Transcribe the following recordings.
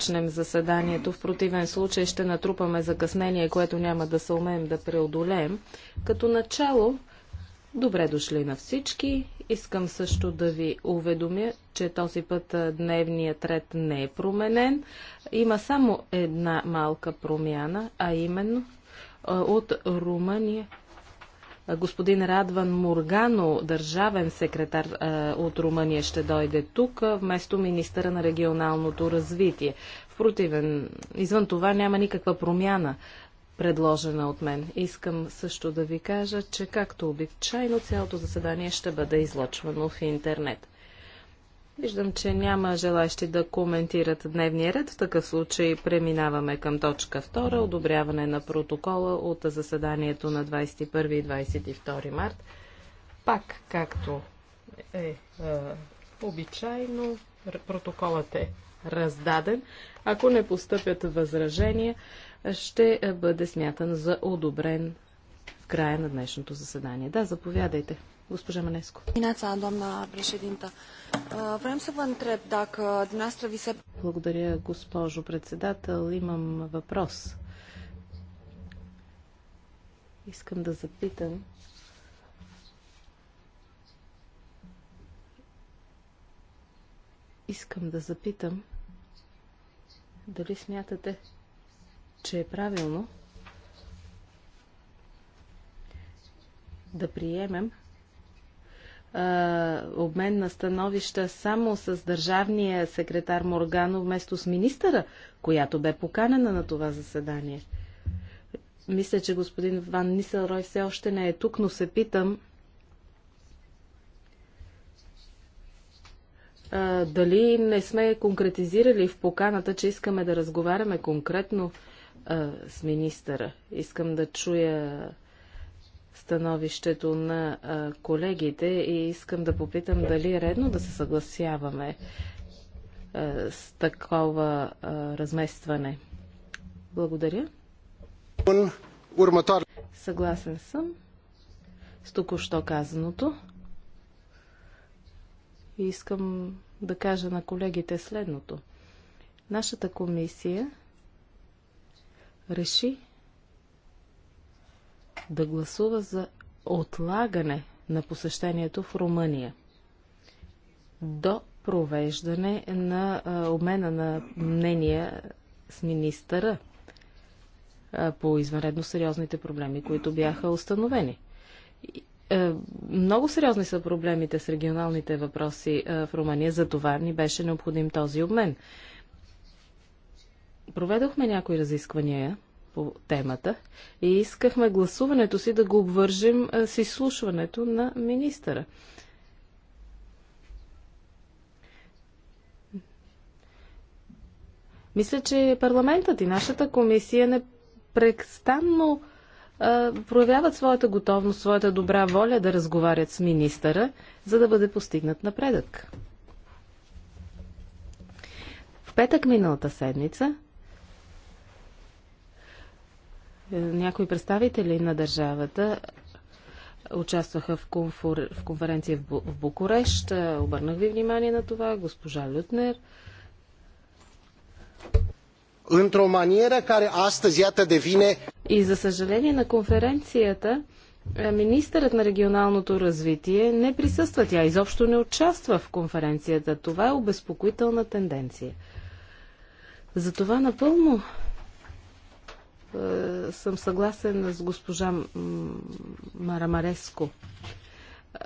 започнем заседанието. В противен случай ще натрупаме закъснение, което няма да се умеем да преодолеем. Като начало, добре дошли на всички. Искам също да ви уведомя, че този път дневният ред не е променен. Има само една малка промяна, а именно от Румъния Господин Радван Мургано, държавен секретар от Румъния, ще дойде тук вместо министъра на регионалното развитие. В противен, извън това няма никаква промяна предложена от мен. Искам също да ви кажа, че както обичайно цялото заседание ще бъде излъчвано в интернет. Виждам, че няма желащи да коментират дневния ред. В такъв случай преминаваме към точка 2. Одобряване на протокола от заседанието на 21 и 22 март. Пак, както е, е обичайно, протоколът е раздаден. Ако не постъпят възражения, ще бъде смятан за одобрен в края на днешното заседание. Да, заповядайте. Госпожа Манеско. Uh, Благодаря, госпожо председател. Имам въпрос. Искам да запитам. Искам да запитам дали смятате, че е правилно да приемем обмен на становища само с държавния секретар Моргано вместо с министъра, която бе поканена на това заседание. Мисля, че господин Ван Нисълрой все още не е тук, но се питам а, дали не сме конкретизирали в поканата, че искаме да разговаряме конкретно а, с министъра. Искам да чуя становището на колегите и искам да попитам дали е редно да се съгласяваме с такова разместване. Благодаря. Съгласен съм с току-що казаното. И искам да кажа на колегите следното. Нашата комисия реши да гласува за отлагане на посещението в Румъния до провеждане на обмена на мнения с министъра по извънредно сериозните проблеми, които бяха установени. Много сериозни са проблемите с регионалните въпроси в Румъния, за това ни беше необходим този обмен. Проведохме някои разисквания по темата и искахме гласуването си да го обвържим с изслушването на министъра. Мисля, че парламентът и нашата комисия непрестанно проявяват своята готовност, своята добра воля да разговарят с министъра, за да бъде постигнат напредък. В петък миналата седмица е, някои представители на държавата участваха в, конфор... в конференция в, Бу... в Букурещ. Е, обърнах ви внимание на това, госпожа Лютнер. Într-o manieră care astăzi, iată, devine... И за съжаление на конференцията е, министърът на регионалното развитие не присъства. Тя изобщо не участва в конференцията. Това е обезпокоителна тенденция. Затова напълно е, съм съгласен с госпожа Марамареско.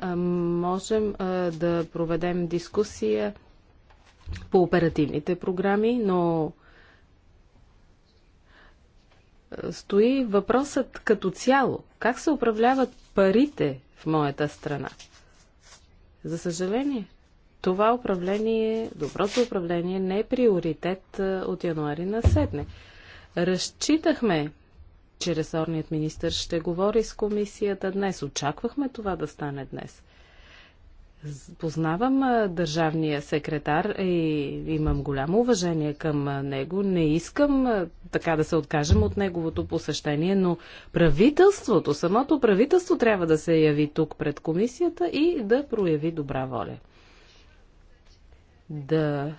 Е, можем е, да проведем дискусия по оперативните програми, но стои въпросът като цяло. Как се управляват парите в моята страна? За съжаление, това управление, доброто управление не е приоритет от януари на седне. Разчитахме, че ресорният министр ще говори с комисията днес. Очаквахме това да стане днес. Познавам държавния секретар и имам голямо уважение към него. Не искам така да се откажем от неговото посещение, но правителството, самото правителство трябва да се яви тук пред комисията и да прояви добра воля. Да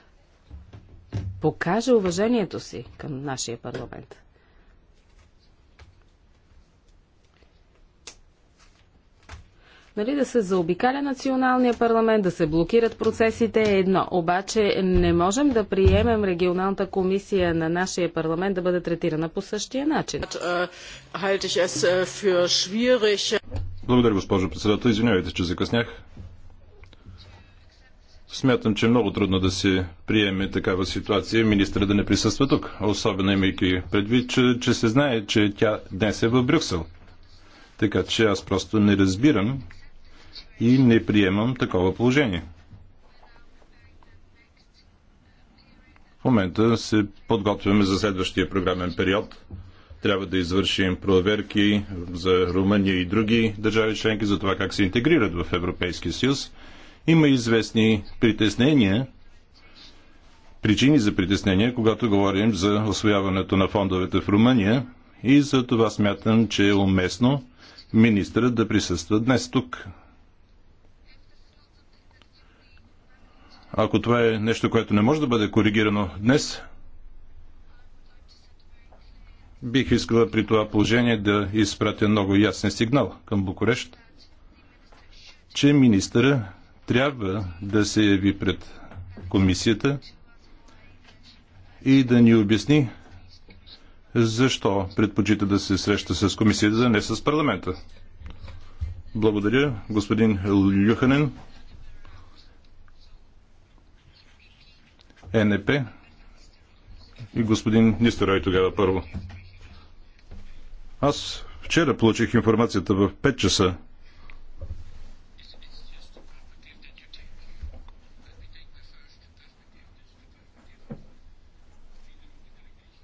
покаже уважението си към нашия парламент. Нали, да се заобикаля националния парламент, да се блокират процесите е едно. Обаче не можем да приемем регионалната комисия на нашия парламент да бъде третирана по същия начин. Благодаря, госпожо председател. Извинявайте, че закъснях. Смятам, че е много трудно да се приеме такава ситуация министра да не присъства тук, особено имайки предвид, че, че се знае, че тя днес е в Брюксел. Така че аз просто не разбирам и не приемам такова положение. В момента се подготвяме за следващия програмен период. Трябва да извършим проверки за Румъния и други държави членки за това как се интегрират в Европейския съюз има известни притеснения, причини за притеснения, когато говорим за освояването на фондовете в Румъния и за това смятам, че е уместно министърът да присъства днес тук. Ако това е нещо, което не може да бъде коригирано днес, бих искала при това положение да изпратя много ясен сигнал към Букурещ, че министъра трябва да се яви пред комисията и да ни обясни защо предпочита да се среща с комисията, а не с парламента. Благодаря, господин Люханен. Е НП и господин Нисторай тогава първо. Аз вчера получих информацията в 5 часа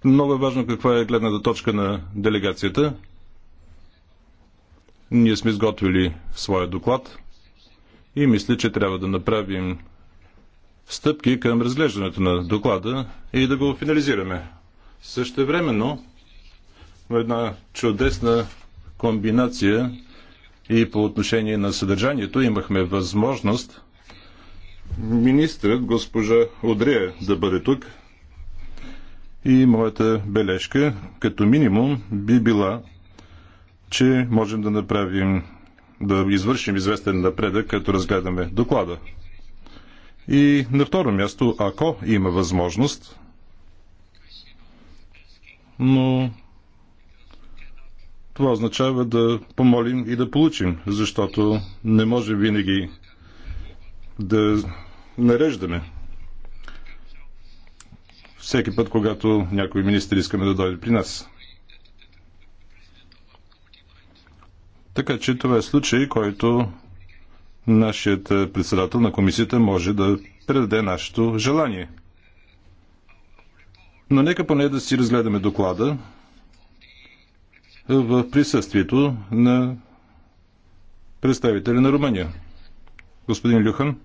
Много е важно каква е гледната точка на делегацията. Ние сме изготвили своя доклад и мисля, че трябва да направим стъпки към разглеждането на доклада и да го финализираме. в една чудесна комбинация и по отношение на съдържанието имахме възможност министрът госпожа Одрия да бъде тук, и моята бележка, като минимум, би била, че можем да направим, да извършим известен напредък, като разгледаме доклада. И на второ място, ако има възможност, но това означава да помолим и да получим, защото не може винаги да нареждаме всеки път, когато някой министр искаме да дойде при нас. Така че това е случай, който нашият председател на комисията може да предаде нашето желание. Но нека поне да си разгледаме доклада в присъствието на представителя на Румъния. Господин Люхан.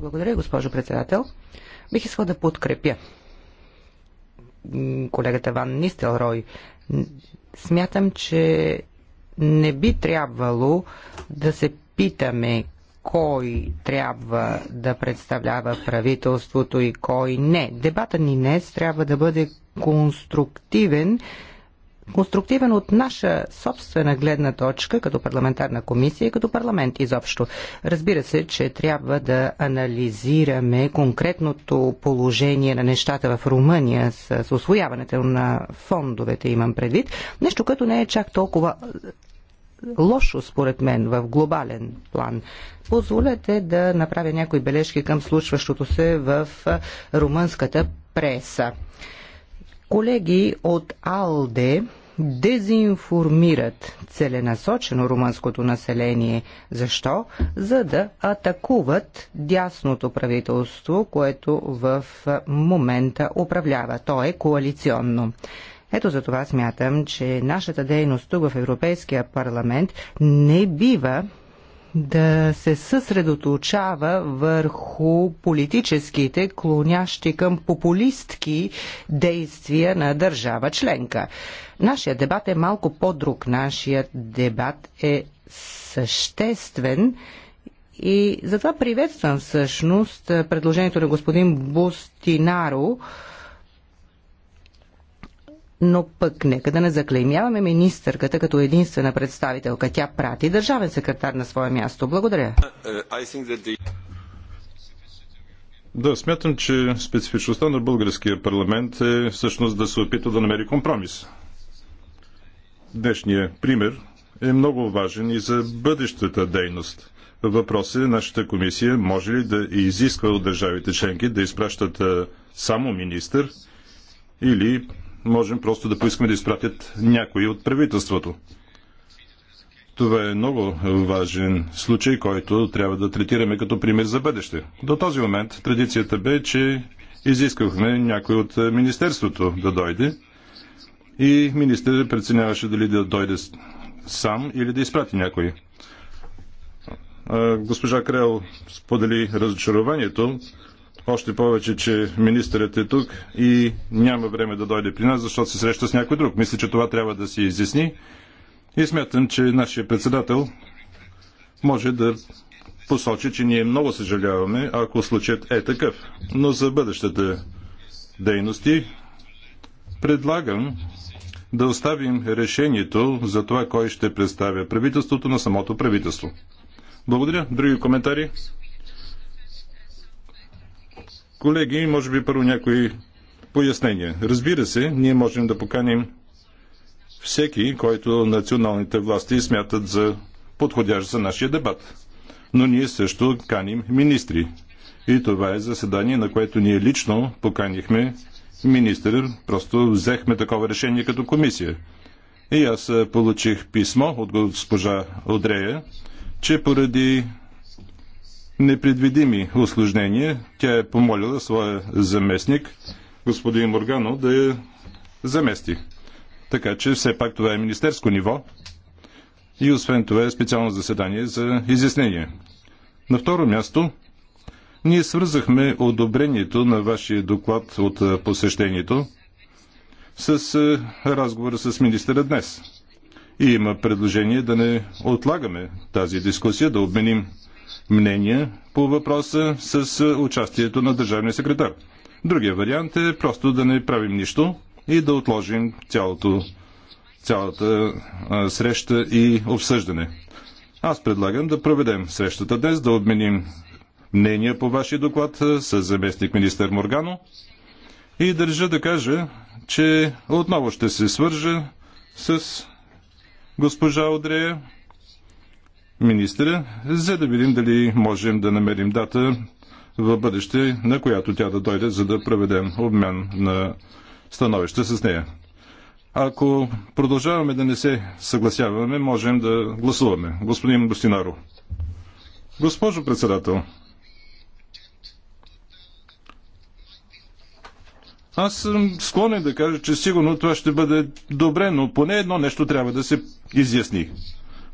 Много благодаря, госпожо председател. Бих искал да подкрепя колегата Ван Нистелрой. Смятам, че не би трябвало да се питаме кой трябва да представлява правителството и кой не. Дебата ни днес трябва да бъде конструктивен конструктивен от наша собствена гледна точка, като парламентарна комисия и като парламент изобщо. Разбира се, че трябва да анализираме конкретното положение на нещата в Румъния с, с освояването на фондовете, имам предвид. Нещо, което не е чак толкова лошо, според мен, в глобален план. Позволете да направя някои бележки към случващото се в румънската преса. Колеги от АЛДЕ дезинформират целенасочено румънското население. Защо? За да атакуват дясното правителство, което в момента управлява. То е коалиционно. Ето за това смятам, че нашата дейност тук в Европейския парламент не бива да се съсредоточава върху политическите, клонящи към популистки действия на държава членка. Нашия дебат е малко по-друг. Нашият дебат е съществен и затова приветствам всъщност предложението на господин Бустинаро, но пък нека да не заклеймяваме министърката като единствена представителка. Тя прати държавен секретар на свое място. Благодаря. Uh, да, смятам, че специфичността на българския парламент е всъщност да се опита да намери компромис. Днешният пример е много важен и за бъдещата дейност. Въпрос е, нашата комисия може ли да изисква от държавите членки да изпращат само министър или можем просто да поискаме да изпратят някои от правителството. Това е много важен случай, който трябва да третираме като пример за бъдеще. До този момент традицията бе, че изискахме някой от Министерството да дойде и министър преценяваше дали да дойде сам или да изпрати някой. Госпожа Крел сподели разочарованието, още повече, че министърът е тук и няма време да дойде при нас, защото се среща с някой друг. Мисля, че това трябва да се изясни. И смятам, че нашия председател може да посочи, че ние много съжаляваме, ако случаят е такъв. Но за бъдещата дейности предлагам да оставим решението за това, кой ще представя правителството на самото правителство. Благодаря. Други коментари? Колеги, може би първо някои пояснения. Разбира се, ние можем да поканим всеки, който националните власти смятат за подходящ за нашия дебат. Но ние също каним министри. И това е заседание, на което ние лично поканихме министър. Просто взехме такова решение като комисия. И аз получих писмо от госпожа Одрея, че поради непредвидими осложнения. Тя е помолила своя заместник, господин Моргано, да я замести. Така че все пак това е министерско ниво и освен това е специално заседание за изяснение. На второ място, ние свързахме одобрението на вашия доклад от посещението с разговора с министъра днес. И има предложение да не отлагаме тази дискусия, да обменим мнения по въпроса с е, участието на държавния секретар. Другия вариант е просто да не правим нищо и да отложим цялото, цялата а, е, среща и обсъждане. Аз предлагам да проведем срещата днес, да обменим мнения по вашия доклад е, с заместник министър Моргано и държа да кажа, че отново ще се свържа с госпожа Одрея министра, за да видим дали можем да намерим дата в бъдеще, на която тя да дойде, за да проведем обмен на становища с нея. Ако продължаваме да не се съгласяваме, можем да гласуваме. Господин Бостинаро. Госпожо председател, Аз съм склонен да кажа, че сигурно това ще бъде добре, но поне едно нещо трябва да се изясни.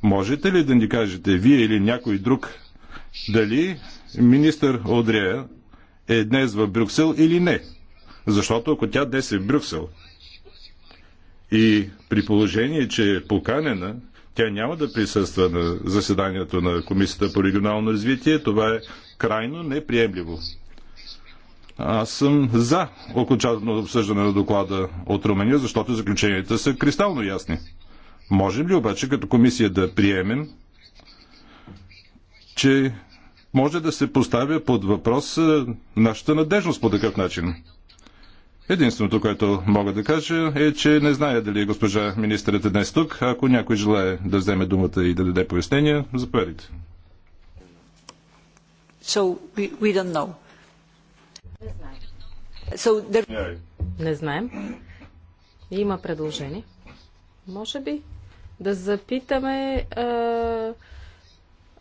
Можете ли да ни кажете, вие или някой друг, дали министър Одрея е днес в Брюксел или не? Защото ако тя днес е в Брюксел и при положение, че е поканена, тя няма да присъства на заседанието на Комисията по регионално развитие. Това е крайно неприемливо. Аз съм за окончателно обсъждане на доклада от Румъния, защото заключенията са кристално ясни. Можем ли обаче като комисия да приемем, че може да се поставя под въпрос е, нашата надежност по такъв начин? Единственото, което мога да кажа е, че не зная дали госпожа министърът е днес тук. Ако някой желая да вземе думата и да даде пояснения, заповядайте. So we, we don't know. So there... Не знаем. Има предложение. Може би да запитаме а,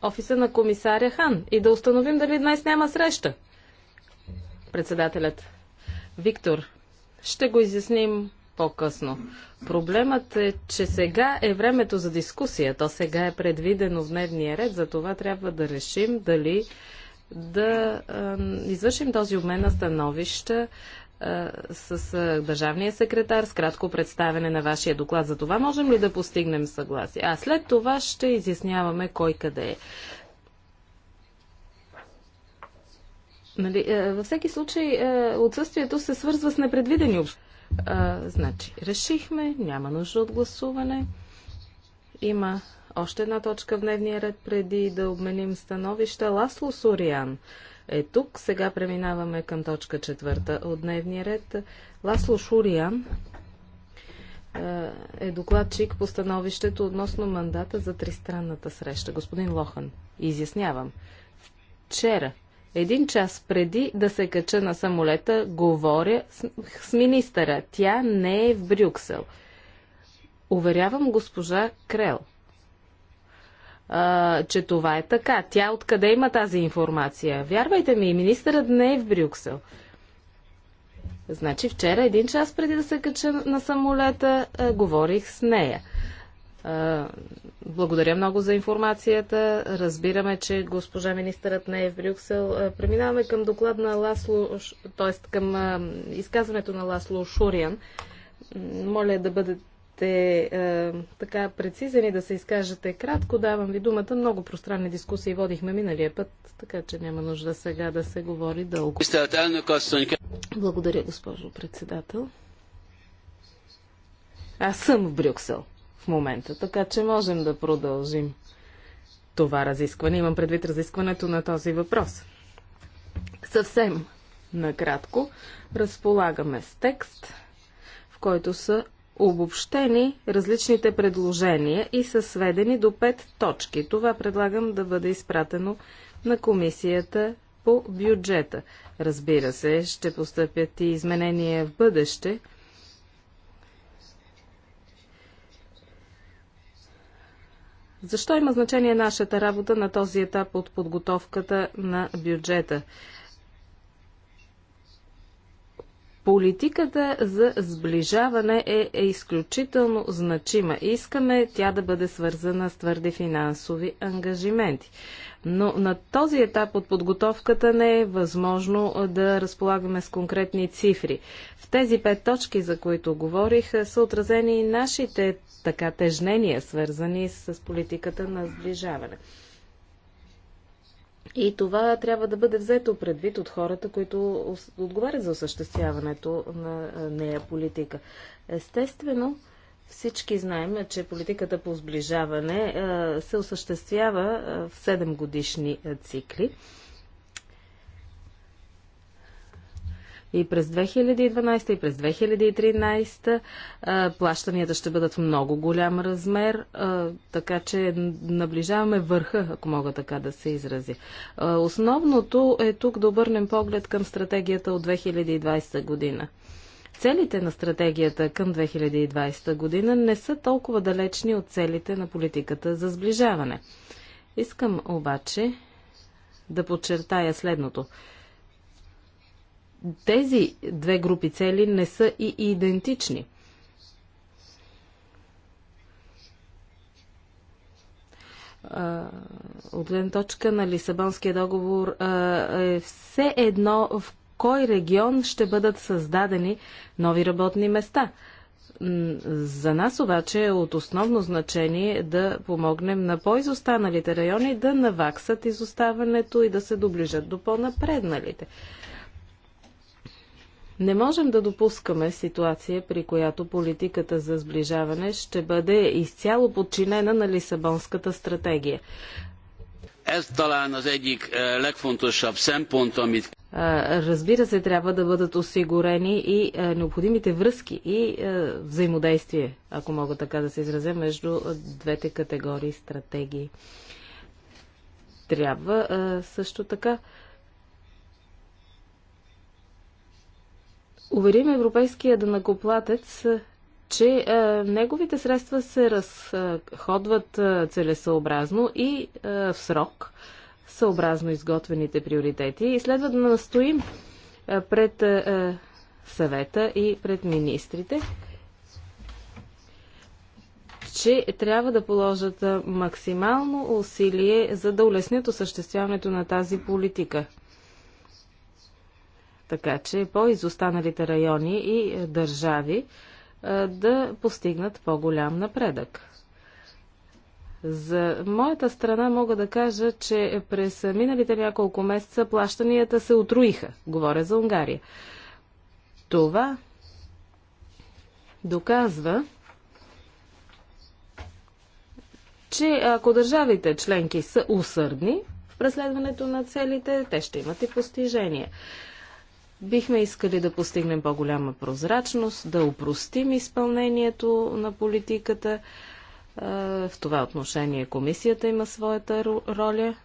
офиса на комисаря Хан и да установим дали днес няма среща. Председателят. Виктор, ще го изясним по-късно. Проблемът е, че сега е времето за дискусия. То сега е предвидено в дневния ред, за това трябва да решим дали да а, извършим този обмен на становища с държавния секретар, с кратко представене на вашия доклад. За това можем ли да постигнем съгласие? А след това ще изясняваме кой къде е. Нали, във всеки случай отсъствието се свързва с непредвидени обстоятелства. Значи, решихме, няма нужда от гласуване. Има още една точка в дневния ред преди да обменим становища. Ласло Сориан е тук. Сега преминаваме към точка четвърта от дневния ред. Ласло Шуриан е, е докладчик по становището относно мандата за тристранната среща. Господин Лохан, изяснявам. Вчера, един час преди да се кача на самолета, говоря с, министъра. Тя не е в Брюксел. Уверявам госпожа Крел – че това е така. Тя откъде има тази информация? Вярвайте ми, министърът не е в Брюксел. Значи вчера, един час преди да се кача на самолета, говорих с нея. благодаря много за информацията. Разбираме, че госпожа министърът не е в Брюксел. преминаваме към доклад на Ласло, т.е. към изказването на Ласло Шуриан. Моля да бъдете бъдете е, така прецизени да се изкажете кратко, давам ви думата. Много пространни дискусии водихме миналия път, така че няма нужда сега да се говори дълго. Благодаря, госпожо председател. Аз съм в Брюксел в момента, така че можем да продължим това разискване. Имам предвид разискването на този въпрос. Съвсем накратко разполагаме с текст, в който са обобщени различните предложения и са сведени до пет точки. Това предлагам да бъде изпратено на комисията по бюджета. Разбира се, ще постъпят и изменения в бъдеще. Защо има значение нашата работа на този етап от подготовката на бюджета? Политиката за сближаване е, е изключително значима. Искаме тя да бъде свързана с твърди финансови ангажименти. Но на този етап от подготовката не е възможно да разполагаме с конкретни цифри. В тези пет точки, за които говорих, са отразени и нашите така тежнения, свързани с политиката на сближаване. И това трябва да бъде взето предвид от хората, които отговарят за осъществяването на нея политика. Естествено, всички знаем, че политиката по сближаване се осъществява в 7 годишни цикли. И през 2012 и през 2013 плащанията ще бъдат в много голям размер, така че наближаваме върха, ако мога така да се изрази. основното е тук да обърнем поглед към стратегията от 2020 година. Целите на стратегията към 2020 година не са толкова далечни от целите на политиката за сближаване. Искам обаче да подчертая следното тези две групи цели не са и идентични. От гледна точка на Лисабонския договор е все едно в кой регион ще бъдат създадени нови работни места. За нас обаче е от основно значение да помогнем на по-изостаналите райони да наваксат изоставането и да се доближат до по-напредналите. Не можем да допускаме ситуация, при която политиката за сближаване ще бъде изцяло подчинена на Лисабонската стратегия. Е, разбира се, трябва да бъдат осигурени и е, необходимите връзки и е, взаимодействие, ако мога така да се изразя, между двете категории стратегии. Трябва също така уверим европейския данакоплатец, че е, неговите средства се разходват е, целесъобразно и е, в срок, съобразно изготвените приоритети. И следва да настоим е, пред е, е съвета и пред министрите, че трябва да положат е, максимално усилие за да улеснят осъществяването на тази политика – така че по-изостаналите райони и е, държави е, да постигнат по-голям напредък. За моята страна мога да кажа, че през миналите няколко месеца плащанията се отруиха. Говоря за Унгария. Това доказва, че ако държавите членки са усърдни в преследването на целите, те ще имат и постижения. Бихме искали да постигнем по-голяма прозрачност, да упростим изпълнението на политиката. В това отношение комисията има своята роля.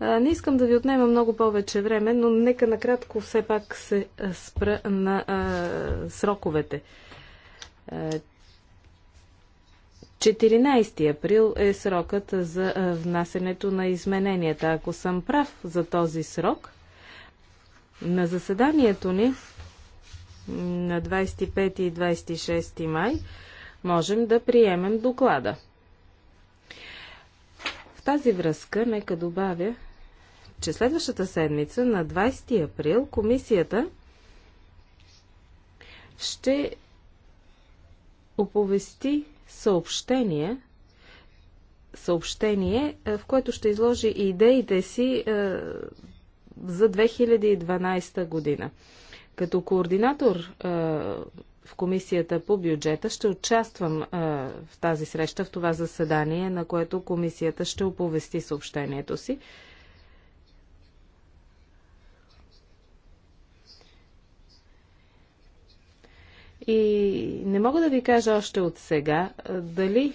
Не искам да ви отнема много повече време, но нека накратко все пак се спра на а, сроковете. 14 април е срокът за внасенето на измененията. Ако съм прав за този срок, на заседанието ни на 25 и 26 май можем да приемем доклада. В тази връзка нека добавя, че следващата седмица на 20 април комисията ще оповести съобщение, съобщение, в което ще изложи идеите си е, за 2012 година. Като координатор а, в Комисията по бюджета ще участвам а, в тази среща, в това заседание, на което Комисията ще оповести съобщението си. И не мога да ви кажа още от сега дали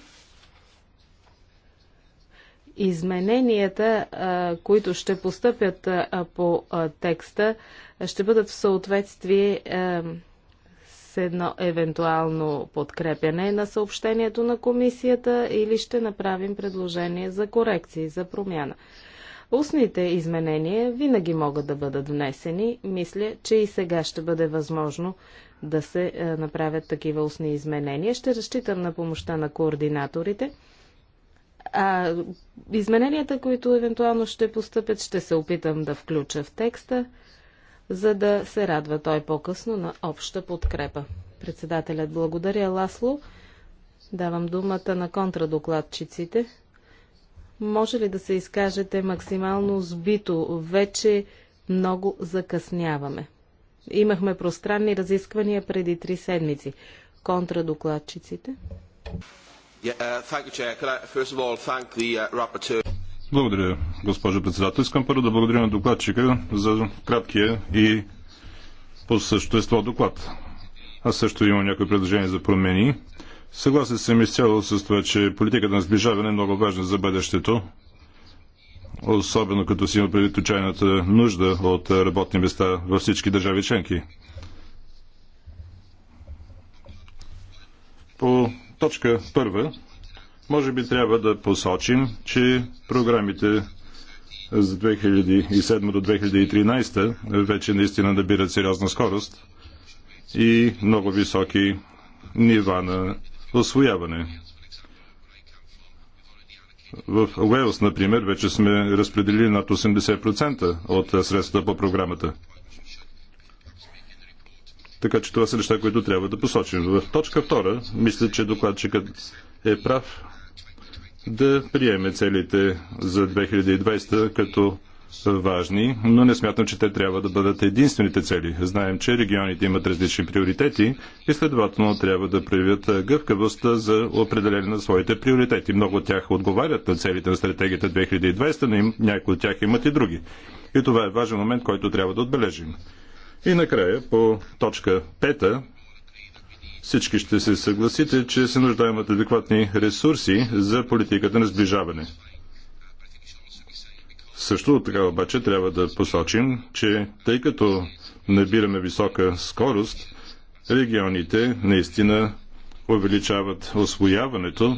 измененията, които ще постъпят по текста, ще бъдат в съответствие с едно евентуално подкрепяне на съобщението на комисията или ще направим предложение за корекции, за промяна. Устните изменения винаги могат да бъдат внесени. Мисля, че и сега ще бъде възможно да се направят такива устни изменения. Ще разчитам на помощта на координаторите. А, измененията, които евентуално ще постъпят, ще се опитам да включа в текста, за да се радва той по-късно на обща подкрепа. Председателят благодаря Ласло. Давам думата на контрадокладчиците. Може ли да се изкажете максимално сбито? Вече много закъсняваме. Имахме пространни разисквания преди три седмици. Контрадокладчиците? Uh, uh, благодаря, госпожо председател. Искам първо да благодаря на докладчика за краткия и по същество доклад. Аз също имам някои предложения за промени. Съгласен съм изцяло с това, че политиката на сближаване е много важна за бъдещето, особено като си има предвид отчаяната нужда от работни места във всички държави членки. По точка първа може би трябва да посочим, че програмите за 2007 до 2013 вече наистина набират сериозна скорост и много високи нива на освояване. В Уелс, например, вече сме разпределили над 80% от средствата по програмата. Така че това са неща, които трябва да посочим. В точка втора, мисля, че докладчикът е прав да приеме целите за 2020 като важни, но не смятам, че те трябва да бъдат единствените цели. Знаем, че регионите имат различни приоритети и следователно трябва да проявят гъвкавост за определение на своите приоритети. Много от тях отговарят на целите на стратегията 2020, но някои от тях имат и други. И това е важен момент, който трябва да отбележим. И накрая, по точка 5, всички ще се съгласите, че се нуждаем от адекватни ресурси за политиката на сближаване. Също така обаче трябва да посочим, че тъй като набираме висока скорост, регионите наистина увеличават освояването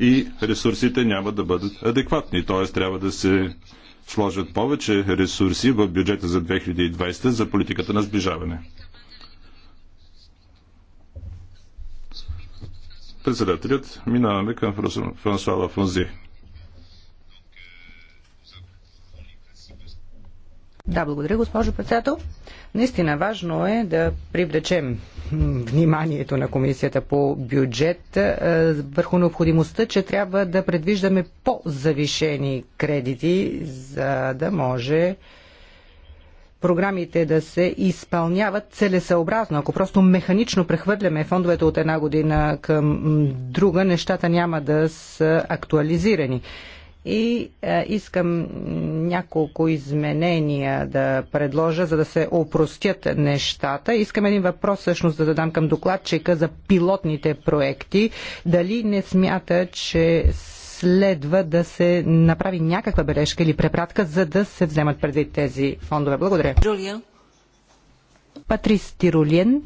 и ресурсите няма да бъдат адекватни. Т.е. трябва да се сложат повече ресурси в бюджета за 2020 за политиката на сближаване. Председателят, минаваме към Франсуала Фонзи. Да, благодаря, госпожо председател. Наистина важно е да привлечем вниманието на Комисията по бюджет върху необходимостта, че трябва да предвиждаме по-завишени кредити, за да може програмите да се изпълняват целесъобразно. Ако просто механично прехвърляме фондовете от една година към друга, нещата няма да са актуализирани и а, е, искам няколко изменения да предложа, за да се опростят нещата. Искам един въпрос всъщност да задам към докладчика за пилотните проекти. Дали не смята, че следва да се направи някаква бележка или препратка, за да се вземат предвид тези фондове? Благодаря. Джулия. Патрис Тиролиен.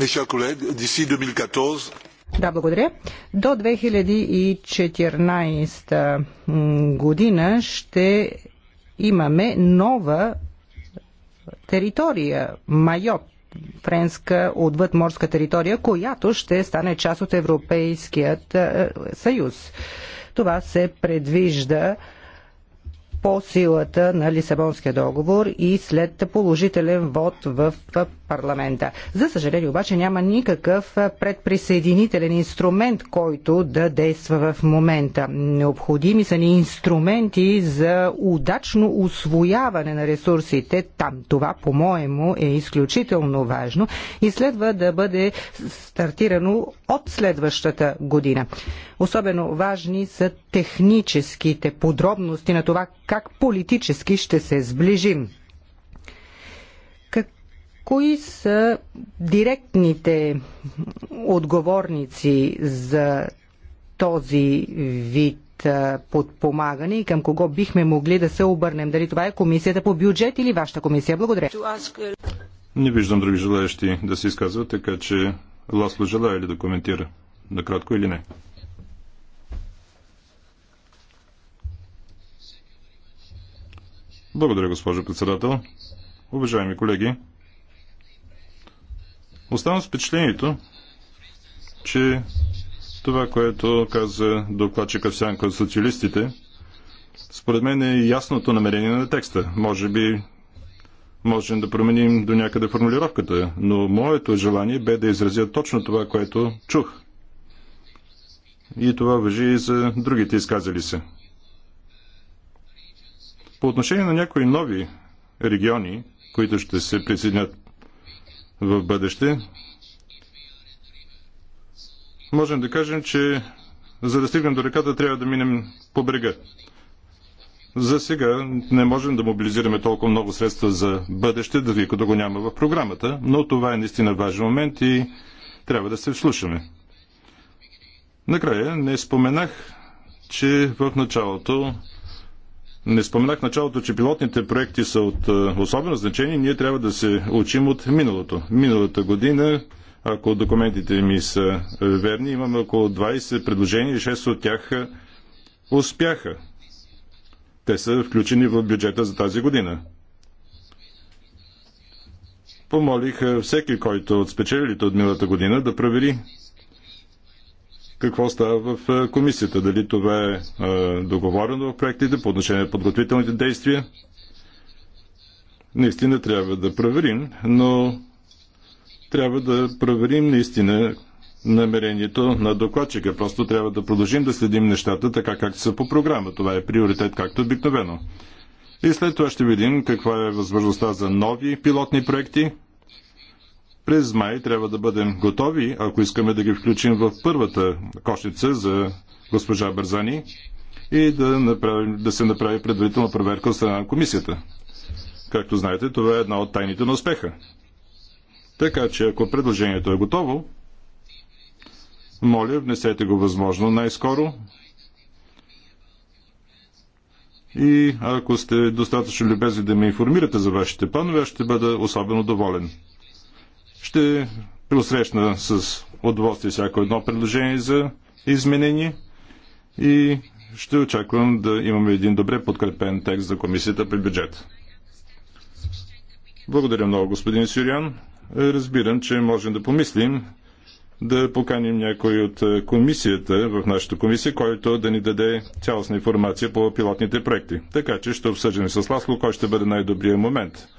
Mes chers collègues, d'ici 2014, да, благодаря. До 2014 година ще имаме нова територия Майот френска отвъдморска територия, която ще стане част от Европейският е, е, съюз. Това се предвижда по силата на Лисабонския договор и след положителен вод в парламента. За съжаление обаче няма никакъв предприсъединителен инструмент, който да действа в момента. Необходими са ни инструменти за удачно освояване на ресурсите там. Това, по-моему, е изключително важно и следва да бъде стартирано от следващата година. Особено важни са техническите подробности на това как как политически ще се сближим. Как, кои са директните отговорници за този вид подпомагане и към кого бихме могли да се обърнем? Дали това е комисията по бюджет или вашата комисия? Благодаря. Uh, не виждам други желаящи да се изказват, така че Ласло желая ли да коментира? Накратко или не? Благодаря, госпожо председател. Уважаеми колеги, оставам с впечатлението, че това, което каза докладчика в сянка от социалистите, според мен е ясното намерение на текста. Може би можем да променим до някъде формулировката, но моето желание бе да изразя точно това, което чух. И това въжи и за другите изказали се. По отношение на някои нови региони, които ще се присъединят в бъдеще, можем да кажем, че за да стигнем до реката, трябва да минем по брега. За сега не можем да мобилизираме толкова много средства за бъдеще, ви като го няма в програмата, но това е наистина важен момент и трябва да се вслушаме. Накрая не споменах, че в началото не споменах началото, че пилотните проекти са от е, особено значение. Ние трябва да се учим от миналото. Миналата година, ако документите ми са е, верни, имаме около 20 предложения и 6 от тях е, успяха. Те са включени в бюджета за тази година. Помолих всеки, който от спечелилите от миналата година, да провери какво става в е, комисията. Дали това е, е договорено в проектите по отношение на подготвителните действия. Наистина трябва да проверим, но трябва да проверим наистина намерението на докладчика. Просто трябва да продължим да следим нещата така както са по програма. Това е приоритет както обикновено. И след това ще видим каква е възможността за нови пилотни проекти – през май трябва да бъдем готови, ако искаме да ги включим в първата кошница за госпожа Бързани и да, направим, да се направи предварителна проверка от страна на комисията. Както знаете, това е една от тайните на успеха. Така че, ако предложението е готово, моля, внесете го възможно най-скоро. И ако сте достатъчно любезни да ме информирате за вашите планове, ще бъда особено доволен. Ще преосрещна с удоволствие всяко едно предложение за изменение и ще очаквам да имаме един добре подкрепен текст за комисията при бюджет. Благодаря много, господин Сюрян. Разбирам, че можем да помислим да поканим някой от комисията, в нашата комисия, който да ни даде цялостна информация по пилотните проекти. Така че ще обсъждаме с Ласло кой ще бъде най-добрият момент –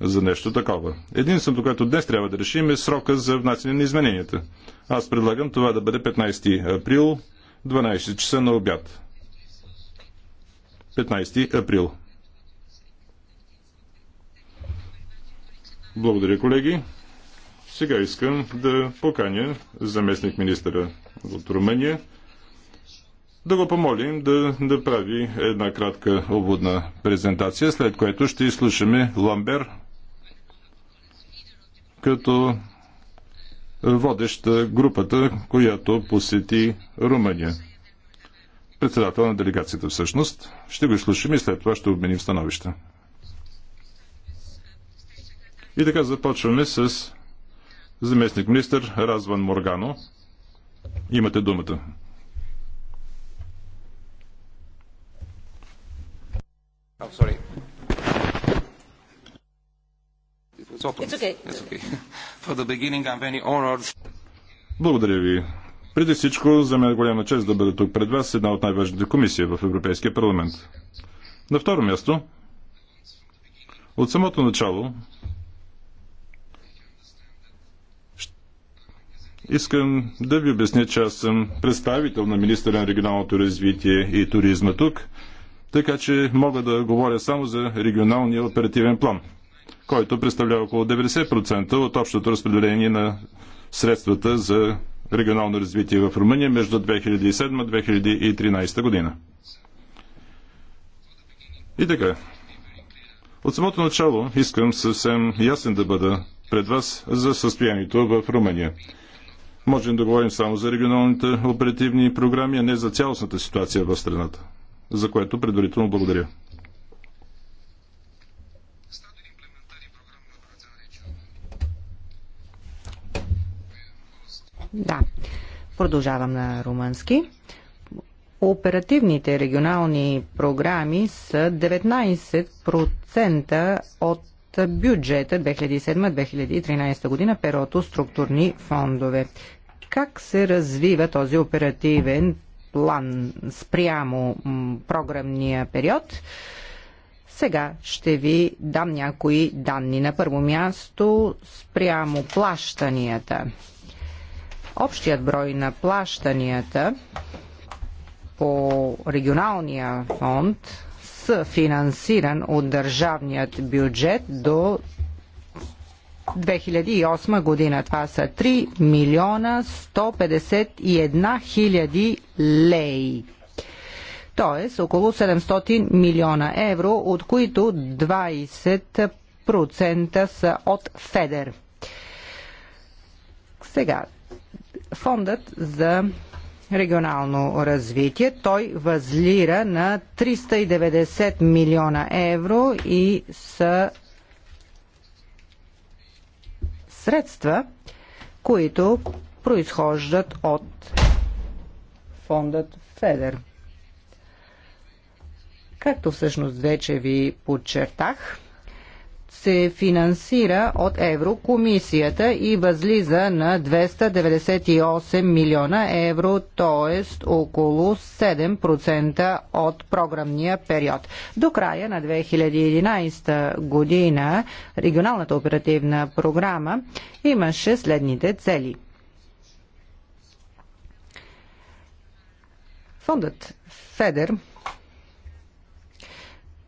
за нещо такова. Единственото, което днес трябва да решим е срока за внасяне на измененията. Аз предлагам това да бъде 15 април, 12 часа на обяд. 15 април. Благодаря, колеги. Сега искам да поканя заместник министъра от Румъния да го помолим да, да прави една кратка обводна презентация, след което ще изслушаме Ламбер като водеща групата, която посети Румъния. Председател на делегацията всъщност. Ще го изслушаме и след това ще обменим становища. И така започваме с заместник министър Разван Моргано. Имате думата. Oh, sorry. It's, open. It's okay. It's okay. For the beginning, I'm very honored. Благодаря ви. Преди всичко, за мен е голяма чест да бъда тук пред вас, една от най-важните комисии в Европейския парламент. На второ място, от самото начало, искам да ви обясня, че аз съм представител на министъра на регионалното развитие и туризма тук – така че мога да говоря само за регионалния оперативен план, който представлява около 90% от общото разпределение на средствата за регионално развитие в Румъния между 2007-2013 година. И така, от самото начало искам съвсем ясен да бъда пред вас за състоянието в Румъния. Можем да говорим само за регионалните оперативни програми, а не за цялостната ситуация в страната за което предварително благодаря. Да, продължавам на румънски. Оперативните регионални програми са 19% от бюджета 2007-2013 година перото структурни фондове. Как се развива този оперативен план спрямо програмния период. Сега ще ви дам някои данни. На първо място спрямо плащанията. Общият брой на плащанията по регионалния фонд са финансиран от държавният бюджет до 2008 година. Това са 3 милиона 151 хиляди лей. Тоест около 700 милиона евро, от които 20% са от Федер. Сега, фондът за регионално развитие. Той възлира на 390 милиона евро и са средства, които произхождат от фондът Федер. Както всъщност вече ви подчертах, се финансира от Еврокомисията и възлиза на 298 милиона евро, т.е. около 7% от програмния период. До края на 2011 година регионалната оперативна програма имаше следните цели. Фондът ФЕДЕР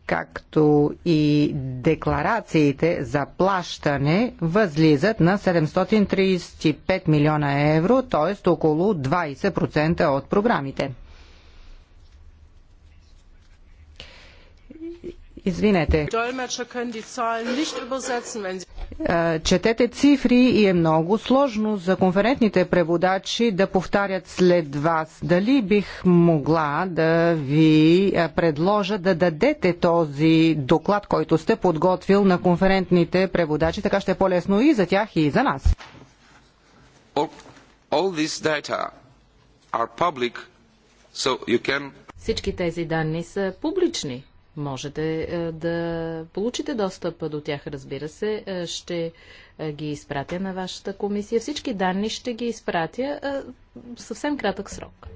както и декларациите за плащане възлизат на 735 милиона евро, т.е. около 20% от програмите. Извинете. Четете цифри и е много сложно за конферентните преводачи да повтарят след вас. Дали бих могла да ви предложа да дадете този доклад, който сте подготвил на конферентните преводачи? Така ще е по-лесно и за тях, и за нас. Всички тези данни са публични Можете е, да получите достъп до тях, разбира се. Е, ще е, ги изпратя на вашата комисия. Всички данни ще ги изпратя в съвсем кратък срок.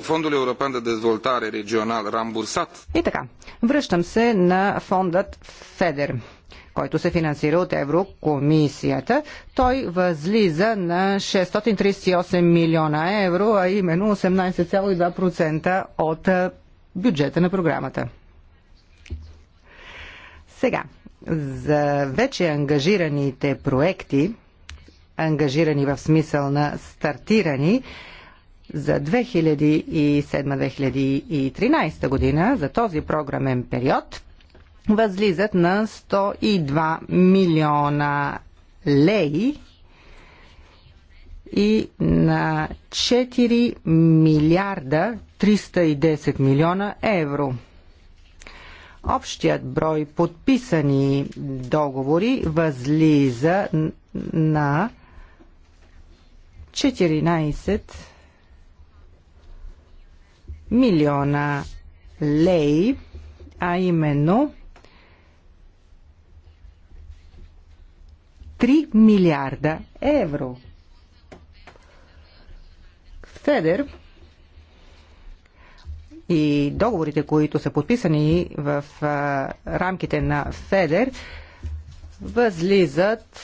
Фондul European de Dezvoltare регионал Рамбурсат. И така, връщам се на фондът ФЕДЕР който се финансира от Еврокомисията. Той възлиза на 638 милиона евро, а именно 18,2% от бюджета на програмата. Сега, за вече ангажираните проекти, ангажирани в смисъл на стартирани, за 2007-2013 година, за този програмен период, възлизат на 102 милиона леи и на 4 милиарда 310 милиона евро. Общият брой подписани договори възлиза на 14 милиона лей, а именно 3 милиарда евро. Федер и договорите, които са подписани в а, рамките на Федер, възлизат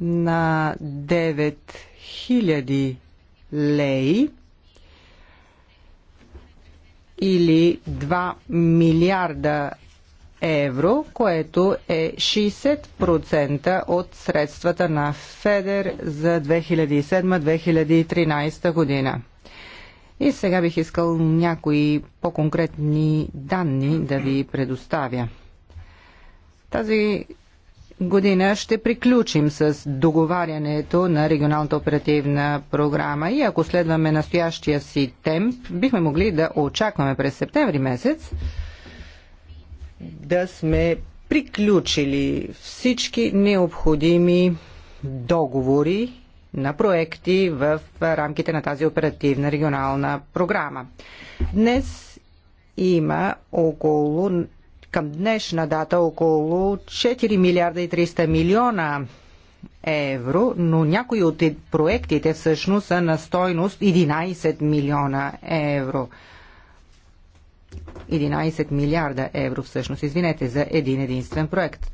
на 9000 лей или 2 милиарда евро, което е 60% от средствата на ФЕДЕР за 2007-2013 година. И сега бих искал някои по-конкретни данни да ви предоставя. Тази година ще приключим с договарянето на регионалната оперативна програма и ако следваме настоящия си темп, бихме могли да очакваме през септември месец да сме приключили всички необходими договори на проекти в рамките на тази оперативна регионална програма. Днес има около към днешна дата около 4 милиарда и 300 милиона евро, но някои от проектите всъщност са на стойност 11 милиона евро. 11 милиарда евро всъщност, извинете, за един единствен проект.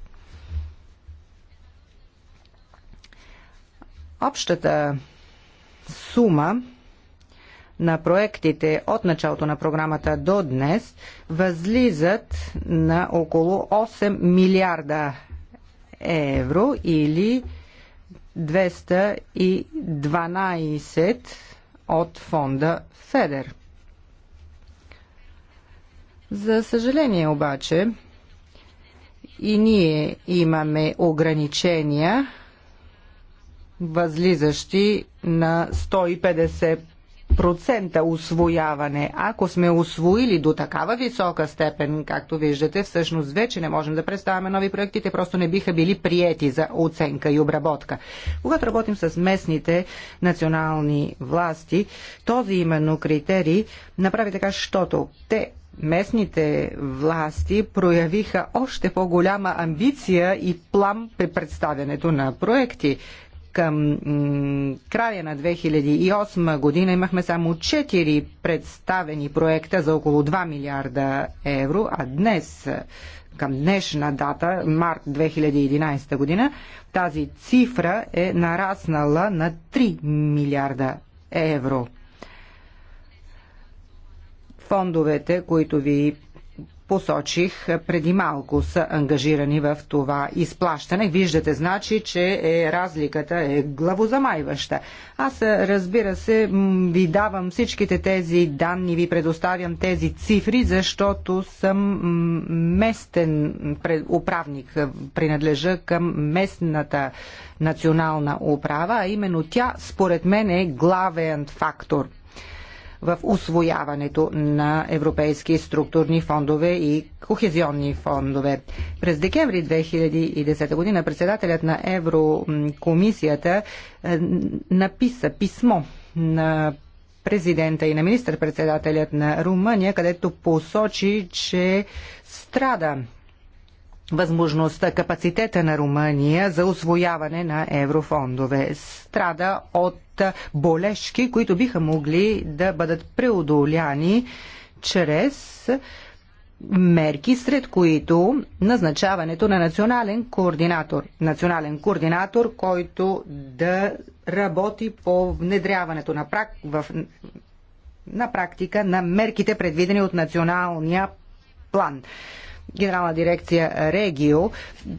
Общата сума на проектите от началото на програмата до днес възлизат на около 8 милиарда евро или 212 от фонда ФЕДЕР. За съжаление обаче и ние имаме ограничения, възлизащи на 150 освояване. Ако сме освоили до такава висока степен, както виждате, всъщност вече не можем да представяме нови проекти, те просто не биха били приети за оценка и обработка. Когато работим с местните национални власти, този именно критерий направи така, щото те местните власти проявиха още по-голяма амбиция и плам при представянето на проекти. Към края на 2008 година имахме само 4 представени проекта за около 2 милиарда евро, а днес към днешна дата, март 2011 година, тази цифра е нараснала на 3 милиарда евро. Фондовете, които ви посочих преди малко, са ангажирани в това изплащане. Виждате, значи, че е, разликата е главозамайваща. Аз, разбира се, ви давам всичките тези данни, ви предоставям тези цифри, защото съм местен управник, принадлежа към местната национална управа, а именно тя, според мен, е главен фактор – в освояването на европейски структурни фондове и кохезионни фондове. През декември 2010 година председателят на Еврокомисията е, написа писмо на президента и на министър-председателят на Румъния, където посочи, че страда възможността, капацитета на Румъния за освояване на еврофондове. Страда от болешки, които биха могли да бъдат преодоляни чрез мерки, сред които назначаването на национален координатор. Национален координатор, който да работи по внедряването на, прак... в... на практика на мерките, предвидени от националния план. Генерална дирекция Регио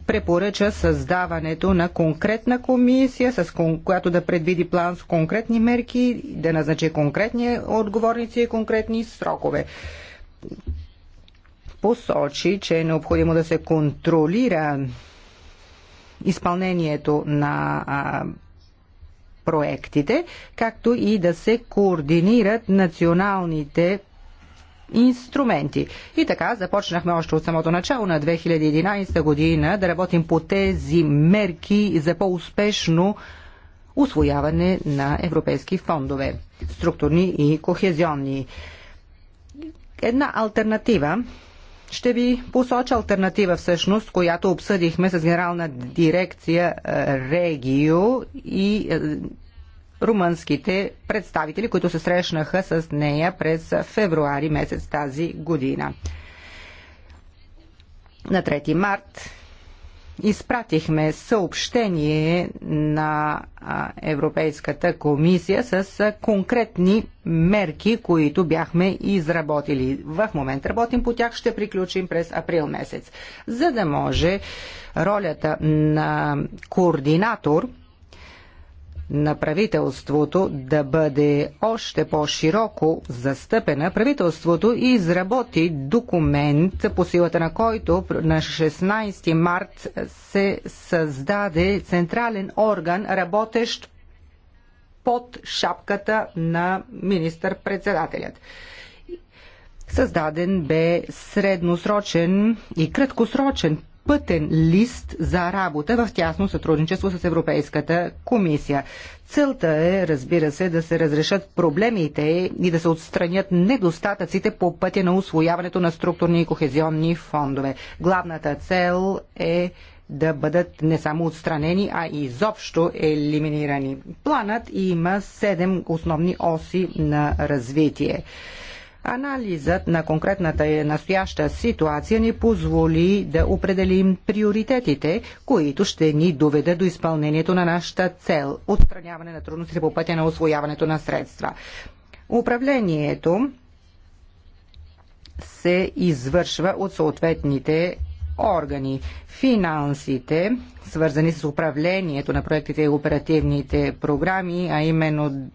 препоръча създаването на конкретна комисия, с която да предвиди план с конкретни мерки, да назначи конкретни отговорници и конкретни срокове посочи, че е необходимо да се контролира изпълнението на а, проектите, както и да се координират националните инструменти. И така започнахме още от самото начало на 2011 година да работим по тези мерки за по-успешно освояване на европейски фондове, структурни и кохезионни. Една альтернатива ще ви посоча альтернатива всъщност, която обсъдихме с генерална дирекция е, Регио и е, румънските представители, които се срещнаха с нея през февруари месец тази година. На 3 март изпратихме съобщение на Европейската комисия с конкретни мерки, които бяхме изработили. В момент работим по тях, ще приключим през април месец, за да може ролята на координатор – на правителството да бъде още по-широко застъпена, правителството изработи документ, по силата на който на 16 март се създаде централен орган, работещ под шапката на министър-председателят. Създаден бе средносрочен и краткосрочен пътен лист за работа в тясно сътрудничество с Европейската комисия. Целта е, разбира се, да се разрешат проблемите и да се отстранят недостатъците по пътя на освояването на структурни и кохезионни фондове. Главната цел е да бъдат не само отстранени, а и изобщо елиминирани. Планът има седем основни оси на развитие. Анализът на конкретната настояща ситуация ни позволи да определим приоритетите, които ще ни доведат до изпълнението на нашата цел – отстраняване на трудностите по пътя на освояването на средства. Управлението се извършва от съответните органи. Финансите, свързани с управлението на проектите и оперативните програми, а именно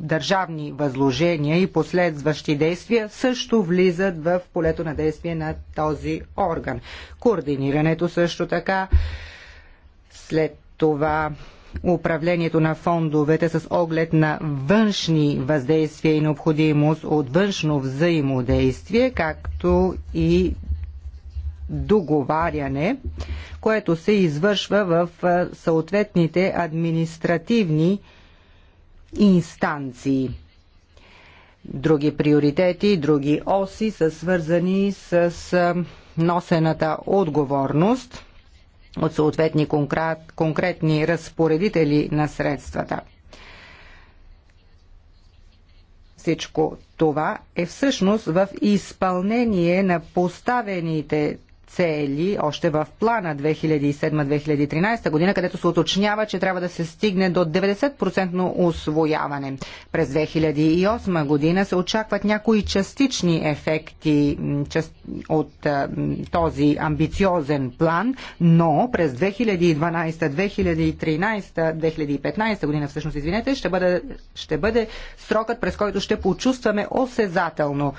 държавни възложения и последващи действия също влизат в полето на действие на този орган. Координирането също така, след това управлението на фондовете с оглед на външни въздействия и необходимост от външно взаимодействие, както и договаряне, което се извършва в съответните административни инстанции. Други приоритети, други оси са свързани с носената отговорност от съответни конкретни разпоредители на средствата. Всичко това е всъщност в изпълнение на поставените цели още в плана 2007-2013 година, където се уточнява, че трябва да се стигне до 90% освояване. През 2008 година се очакват някои частични ефекти от този амбициозен план, но през 2012-2013-2015 година всъщност, извинете, ще бъде, ще бъде срокът, през който ще почувстваме осезателно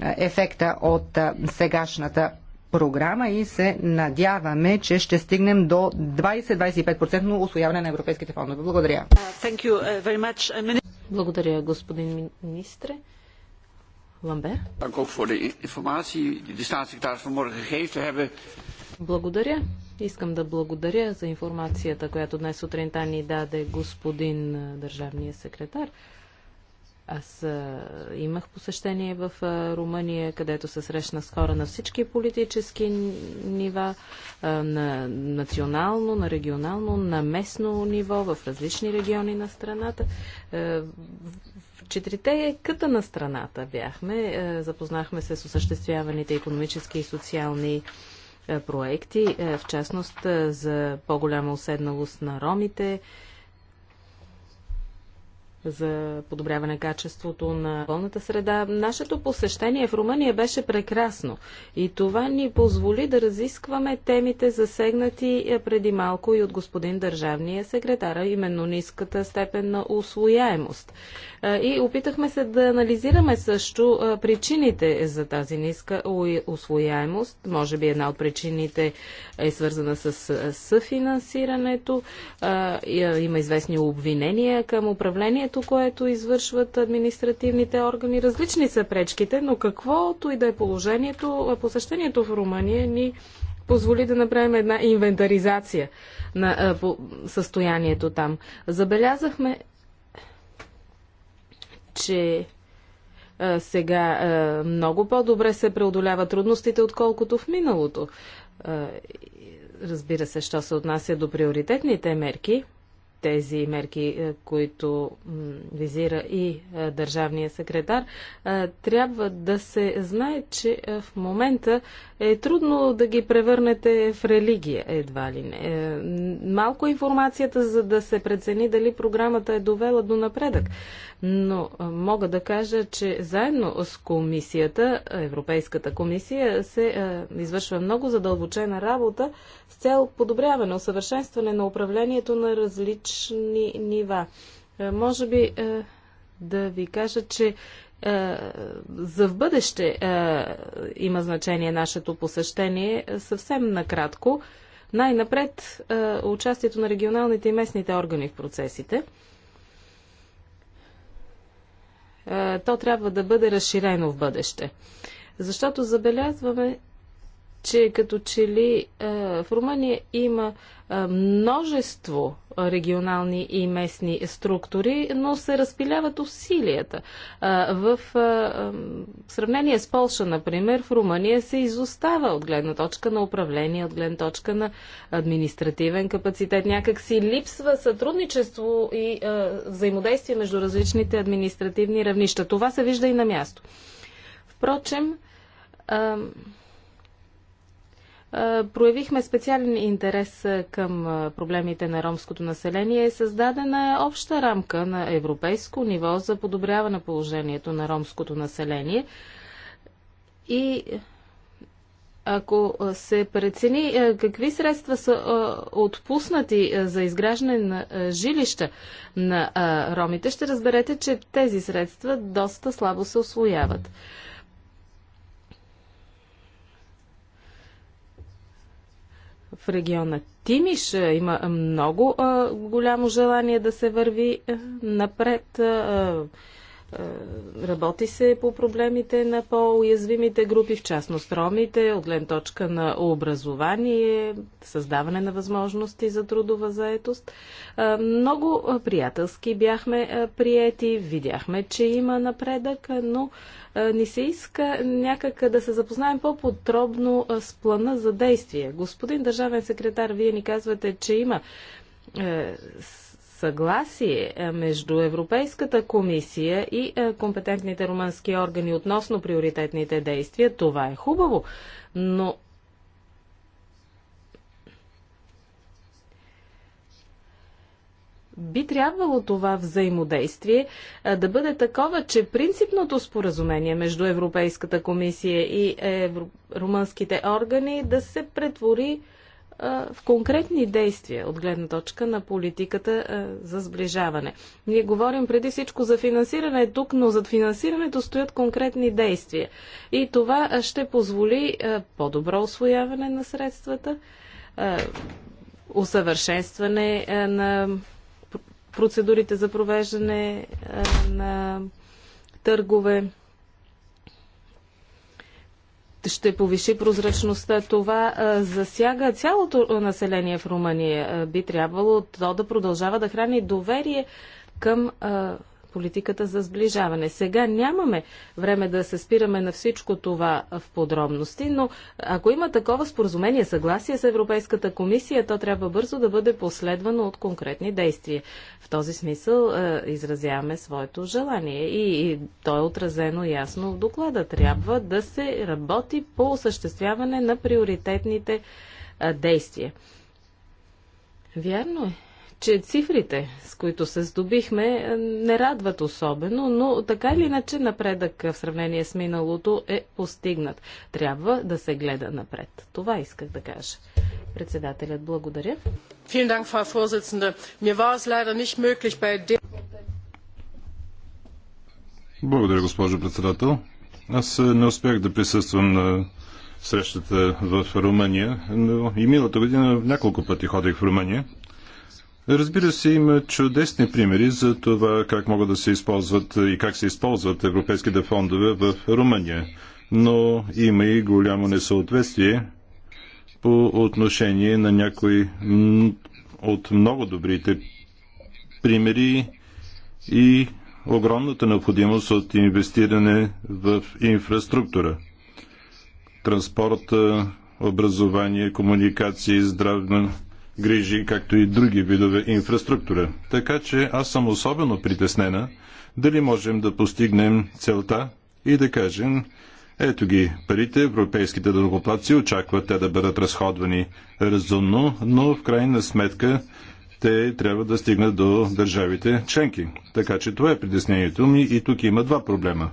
ефекта от сегашната програма и се надяваме, че ще стигнем до 20-25% освояване на европейските фондове. Благодаря. Uh, uh, uh, благодаря, господин министре. Ламбер. Благодаря. Искам да благодаря за информацията, която днес сутринта ни даде господин държавния секретар. Аз а, имах посещение в а, Румъния, където се срещна с хора на всички политически нива, а, на национално, на регионално, на местно ниво, в различни региони на страната. А, в четирите къта на страната бяхме. А, запознахме се с осъществяваните економически и социални а, проекти, а, в частност а, за по-голяма уседналост на ромите. А, за подобряване на качеството на болната среда. Нашето посещение в Румъния беше прекрасно и това ни позволи да разискваме темите засегнати е, преди малко и от господин държавния секретар, именно ниската степен на усвояемост. Е, и опитахме се да анализираме също е, причините за тази ниска усвояемост. Може би една от причините е свързана с съфинансирането. Има известни обвинения към управлението времето, което извършват административните органи. Различни са пречките, но каквото и да е положението, посещението в Румъния ни позволи да направим една инвентаризация на състоянието там. Забелязахме, че сега много по-добре се преодолява трудностите, отколкото в миналото. разбира се, що се отнася до приоритетните мерки, тези мерки, е, които визира и е, държавния секретар, е, трябва да се знае, че в момента е трудно да ги превърнете в религия, едва ли не. Малко информацията, за да се прецени дали програмата е довела до напредък но мога да кажа, че заедно с комисията, Европейската комисия, се извършва много задълбочена работа с цел подобряване, усъвършенстване на управлението на различни нива. може би да ви кажа, че за в бъдеще има значение нашето посещение. Съвсем накратко, най-напред участието на регионалните и местните органи в процесите – е, то трябва да бъде разширено в бъдеще. Защото забелязваме, че като че ли е, в Румъния има е, множество регионални и местни структури, но се разпиляват усилията. Е, в сравнение с Полша, например, в Румъния се изостава от гледна точка на управление, от гледна точка на административен капацитет. Някак си липсва сътрудничество и взаимодействие между различните административни равнища. Това се вижда и на място. Впрочем, проявихме специален интерес към проблемите на ромското население е създадена обща рамка на европейско ниво за подобряване положението на ромското население. И ако се прецени какви средства са отпуснати за изграждане на жилища на ромите, ще разберете, че тези средства доста слабо се освояват. в региона Тимиш има много голямо желание да се върви напред. Е, работи се по проблемите на по-уязвимите групи, в частност ромите, от гледна точка на образование, създаване на възможности за трудова заетост. Е, много приятелски бяхме е, приети, видяхме, че има напредък, но ни се иска някак да се запознаем по-подробно с плана за действие. Господин държавен секретар, вие ни казвате, че има съгласие е, между Европейската комисия и е, компетентните румънски органи относно приоритетните действия, това е хубаво, но би трябвало това взаимодействие е, да бъде такова, че принципното споразумение между Европейската комисия и румънските органи да се претвори в конкретни действия от гледна точка на политиката за сближаване. Ние говорим преди всичко за финансиране тук, но зад финансирането стоят конкретни действия. И това ще позволи по-добро освояване на средствата, усъвършенстване на процедурите за провеждане на търгове, ще повиши прозрачността. Това засяга цялото население в Румъния. Би трябвало то да продължава да храни доверие към политиката за сближаване. Сега нямаме време да се спираме на всичко това в подробности, но ако има такова споразумение, съгласие с Европейската комисия, то трябва бързо да бъде последвано от конкретни действия. В този смисъл е, изразяваме своето желание и, и то е отразено ясно в доклада. Трябва да се работи по осъществяване на приоритетните е, действия. Вярно е че цифрите, с които се здобихме, е, не радват особено, но така или иначе напредък е, в сравнение с миналото е постигнат. Трябва да се гледа напред. Това исках да кажа. Председателят, благодаря. Благодаря, госпожо председател. Аз е, не успях да присъствам на срещата в Румъния, но и миналата година няколко пъти ходих в Румъния. Разбира се, има чудесни примери за това как могат да се използват и как се използват европейските фондове в Румъния. Но има и голямо несъответствие по отношение на някои от много добрите примери и огромната необходимост от инвестиране в инфраструктура. Транспорта, образование, комуникации, здравна грижи, както и други видове инфраструктура. Така че аз съм особено притеснена дали можем да постигнем целта и да кажем ето ги парите, европейските дългоплаци очакват те да бъдат разходвани разумно, но в крайна сметка те трябва да стигнат до държавите членки. Така че това е притеснението ми и тук има два проблема.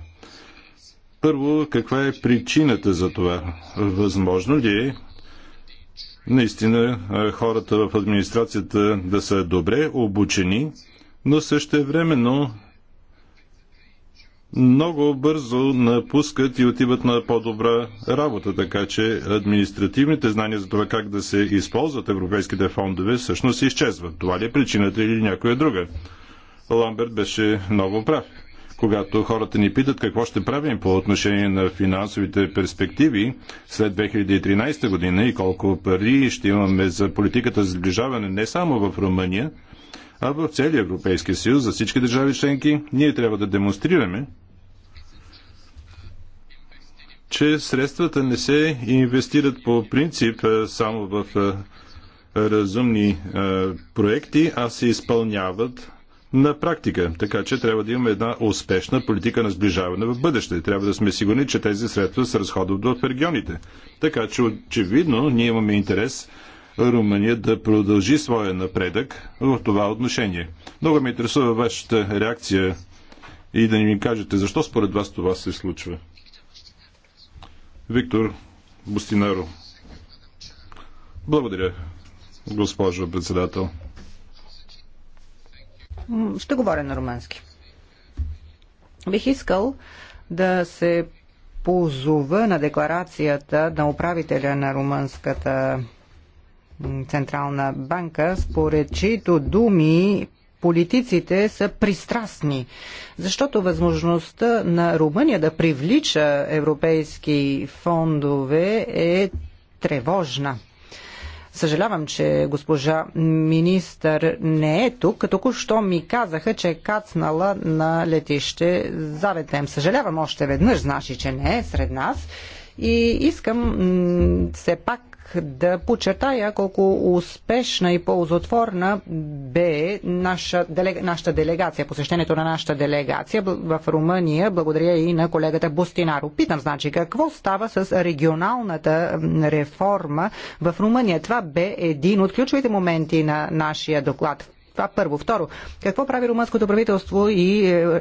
Първо, каква е причината за това? Възможно ли е наистина хората в администрацията да са добре обучени, но същевременно много бързо напускат и отиват на по-добра работа, така че административните знания за това как да се използват европейските фондове всъщност изчезват. Това ли е причината или някоя друга? Ламберт беше много прав когато хората ни питат какво ще правим по отношение на финансовите перспективи след 2013 година и колко пари ще имаме за политиката за сближаване не само в Румъния, а в целия Европейски съюз, за всички държави членки, ние трябва да демонстрираме, че средствата не се инвестират по принцип само в разумни проекти, а се изпълняват на практика. Така че трябва да имаме една успешна политика на сближаване в бъдеще. Трябва да сме сигурни, че тези средства се разходват в регионите. Така че очевидно ние имаме интерес Румъния да продължи своя напредък в това отношение. Много ме интересува вашата реакция и да ни кажете защо според вас това се случва. Виктор Бустинаро. Благодаря, госпожо председател. Ще говоря на румънски. Бих искал да се позова на декларацията на управителя на румънската Централна банка, според чието думи политиците са пристрастни, защото възможността на Румъния да привлича европейски фондове е тревожна. Съжалявам, че госпожа министър не е тук. Току-що ми казаха, че е кацнала на летище Заветем. Съжалявам още веднъж, значи, че не е сред нас. И искам все пак да подчертая колко успешна и ползотворна бе наша, делега, нашата делегация, посещението на нашата делегация в Румъния, благодаря и на колегата Бустинаро. Питам, значи, какво става с регионалната реформа в Румъния? Това бе един от ключовите моменти на нашия доклад. Това първо. Второ, какво прави румънското правителство и е,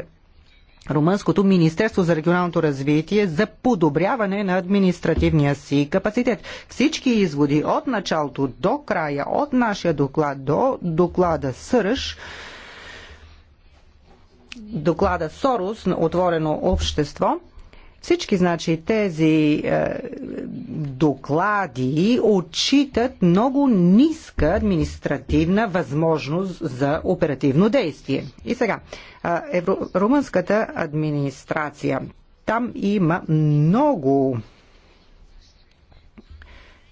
Румънското Министерство за регионалното развитие за подобряване на административния си капацитет. Всички изводи от началото до края, от нашия доклад до доклада СРШ, доклада Сорос на отворено общество – всички, значи, тези е, доклади отчитат много ниска административна възможност за оперативно действие. И сега, е, румънската администрация. Там има много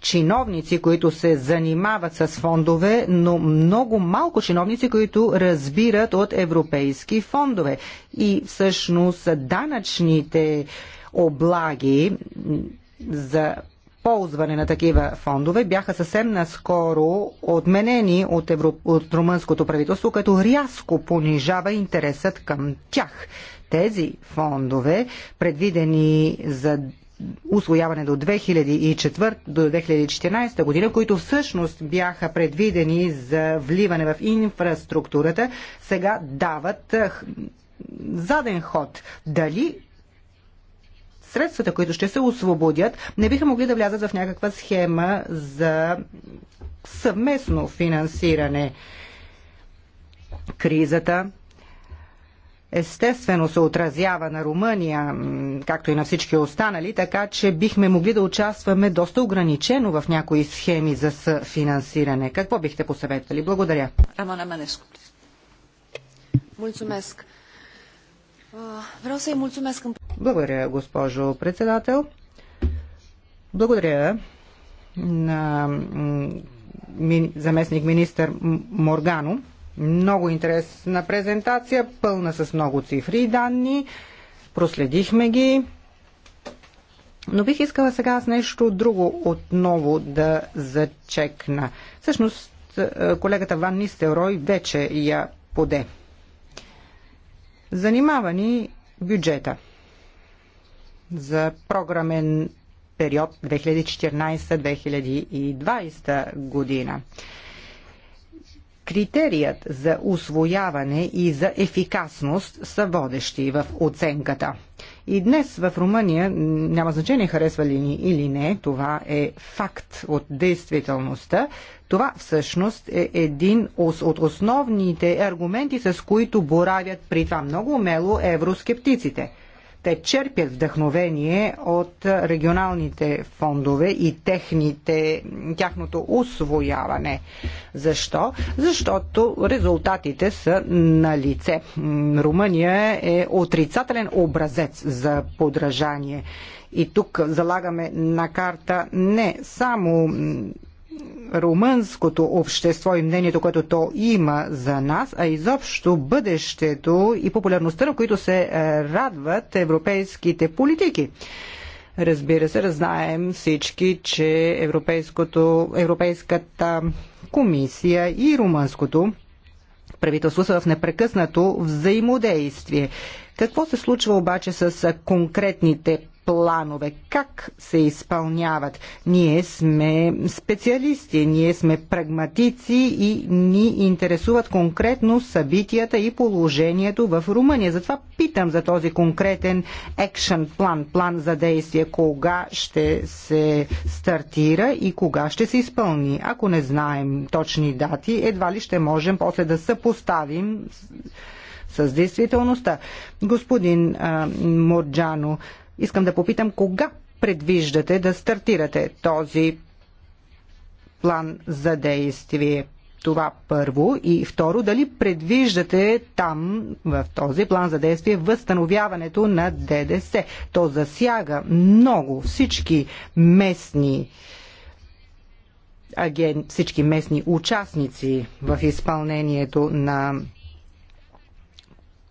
чиновници, които се занимават с фондове, но много малко чиновници, които разбират от европейски фондове. И всъщност данъчните облаги за ползване на такива фондове бяха съвсем наскоро отменени от, Евро... от румънското правителство, като рязко понижава интересът към тях. Тези фондове, предвидени за усвояване до 2004 до 2014 година, които всъщност бяха предвидени за вливане в инфраструктурата, сега дават заден ход. Дали средствата, които ще се освободят, не биха могли да влязат в някаква схема за съвместно финансиране. Кризата естествено се отразява на Румъния, както и на всички останали, така че бихме могли да участваме доста ограничено в някои схеми за съфинансиране. Какво бихте посъветвали? Благодаря. Рамона Манеско. Мулцумеск. Vreau să-i mulțumesc. Благодаря, госпожо председател. Благодаря на заместник министър Моргано. Много интересна презентация, пълна с много цифри и данни. Проследихме ги. Но бих искала сега с нещо друго отново да зачекна. Всъщност, е, колегата Ван Нистелрой вече я поде. Занимава ни бюджета за програмен период 2014-2020 година. Критерият за освояване и за ефикасност са водещи в оценката. И днес в Румъния, няма значение харесва ли ни или не, това е факт от действителността, това всъщност е един от основните аргументи, с които боравят при това много умело евроскептиците – те черпят вдъхновение от регионалните фондове и техните, тяхното освояване. Защо? Защото резултатите са на лице. Румъния е отрицателен образец за подражание. И тук залагаме на карта не само румънското общество и мнението, което то има за нас, а изобщо бъдещето и популярността, на които се е, радват европейските политики. Разбира се, знаем всички, че Европейското, Европейската комисия и румънското правителство са в непрекъснато взаимодействие. Какво се случва обаче с конкретните планове, как се изпълняват. Ние сме специалисти, ние сме прагматици и ни интересуват конкретно събитията и положението в Румъния. Затова питам за този конкретен екшен план, план за действие, кога ще се стартира и кога ще се изпълни. Ако не знаем точни дати, едва ли ще можем после да съпоставим с действителността. Господин а, Морджано, Искам да попитам кога предвиждате да стартирате този план за действие. Това първо. И второ, дали предвиждате там, в този план за действие, възстановяването на ДДС? То засяга много всички местни аген, всички местни участници в изпълнението на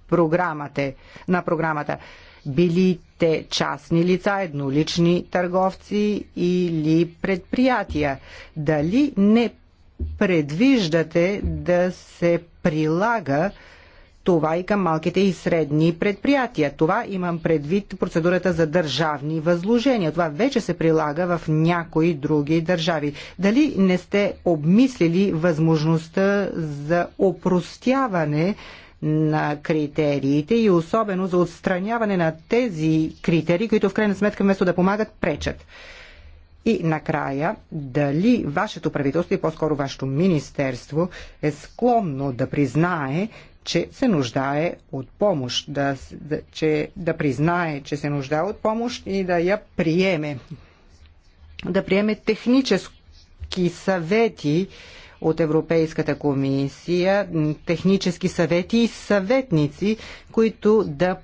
програмата. На програмата били те частни лица, еднолични търговци или предприятия. Дали не предвиждате да се прилага това и към малките и средни предприятия. Това имам предвид процедурата за държавни възложения. Това вече се прилага в някои други държави. Дали не сте обмислили възможността за опростяване на критериите и особено за отстраняване на тези критерии, които в крайна сметка вместо да помагат, пречат. И накрая, дали вашето правителство и по-скоро вашето министерство е склонно да признае, че се нуждае от помощ, да, да, че, да признае, че се нуждае от помощ и да я приеме. Да приеме технически съвети, от Европейската комисия, технически съвети и съветници, които да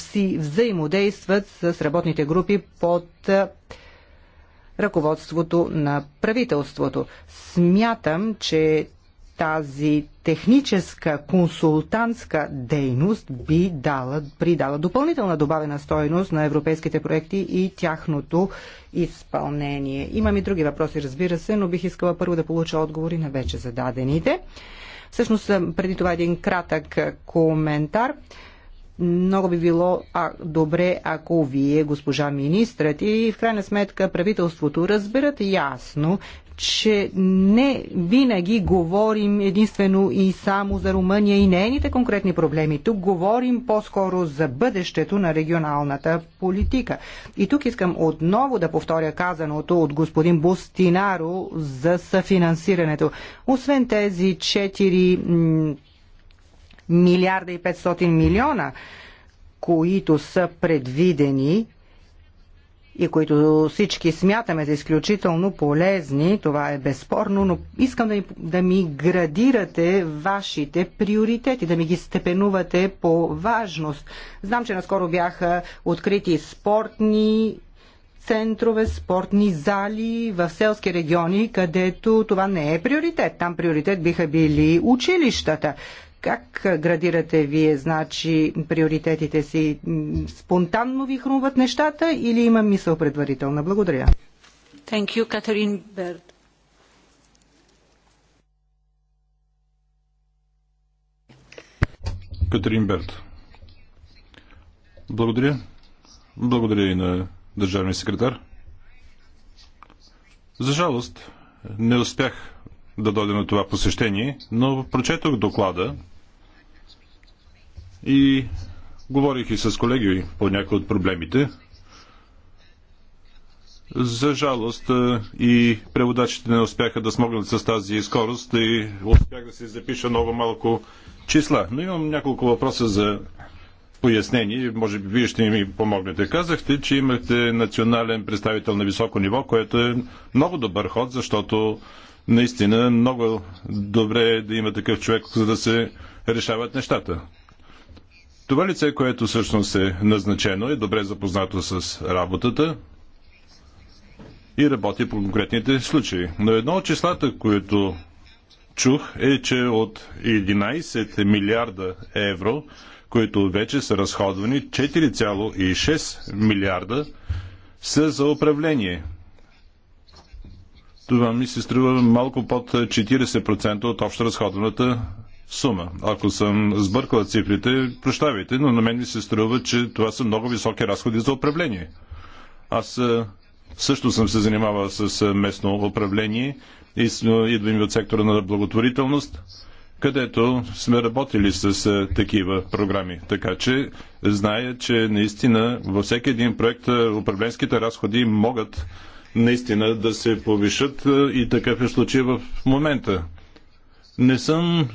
си взаимодействат с работните групи под ръководството на правителството. Смятам, че тази техническа консултантска дейност би дала, придала допълнителна добавена стоеност на европейските проекти и тяхното изпълнение. Имам и други въпроси, разбира се, но бих искала първо да получа отговори на вече зададените. Всъщност, преди това един кратък коментар много би било а, добре, ако вие, госпожа министрът и в крайна сметка правителството разберат ясно, че не винаги говорим единствено и само за Румъния и нейните конкретни проблеми. Тук говорим по-скоро за бъдещето на регионалната политика. И тук искам отново да повторя казаното от господин Бустинаро за съфинансирането. Освен тези четири милиарда и 500 милиона, които са предвидени и които всички смятаме за изключително полезни, това е безспорно, но искам да ми, да ми градирате вашите приоритети, да ми ги степенувате по важност. Знам, че наскоро бяха открити спортни центрове, спортни зали в селски региони, където това не е приоритет. Там приоритет биха били училищата. Как градирате вие, значи, приоритетите си? Спонтанно ви хрумват нещата или има мисъл предварителна? Благодаря. Thank you, Катерин Bird. Катерин Берт. Благодаря. Благодаря и на държавния секретар. За жалост, не успях да дойда на това посещение, но прочетох доклада и говорих и с колеги по някои от проблемите. За жалост е, и преводачите не успяха да смогнат с тази скорост и успях да се запиша много малко числа. Но имам няколко въпроса за пояснение. Може би вие ще ми помогнете. Казахте, че имахте национален представител на високо ниво, което е много добър ход, защото наистина много добре е да има такъв човек, за да се решават нещата. Това лице, което всъщност е назначено, е добре запознато с работата и работи по конкретните случаи. Но едно от числата, които чух е, че от 11 милиарда евро, които вече са разходвани, 4,6 милиарда са за управление. Това ми се струва малко под 40% от общо разходваната сума. Ако съм сбъркала цифрите, прощавайте, но на мен ми се струва, че това са много високи разходи за управление. Аз е, също съм се занимавал с е, местно управление и е, идвам и от сектора на благотворителност, където сме работили с такива програми. Така че зная, че наистина във всеки един проект управленските разходи могат наистина да се повишат и такъв е случай в момента. Не съм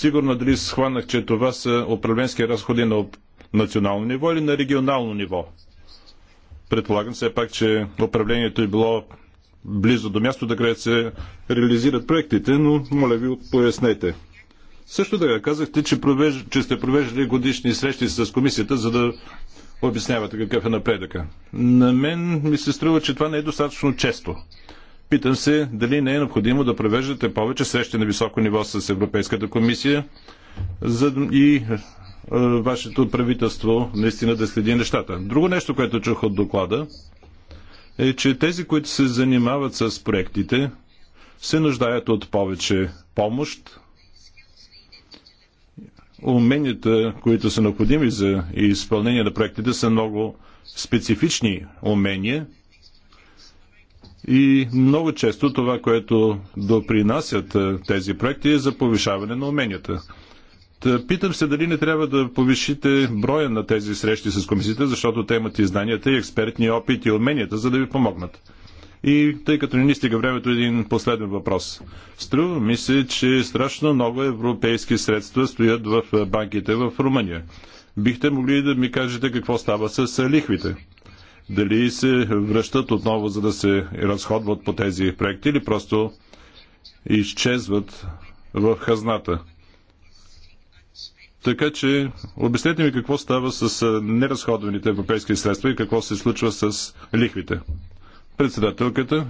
сигурно дали схванах, че това са управленски разходи на национално ниво или на регионално ниво. Предполагам все пак, че управлението е било близо до да където се реализират проектите, но моля ви пояснете. Също така казахте, че, провеж... че сте провеждали годишни срещи с комисията, за да обяснявате какъв е напредъка. На мен ми се струва, че това не е достатъчно често. Питам се дали не е необходимо да провеждате повече срещи на високо ниво с Европейската комисия за и е, вашето правителство наистина да следи нещата. Друго нещо, което чух от доклада, е, че тези, които се занимават с проектите, се нуждаят от повече помощ. Уменията, които са необходими за изпълнение на проектите, са много специфични умения – и много често това, което допринасят е, тези проекти е за повишаване на уменията. Та, питам се дали не трябва да повишите броя на тези срещи с комисията, защото те имат и знанията, и експертни опит, и уменията, за да ви помогнат. И тъй като не ни стига времето, един последен въпрос. Струва ми се, че страшно много европейски средства стоят в е, банките в Румъния. Бихте могли да ми кажете какво става с е, лихвите? дали се връщат отново, за да се разходват по тези проекти или просто изчезват в хазната. Така че обяснете ми какво става с неразходваните европейски средства и какво се случва с лихвите. Председателката,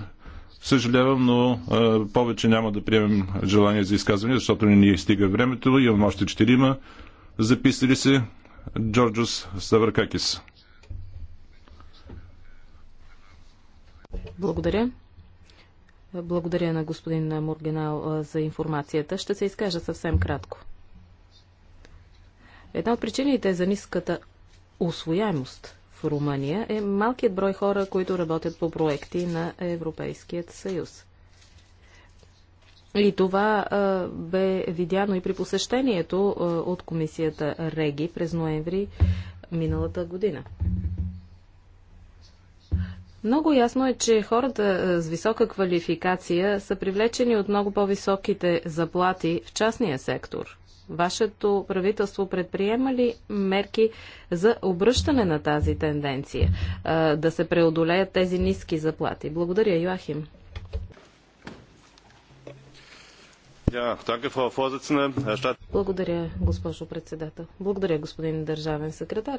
съжалявам, но а, повече няма да приемем желание за изказване, защото не ни стига времето. Имам още четирима записали се. Джорджос Савъркакис. Благодаря. Благодаря на господин Моргенал за информацията. Ще се изкажа съвсем кратко. Една от причините за ниската освояемост в Румъния е малкият брой хора, които работят по проекти на Европейският съюз. И това а, бе видяно и при посещението а, от комисията Реги през ноември миналата година. Много ясно е, че хората е, с висока квалификация са привлечени от много по-високите заплати в частния сектор. Вашето правителство предприема ли мерки за обръщане на тази тенденция, е, да се преодолеят тези ниски заплати? Благодаря, Йоахим. Благодаря, госпожо председател. Благодаря, господин държавен секретар.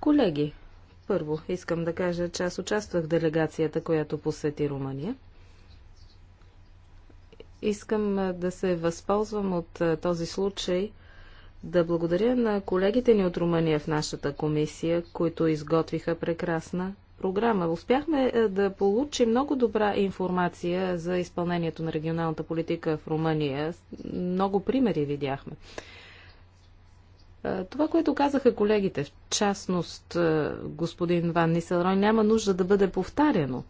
Колеги, първо, искам да кажа, че аз участвах в делегацията, която посети Румъния. Искам да се възползвам от този случай да благодаря на колегите ни от Румъния в нашата комисия, които изготвиха прекрасна програма. Успяхме да получим много добра информация за изпълнението на регионалната политика в Румъния. Много примери видяхме. Е, това, което казаха колегите, в частност е, господин Ван Нисълрой, няма нужда да бъде повтаряно.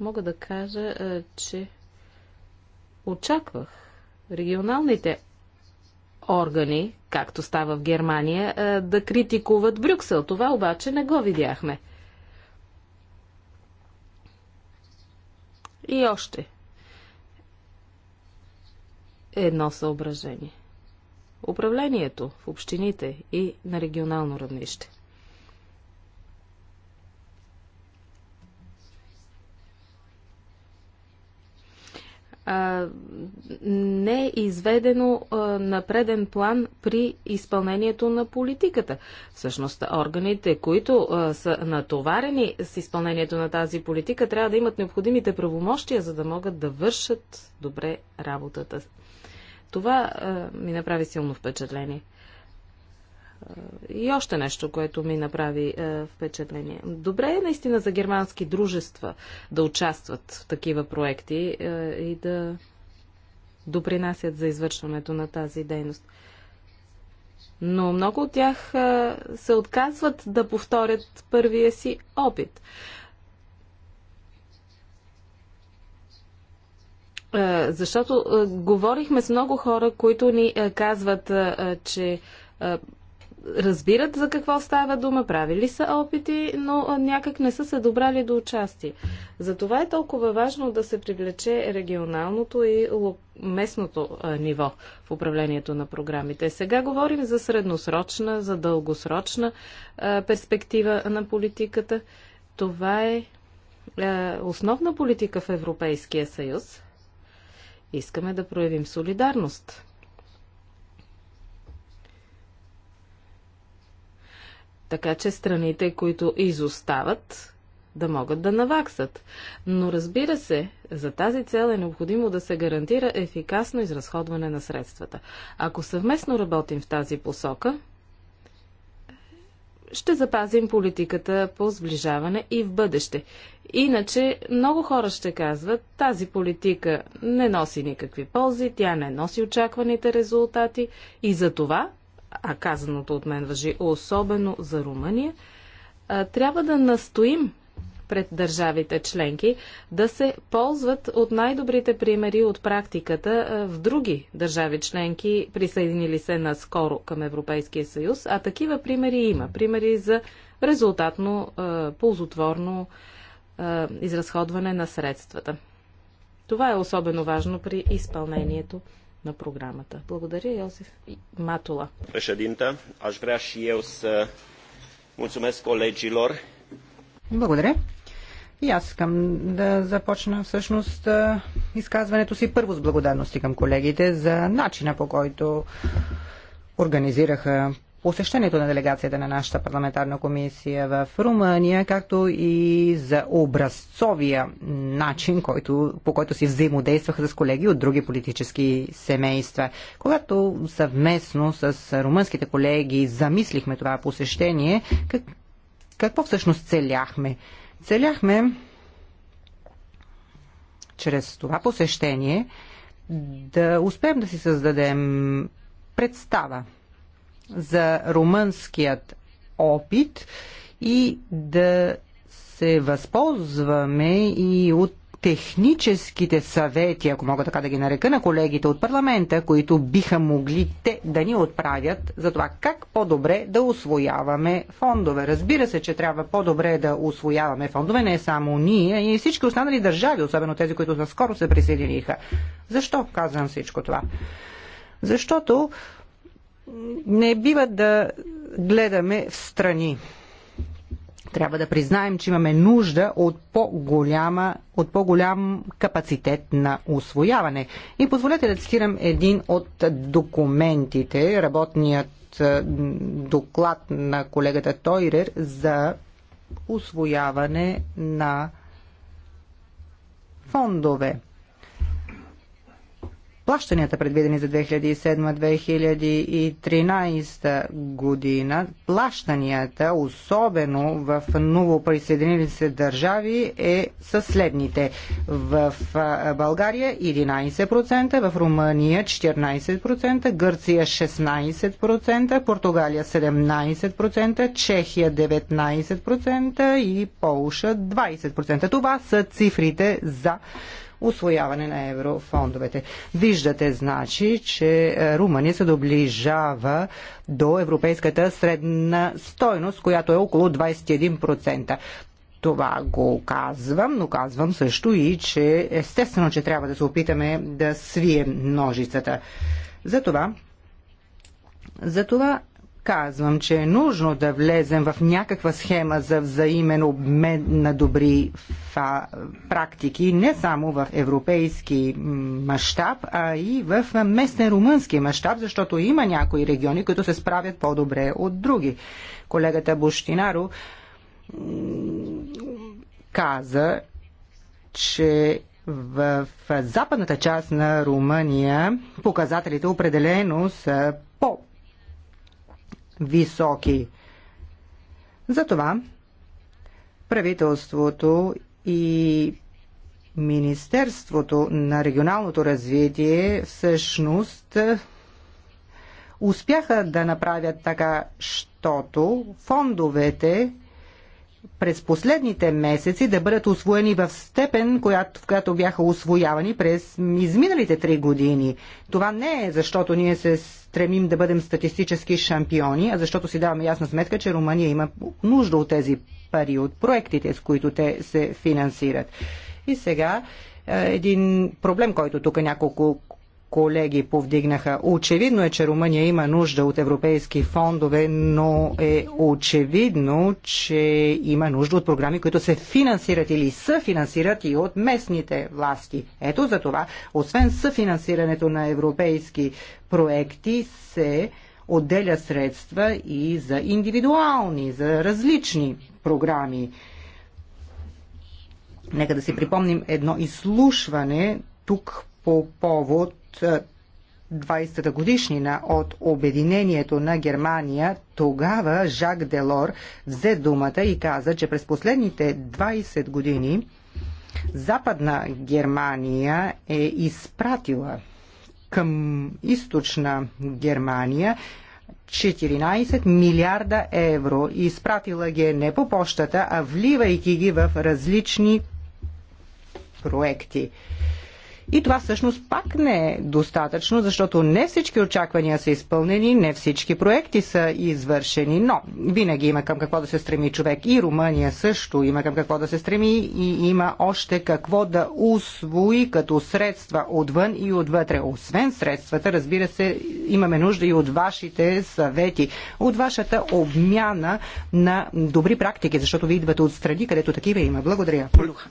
Мога да кажа, е, че очаквах регионалните органи, както става в Германия, да критикуват Брюксел. Това обаче не го видяхме. И още едно съображение управлението в общините и на регионално равнище. не е изведено на преден план при изпълнението на политиката. Всъщност, органите, които са натоварени с изпълнението на тази политика, трябва да имат необходимите правомощия, за да могат да вършат добре работата това ми направи силно впечатление. И още нещо, което ми направи е, впечатление. Добре е наистина за германски дружества да участват в такива проекти е, и да допринасят за извършването на тази дейност. Но много от тях е, се отказват да повторят първия си опит. Е, Е, защото е, говорихме с много хора, които ни е, казват, че разбират за какво става дума, правили са опити, но някак не са се добрали до участие. Затова е толкова важно да се привлече регионалното и местното ниво в управлението на програмите. Сега говорим за средносрочна, за дългосрочна перспектива на политиката. Това е основна политика в Европейския съюз Искаме да проявим солидарност. Така че страните, които изостават, да могат да наваксат. Но разбира се, за тази цел е необходимо да се гарантира ефикасно изразходване на средствата. Ако съвместно работим в тази посока, ще запазим политиката по сближаване и в бъдеще. Иначе много хора ще казват, тази политика не носи никакви ползи, тя не носи очакваните резултати и за това, а казаното от мен въжи особено за Румъния, трябва да настоим пред държавите членки да се ползват от най-добрите примери от практиката в други държави членки, присъединили се наскоро към Европейския съюз, а такива примери има. Примери за резултатно, ползотворно изразходване на средствата. Това е особено важно при изпълнението на програмата. Благодаря, Йосиф Матула. Președинта, aș vrea и eu să mulțumesc Благодаря. И аз искам да започна всъщност изказването си първо с благодарности към колегите за начина по който организираха посещението на делегацията на нашата парламентарна комисия в Румъния, както и за образцовия начин, който, по който си взаимодействаха с колеги от други политически семейства. Когато съвместно с румънските колеги замислихме това посещение, как, какво всъщност целяхме? Целяхме чрез това посещение да успеем да си създадем представа за румънският опит и да се възползваме и от техническите съвети, ако мога така да ги нарека, на колегите от парламента, които биха могли те да ни отправят за това как по-добре да освояваме фондове. Разбира се, че трябва по-добре да освояваме фондове, не само ние а и всички останали държави, особено тези, които наскоро се присъединиха. Защо казвам всичко това? Защото не бива да гледаме в страни. Трябва да признаем, че имаме нужда от, по-голяма, от по-голям капацитет на освояване. И позволете да цитирам един от документите, работният е, доклад на колегата Тойрер за освояване на фондове плащанията, предвидени за 2007-2013 година, плащанията, особено в новоприсъединили се държави, е със следните. В България 11%, в Румъния 14%, Гърция 16%, Португалия 17%, Чехия 19% и Полша 20%. Това са цифрите за освояване на еврофондовете. Виждате, значи, че е, Румъния се доближава до европейската средна стойност, която е около 21%. Това го казвам, но казвам също и, че естествено, че трябва да се опитаме да свием ножицата. Затова, затова казвам, че е нужно да влезем в някаква схема за взаимен обмен на добри практики, не само в европейски мащаб, а и в местен румънски мащаб, защото има някои региони, които се справят по-добре от други. Колегата Буштинаро каза, че в западната част на Румъния показателите определено са високи. Затова правителството и Министерството на регионалното развитие всъщност успяха да направят така, щото фондовете през последните месеци да бъдат освоени в степен, която, в която бяха освоявани през изминалите три години. Това не е защото ние се стремим да бъдем статистически шампиони, а защото си даваме ясна сметка, че Румъния има нужда от тези пари, от проектите, с които те се финансират. И сега е, един проблем, който тук няколко колеги повдигнаха. Очевидно е, че Румъния има нужда от европейски фондове, но е очевидно, че има нужда от програми, които се финансират или съфинансират и от местните власти. Ето за това, освен съфинансирането на европейски проекти, се отделя средства и за индивидуални, за различни програми. Нека да си припомним едно изслушване тук по повод 20-та годишнина от обединението на Германия, тогава Жак Делор взе думата и каза, че през последните 20 години Западна Германия е изпратила към източна Германия 14 милиарда евро. и Изпратила ги е не по почтата, а вливайки ги в различни проекти. И това всъщност пак не е достатъчно, защото не всички очаквания са изпълнени, не всички проекти са извършени, но винаги има към какво да се стреми човек. И Румъния също има към какво да се стреми и има още какво да усвои като средства отвън и отвътре. Освен средствата, разбира се, имаме нужда и от вашите съвети, от вашата обмяна на добри практики, защото ви идвате от страни, където такива има. Благодаря. Благодаря.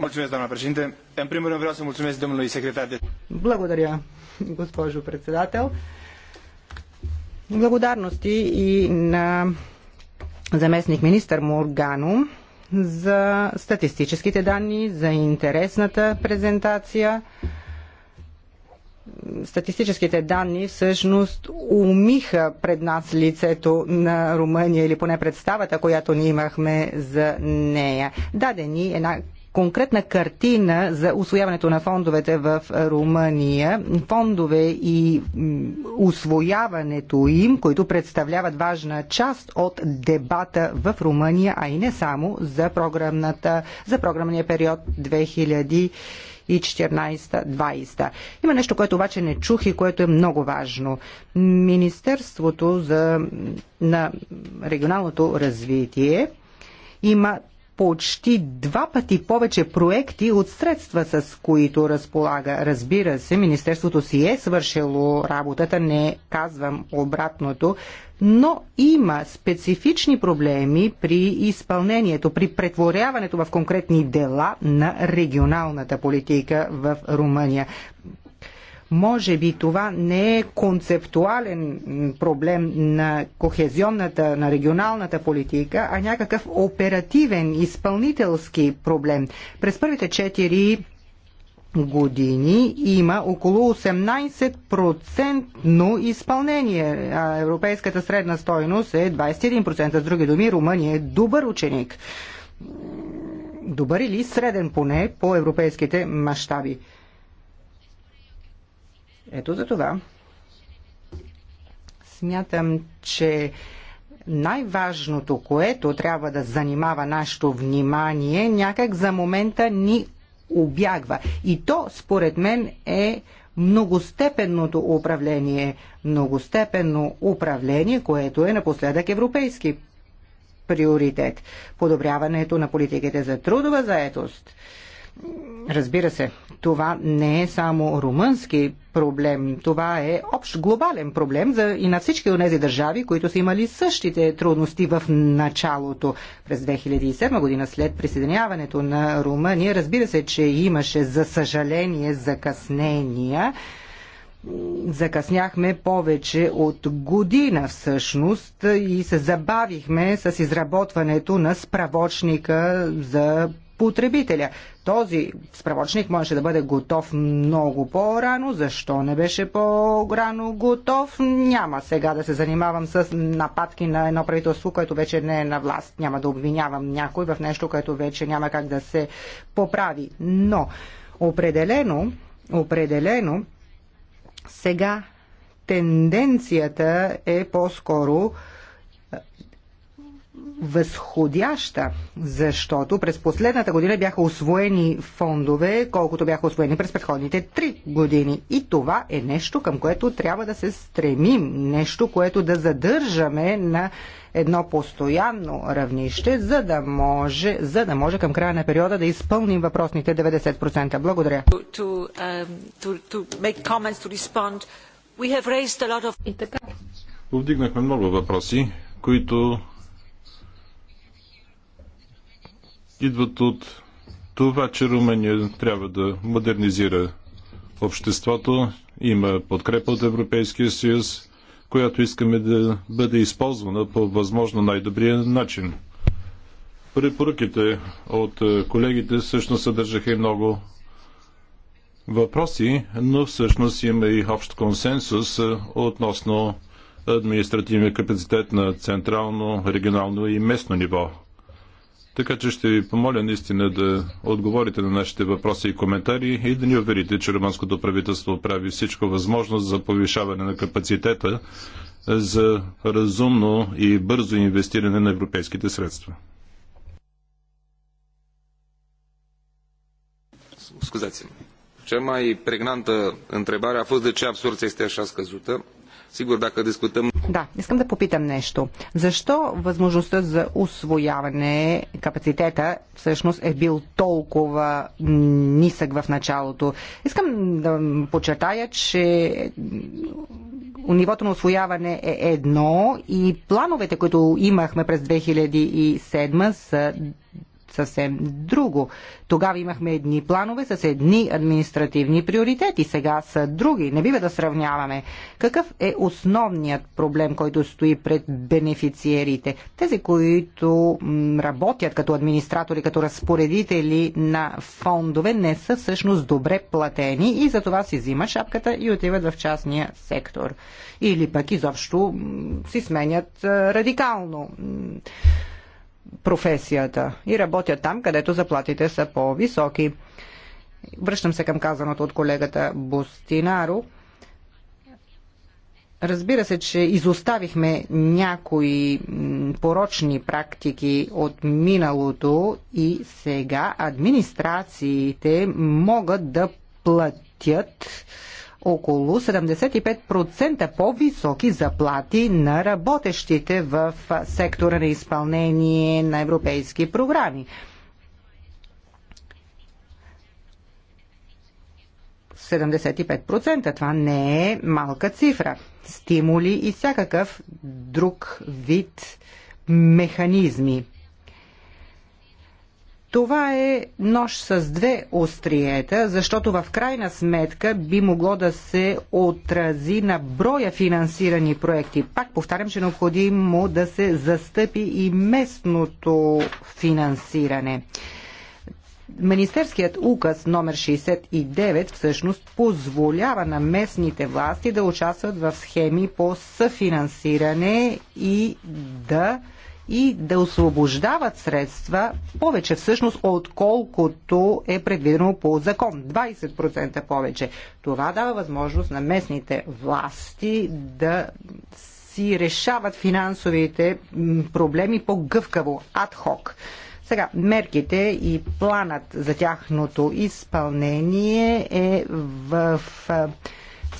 Mulțumesc, doamna președinte. În primul rând vreau să mulțumesc domnului secretar de... Благодаря, госпожо председател. Благодарности и на заместник министър Моргано за статистическите данни, за интересната презентация. Статистическите данни всъщност умиха пред нас лицето на Румъния или поне представата, която ни имахме за нея. Даде ни една конкретна картина за освояването на фондовете в Румъния, фондове и освояването им, които представляват важна част от дебата в Румъния, а и не само за, програмната, за програмния период 2000 и 14-20. Има нещо, което обаче не чух и което е много важно. Министерството за, на регионалното развитие има почти два пъти повече проекти от средства, с които разполага. Разбира се, Министерството си е свършило работата, не казвам обратното, но има специфични проблеми при изпълнението, при претворяването в конкретни дела на регионалната политика в Румъния. Може би това не е концептуален проблем на кохезионната, на регионалната политика, а някакъв оперативен, изпълнителски проблем. През първите четири години има около 18% изпълнение, а европейската средна стойност е 21%. С други думи, Румъния е добър ученик. Добър или среден поне по европейските мащаби. Ето за това смятам, че най-важното, което трябва да занимава нашето внимание, някак за момента ни обягва. И то, според мен, е многостепенното управление. Многостепенно управление, което е напоследък европейски приоритет. Подобряването на политиките за трудова заетост – Разбира се, това не е само румънски проблем, това е общ глобален проблем за и на всички от тези държави, които са имали същите трудности в началото през 2007 година след присъединяването на Румъния. Разбира се, че имаше за съжаление закъснения. Закъсняхме повече от година всъщност и се забавихме с изработването на справочника за потребителя. Този справочник можеше да бъде готов много по-рано. Защо не беше по-рано готов? Няма сега да се занимавам с нападки на едно правителство, което вече не е на власт. Няма да обвинявам някой в нещо, което вече няма как да се поправи. Но определено, определено сега тенденцията е по-скоро възходяща, защото през последната година бяха освоени фондове, колкото бяха освоени през предходните три години. И това е нещо, към което трябва да се стремим, нещо, което да задържаме на едно постоянно равнище, за да може, за да може към края на периода да изпълним въпросните 90%. Благодаря. Um, Повдигнахме много въпроси, които идват от това, че Румъния трябва да модернизира обществото. Има подкрепа от Европейския съюз, която искаме да бъде използвана по възможно най-добрия начин. Препоръките от колегите всъщност съдържаха и много въпроси, но всъщност има и общ консенсус относно административния капацитет на централно, регионално и местно ниво. Така че ще ви помоля наистина да отговорите на нашите въпроси и коментари и да ни уверите, че румънското правителство прави всичко възможно за повишаване на капацитета за разумно и бързо инвестиране на европейските средства. Scuzați-mă. Cea mai pregnantă întrebare a fost de ce absorția este așa scăzută. Sigur, dacă discutăm да, искам да попитам нещо. Защо възможността за освояване капацитета всъщност е бил толкова нисък в началото? Искам да подчертая, че нивото на освояване е едно и плановете, които имахме през 2007 са съвсем друго. Тогава имахме едни планове с едни административни приоритети, сега са други. Не бива да сравняваме. Какъв е основният проблем, който стои пред бенефициерите? Тези, които работят като администратори, като разпоредители на фондове, не са всъщност добре платени и затова си взимат шапката и отиват в частния сектор. Или пък изобщо си сменят радикално професията и работят там, където заплатите са по-високи. Връщам се към казаното от колегата Бустинаро. Разбира се, че изоставихме някои порочни практики от миналото и сега администрациите могат да платят около 75% по-високи заплати на работещите в сектора на изпълнение на европейски програми. Това не е малка цифра. Стимули и всякакъв друг вид механизми. Това е нож с две остриета, защото в крайна сметка би могло да се отрази на броя финансирани проекти. Пак повтарям, че е необходимо да се застъпи и местното финансиране. Министерският указ номер 69 всъщност позволява на местните власти да участват в схеми по съфинансиране и да и да освобождават средства повече всъщност, отколкото е предвидено по закон. 20% повече. Това дава възможност на местните власти да си решават финансовите проблеми по-гъвкаво, адхок. Сега, мерките и планът за тяхното изпълнение е в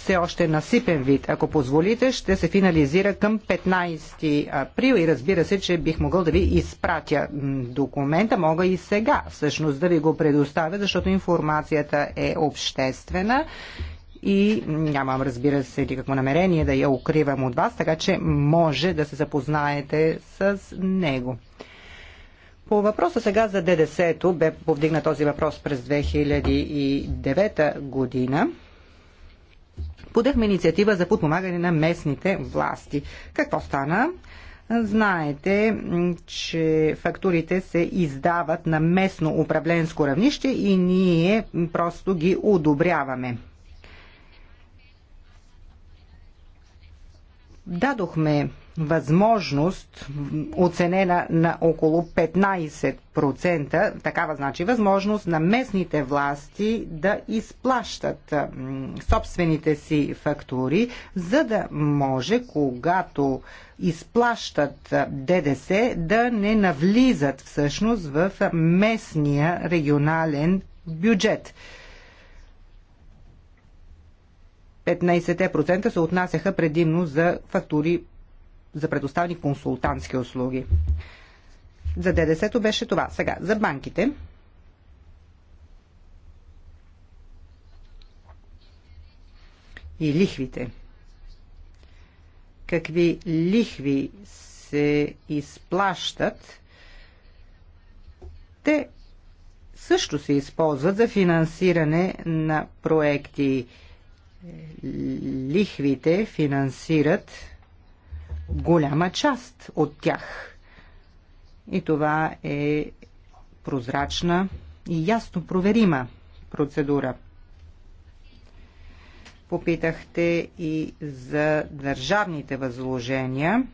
все още насипен вид. Ако позволите, ще се финализира към 15 април и разбира се, че бих могъл да ви изпратя документа. Мога и сега всъщност да ви го предоставя, защото информацията е обществена и нямам, разбира се, никакво намерение да я укривам от вас, така че може да се запознаете с него. По въпроса сега за ДДС-то бе повдигна този въпрос през 2009 година подехме инициатива за подпомагане на местните власти. Какво стана? Знаете, че фактурите се издават на местно управленско равнище и ние просто ги одобряваме. Дадохме възможност, оценена на около 15%, такава значи възможност на местните власти да изплащат собствените си фактури, за да може, когато изплащат ДДС, да не навлизат всъщност в местния регионален бюджет. 15% се отнасяха предимно за фактури за предоставени консултантски услуги. За ДДС-то беше това. Сега, за банките. И лихвите. Какви лихви се изплащат, те също се използват за финансиране на проекти. Лихвите финансират голяма част от тях. И това е прозрачна и ясно проверима процедура. Попитахте и за държавните възложения.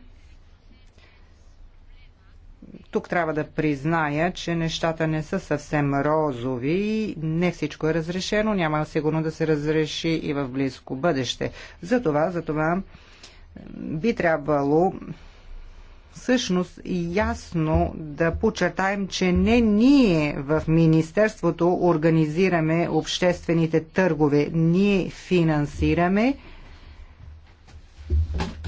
Тук трябва да призная, че нещата не са съвсем розови, не всичко е разрешено, няма сигурно да се разреши и в близко бъдеще. Затова, затова би трябвало всъщност ясно да подчертаем, че не ние в Министерството организираме обществените търгове. Ние финансираме,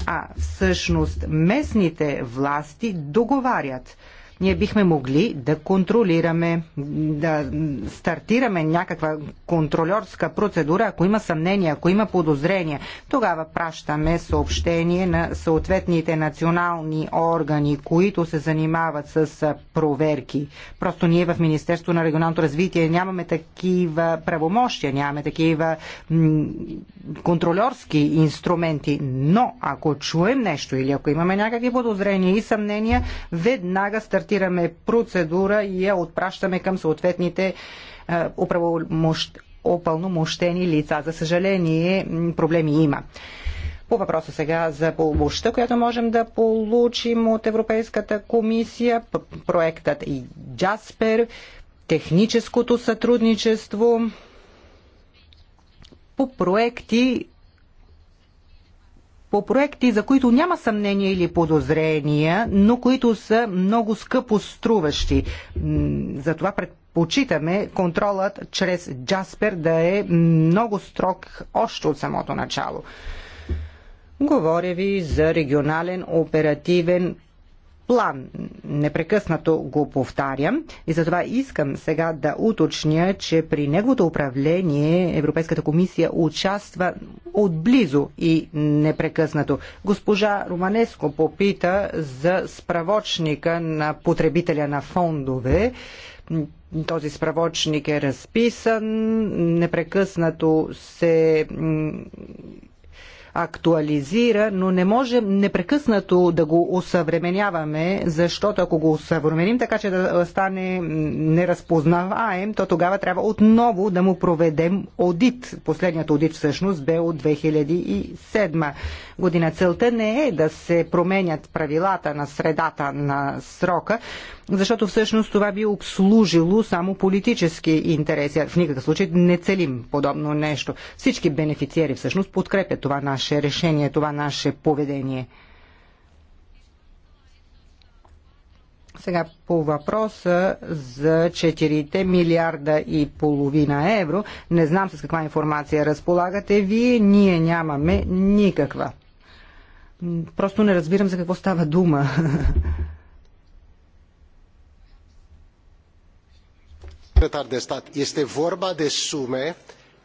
а всъщност местните власти договарят ние бихме могли да контролираме, да стартираме някаква контролерска процедура, ако има съмнение, ако има подозрения. Тогава пращаме съобщение на съответните национални органи, които се занимават с проверки. Просто ние в Министерство на регионалното развитие нямаме такива правомощия, нямаме такива контролерски инструменти, но ако чуем нещо или ако имаме някакви подозрения и съмнения, веднага стартираме стартираме процедура и я отпращаме към съответните е, опълномощени лица. За съжаление, проблеми има. По въпроса сега за помощта, която можем да получим от Европейската комисия, проектът и Джаспер, техническото сътрудничество по проекти, по проекти, за които няма съмнение или подозрения, но които са много скъпо струващи. Затова предпочитаме контролът чрез Джаспер да е много строг още от самото начало. Говоря ви за регионален оперативен план. Непрекъснато го повтарям и затова искам сега да уточня, че при неговото управление Европейската комисия участва отблизо и непрекъснато. Госпожа Романеско попита за справочника на потребителя на фондове. Този справочник е разписан, непрекъснато се актуализира, но не можем непрекъснато да го усъвременяваме, защото ако го усъвременим така, че да стане неразпознаваем, то тогава трябва отново да му проведем одит. Последният одит всъщност бе от 2007 година. Целта не е да се променят правилата на средата на срока, защото всъщност това би обслужило само политически интереси. В никакъв случай не целим подобно нещо. Всички бенефициери всъщност подкрепят това наше решение, това наше поведение. Сега по въпроса за 4 милиарда и половина евро. Не знам с каква информация разполагате вие. Ние нямаме никаква. Просто не разбирам за какво става дума. secretar de stat. Este vorba de sume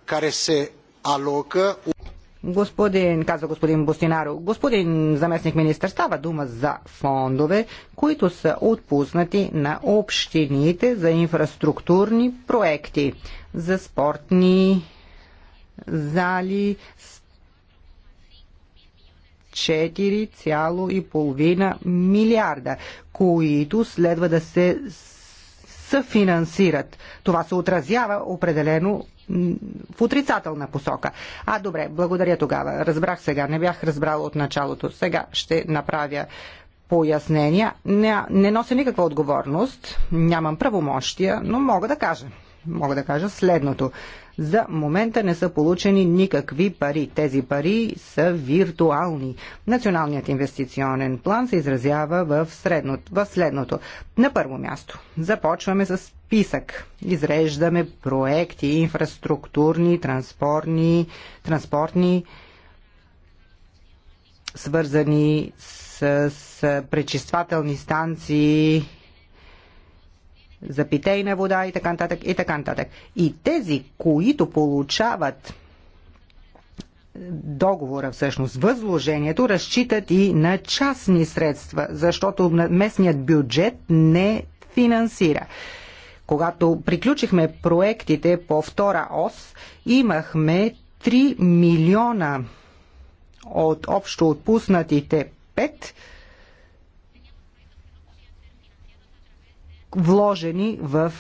care se alocă... Господин, казва господин Бостинаро, господин заместник министр, става дума за фондове, които са отпуснати на общините за инфраструктурни проекти, за спортни зали, 4,5 милиарда, които следва да се съфинансират. Това се отразява определено в отрицателна посока. А, добре, благодаря тогава. Разбрах сега. Не бях разбрала от началото. Сега ще направя пояснения. Не, не нося никаква отговорност. Нямам правомощия, но мога да кажа. Мога да кажа следното. За момента не са получени никакви пари. Тези пари са виртуални. Националният инвестиционен план се изразява в, средно, в следното. На първо място започваме с писък, Изреждаме проекти, инфраструктурни, транспортни, транспортни свързани с, с пречиствателни станции за питейна вода и така нататък и така нататък. И тези, които получават договора всъщност, възложението, разчитат и на частни средства, защото местният бюджет не финансира. Когато приключихме проектите по втора ОС, имахме 3 милиона от общо отпуснатите 5 вложени в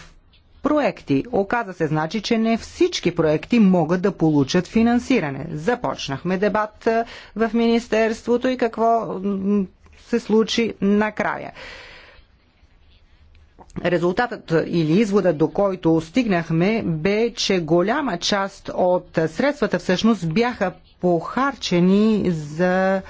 проекти. Оказа се, значи, че не всички проекти могат да получат финансиране. Започнахме дебат е, в Министерството и какво се случи накрая. Резултатът е, или извода, до който стигнахме, бе, че голяма част от средствата всъщност бяха похарчени за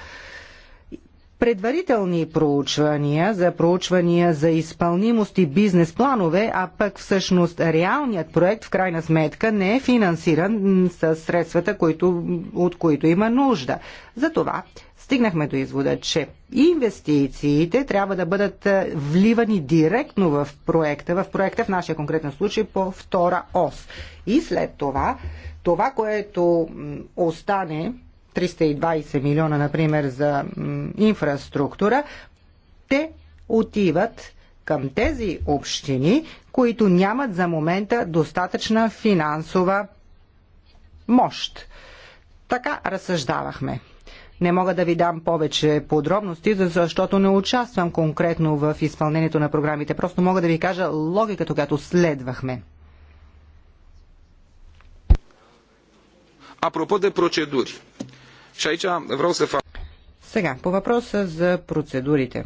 предварителни проучвания, за проучвания за изпълнимост и бизнес планове, а пък всъщност реалният проект в крайна сметка не е финансиран с средствата, които, от които има нужда. Затова стигнахме до извода, че инвестициите трябва да бъдат е, вливани директно в проекта, в проекта в нашия конкретен случай по втора ос. И след това, това, което остане 320 милиона, например, за инфраструктура, те отиват към тези общини, които нямат за момента достатъчна финансова мощ. Така разсъждавахме. Не мога да ви дам повече подробности, защото не участвам конкретно в изпълнението на програмите. Просто мога да ви кажа логиката, която следвахме. Апропо де процедури. Е Сега, по въпроса за процедурите.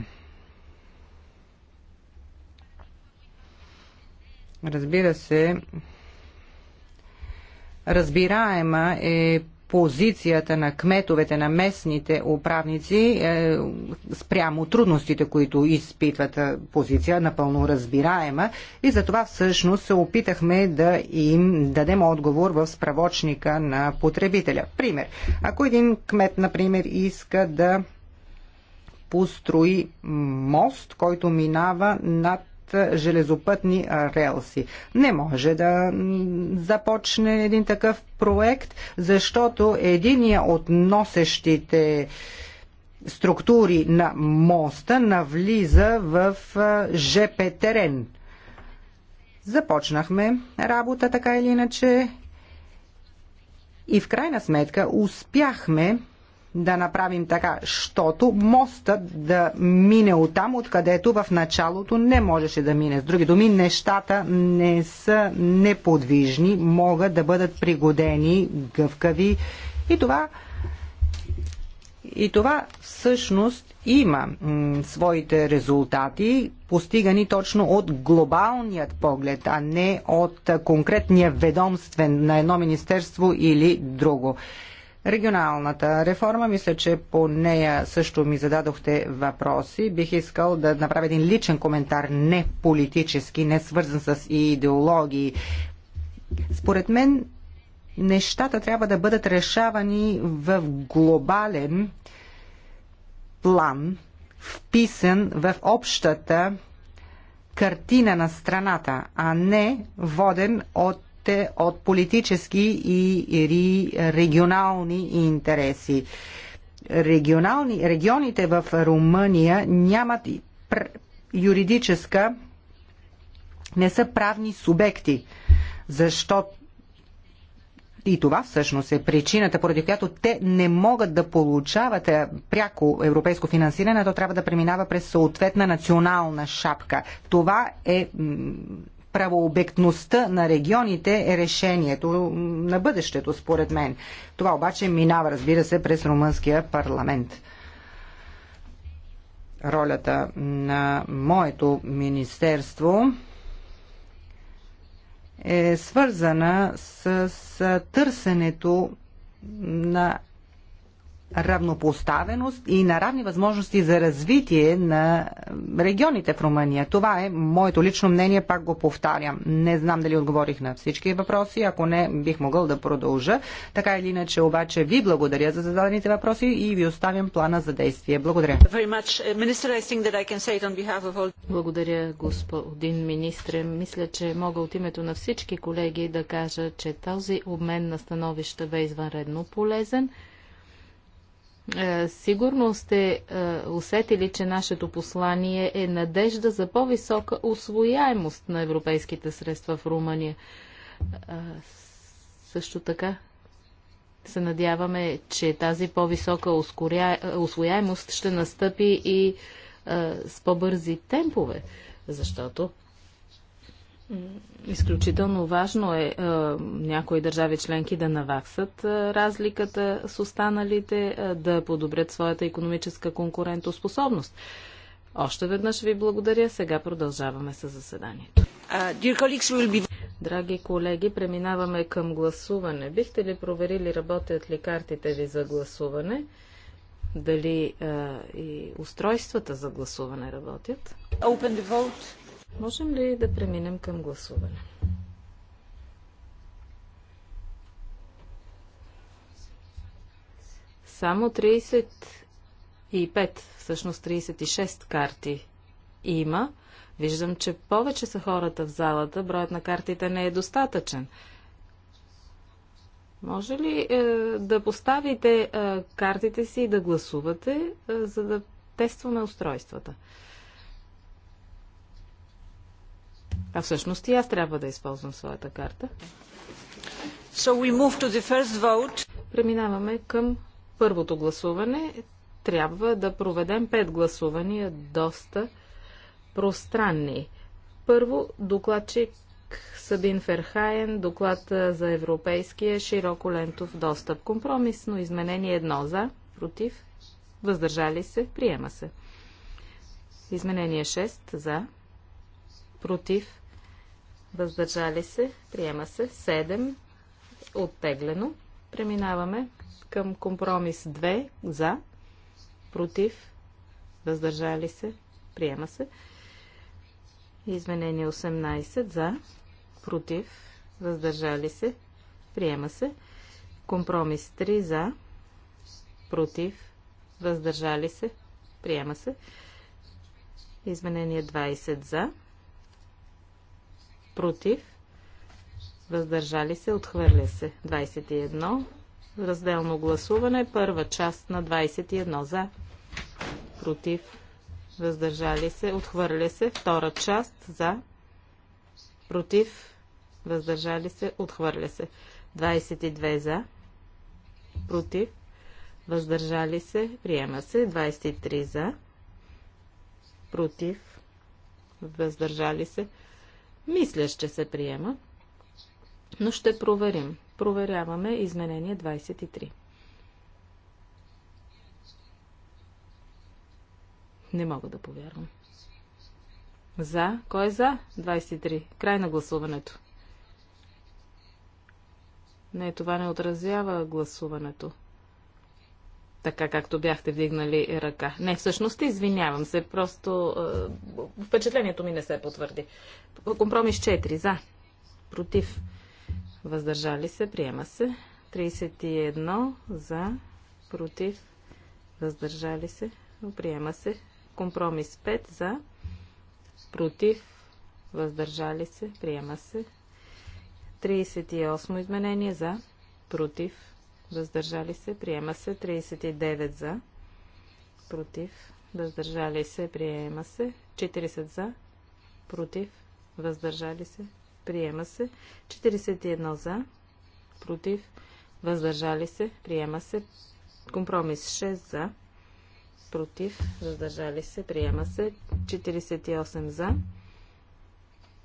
Разбира се, разбираема е позицията на кметовете, на местните управници е, спрямо трудностите, които изпитват е, позиция, напълно разбираема. И за това всъщност се опитахме да им дадем отговор в справочника на потребителя. Пример. Ако един кмет, например, иска да построи мост, който минава над железопътни релси. Не може да започне един такъв проект, защото единия от носещите структури на моста навлиза в ЖП терен. Започнахме работа така или иначе и в крайна сметка успяхме да направим така, щото мостът да мине от там, откъдето в началото не можеше да мине. С други думи, нещата не са неподвижни, могат да бъдат пригодени, гъвкави и това и това всъщност има своите резултати, постигани точно от глобалният поглед, а не от конкретния ведомствен на едно министерство или друго. Регионалната реформа, мисля, че по нея също ми зададохте въпроси. Бих искал да направя един личен коментар, не политически, не свързан с идеологии. Според мен нещата трябва да бъдат решавани в глобален план, вписан в общата картина на страната, а не воден от те от политически и регионални интереси. Регионални, регионите в Румъния нямат юридическа, не са правни субекти, защото и това всъщност е причината, поради която те не могат да получават е, пряко европейско финансиране, то трябва да преминава през съответна национална шапка. Това е правообектността на регионите е решението на бъдещето, според мен. Това обаче минава, разбира се, през румънския парламент. Ролята на моето министерство е свързана с търсенето на равнопоставеност и на равни възможности за развитие на регионите в Румъния. Това е моето лично мнение, пак го повтарям. Не знам дали отговорих на всички въпроси, ако не бих могъл да продължа. Така или иначе обаче ви благодаря за зададените въпроси и ви оставям плана за действие. Благодаря. Uh, благодаря, господин министре. Мисля, че мога от името на всички колеги да кажа, че този обмен на становища бе извънредно полезен. Е, сигурно сте е, усетили, че нашето послание е надежда за по-висока освояемост на европейските средства в Румъния. Е, също така се надяваме, че тази по-висока освояемост ще настъпи и с по-бързи темпове, защото Изключително важно е, е някои държави членки да наваксат е, разликата с останалите, е, да подобрят своята економическа конкурентоспособност. Още веднъж ви благодаря. Сега продължаваме с заседанието. Драги колеги, преминаваме към гласуване. Бихте ли проверили работят ли картите ви за гласуване? Дали е, и устройствата за гласуване работят? Open the vote. Можем ли да преминем към гласуване? Само 35, всъщност 36 карти има. Виждам, че повече са хората в залата. Броят на картите не е достатъчен. Може ли е, да поставите е, картите си и да гласувате, е, за да тестваме устройствата? А всъщност и аз трябва да използвам своята карта. So we move to the first vote. Преминаваме към първото гласуване. Трябва да проведем пет гласувания, доста пространни. Първо, докладчик Сабин Ферхайен, доклад за европейския широко лентов достъп. Компромисно изменение едно за, против, въздържали се, приема се. Изменение 6 за, против, въздържали се, приема се. 7 оттеглено. Преминаваме към компромис 2 за, против, въздържали се, приема се. Изменение 18 за, против, въздържали се, приема се. Компромис 3 за, против, въздържали се, приема се. Изменение 20 за, против, въздържали се, отхвърля се. 21. Разделно гласуване. Първа част на 21 за, против, въздържали се, отхвърля се. Втора част за, против, въздържали се, отхвърля се. 22 за, против, въздържали се, приема се. 23 за, против, въздържали се, мисля, че се приема, но ще проверим. Проверяваме изменение 23. Не мога да повярвам. За? Кой е за? 23. Край на гласуването. Не, това не отразява гласуването така както бяхте вдигнали ръка. Не, всъщност, извинявам се, просто е, впечатлението ми не се потвърди. Компромис 4. За. Против. Въздържали се. Приема се. 31. За. Против. Въздържали се. Приема се. Компромис 5. За. Против. Въздържали се. Приема се. 38. Изменение. За. Против въздържали се, приема се. 39 за, против, въздържали се, приема се. 40 за, против, въздържали се, приема се. 41 за, против, въздържали се, приема се. Компромис 6 за, против, въздържали се, приема се. 48 за,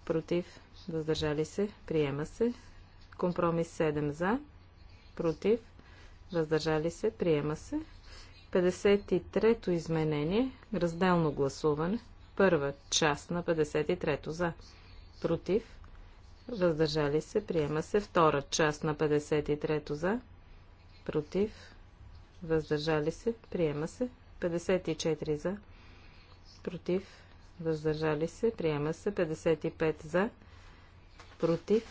против, въздържали се, приема се. Компромис 7 за, против, въздържали се, приема се. 53-то изменение, разделно гласуване, първа част на 53-то за, против, въздържали се, приема се, втора част на 53-то за, против, въздържали се, приема се, 54 за, против, въздържали се, приема се, 55 за, против,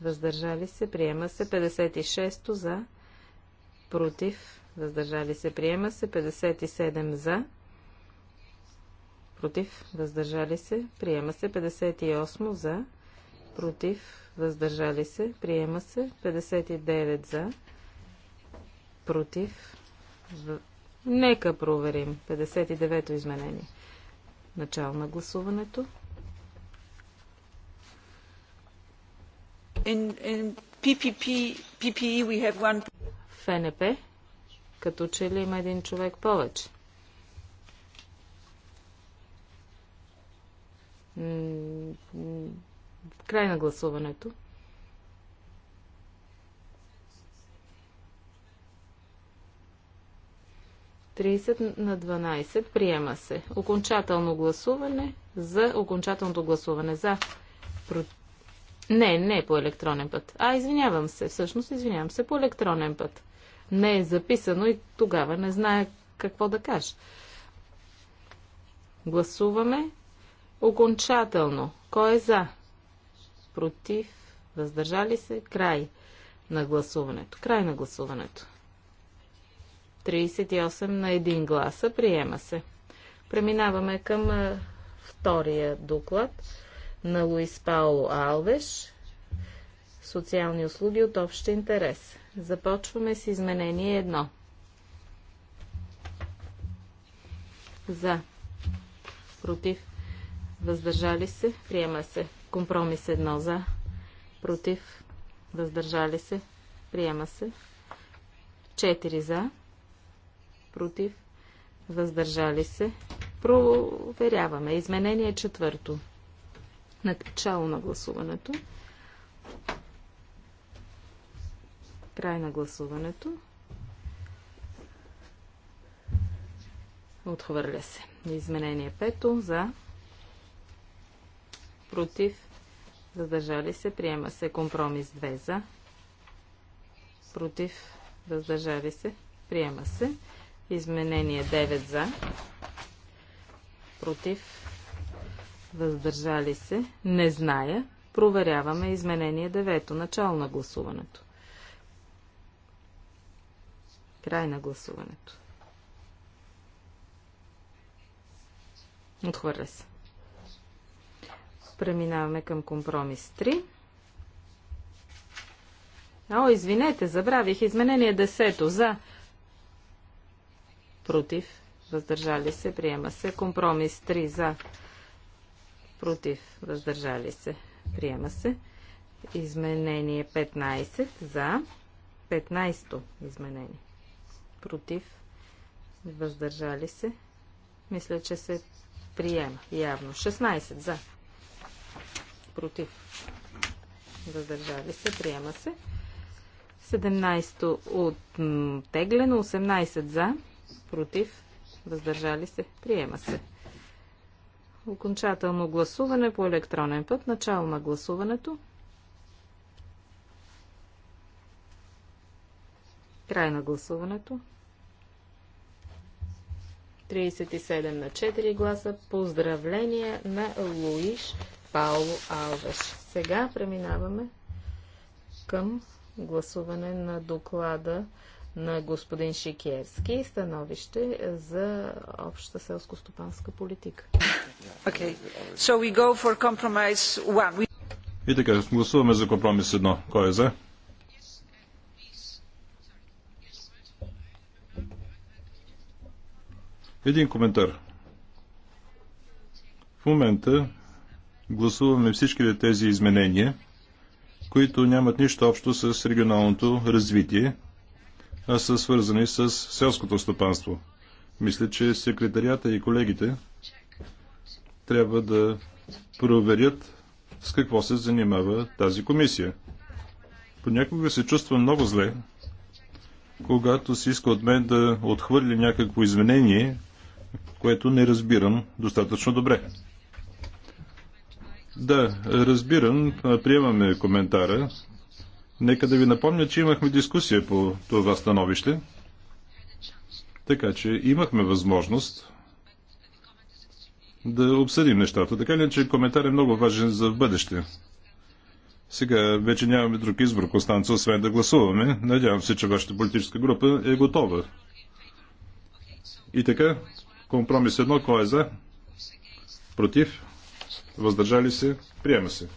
въздържали се, приема се, 56 за, против, въздържали се, приема се. 57 за, против, въздържали се, приема се. 58 за, против, въздържали се, приема се. 59 за, против. В... Нека проверим. 59-то изменение. Начало на гласуването. In, in PPP, PPE we have one в е НП, като че ли има един човек повече. Край на гласуването. Тридесет на 12 приема се. Окончателно гласуване за окончателното гласуване за. Про... Не, не е по електронен път. А, извинявам се. Всъщност, извинявам се по електронен път не е записано и тогава не знае какво да каже. Гласуваме окончателно. Кой е за? Против? Въздържали се? Край на гласуването. Край на гласуването. 38 на 1 гласа. Приема се. Преминаваме към е, втория доклад на Луис Пауло Алвеш. Социални услуги от общ интерес. Започваме с изменение 1. За. Против. Въздържали се. Приема се. Компромис 1 за. Против. Въздържали се. Приема се. 4 за. Против. Въздържали се. Проверяваме. Изменение четвърто. Начало на гласуването. Край на гласуването. Отхвърля се. Изменение пето за против въздържали се. Приема се компромис 2 за против въздържали се. Приема се. Изменение 9 за против въздържали се. Не зная. Проверяваме изменение 9. Начало на гласуването. Край на гласуването. Отхвърля се. Преминаваме към компромис 3. О, извинете, забравих. Изменение 10 за. Против. Въздържали се. Приема се. Компромис 3 за. Против. Въздържали се. Приема се. Изменение 15 за. 15 изменение против, въздържали се. Мисля, че се приема явно. 16 за, против, въздържали се, приема се. 17 оттеглено, 18 за, против, въздържали се, приема се. Окончателно гласуване по електронен път. Начало на гласуването. Край на гласуването. 37 на 4 гласа. Поздравления на Луиш Пауло Алваш. Сега преминаваме към гласуване на доклада на господин Шикерски становище за обща селско-стопанска политика. Okay. So we go for compromise one. We... И така, гласуваме за компромис едно. Кой е за? Един коментар. В момента гласуваме всичките тези изменения, които нямат нищо общо с регионалното развитие, а са свързани с селското стопанство. Мисля, че секретарията и колегите трябва да проверят с какво се занимава тази комисия. Понякога се чувствам много зле, когато се иска от мен да отхвърли някакво изменение, което не разбирам достатъчно добре. Да, разбирам, приемаме коментара. Нека да ви напомня, че имахме дискусия по това становище. Така че имахме възможност да обсъдим нещата. Така ли, че коментар е много важен за бъдеще. Сега вече нямаме друг избор, костанца, освен да гласуваме. Надявам се, че вашата политическа група е готова. И така, Компромис 1. Кой е за? Против? Въздържали се? Приема се.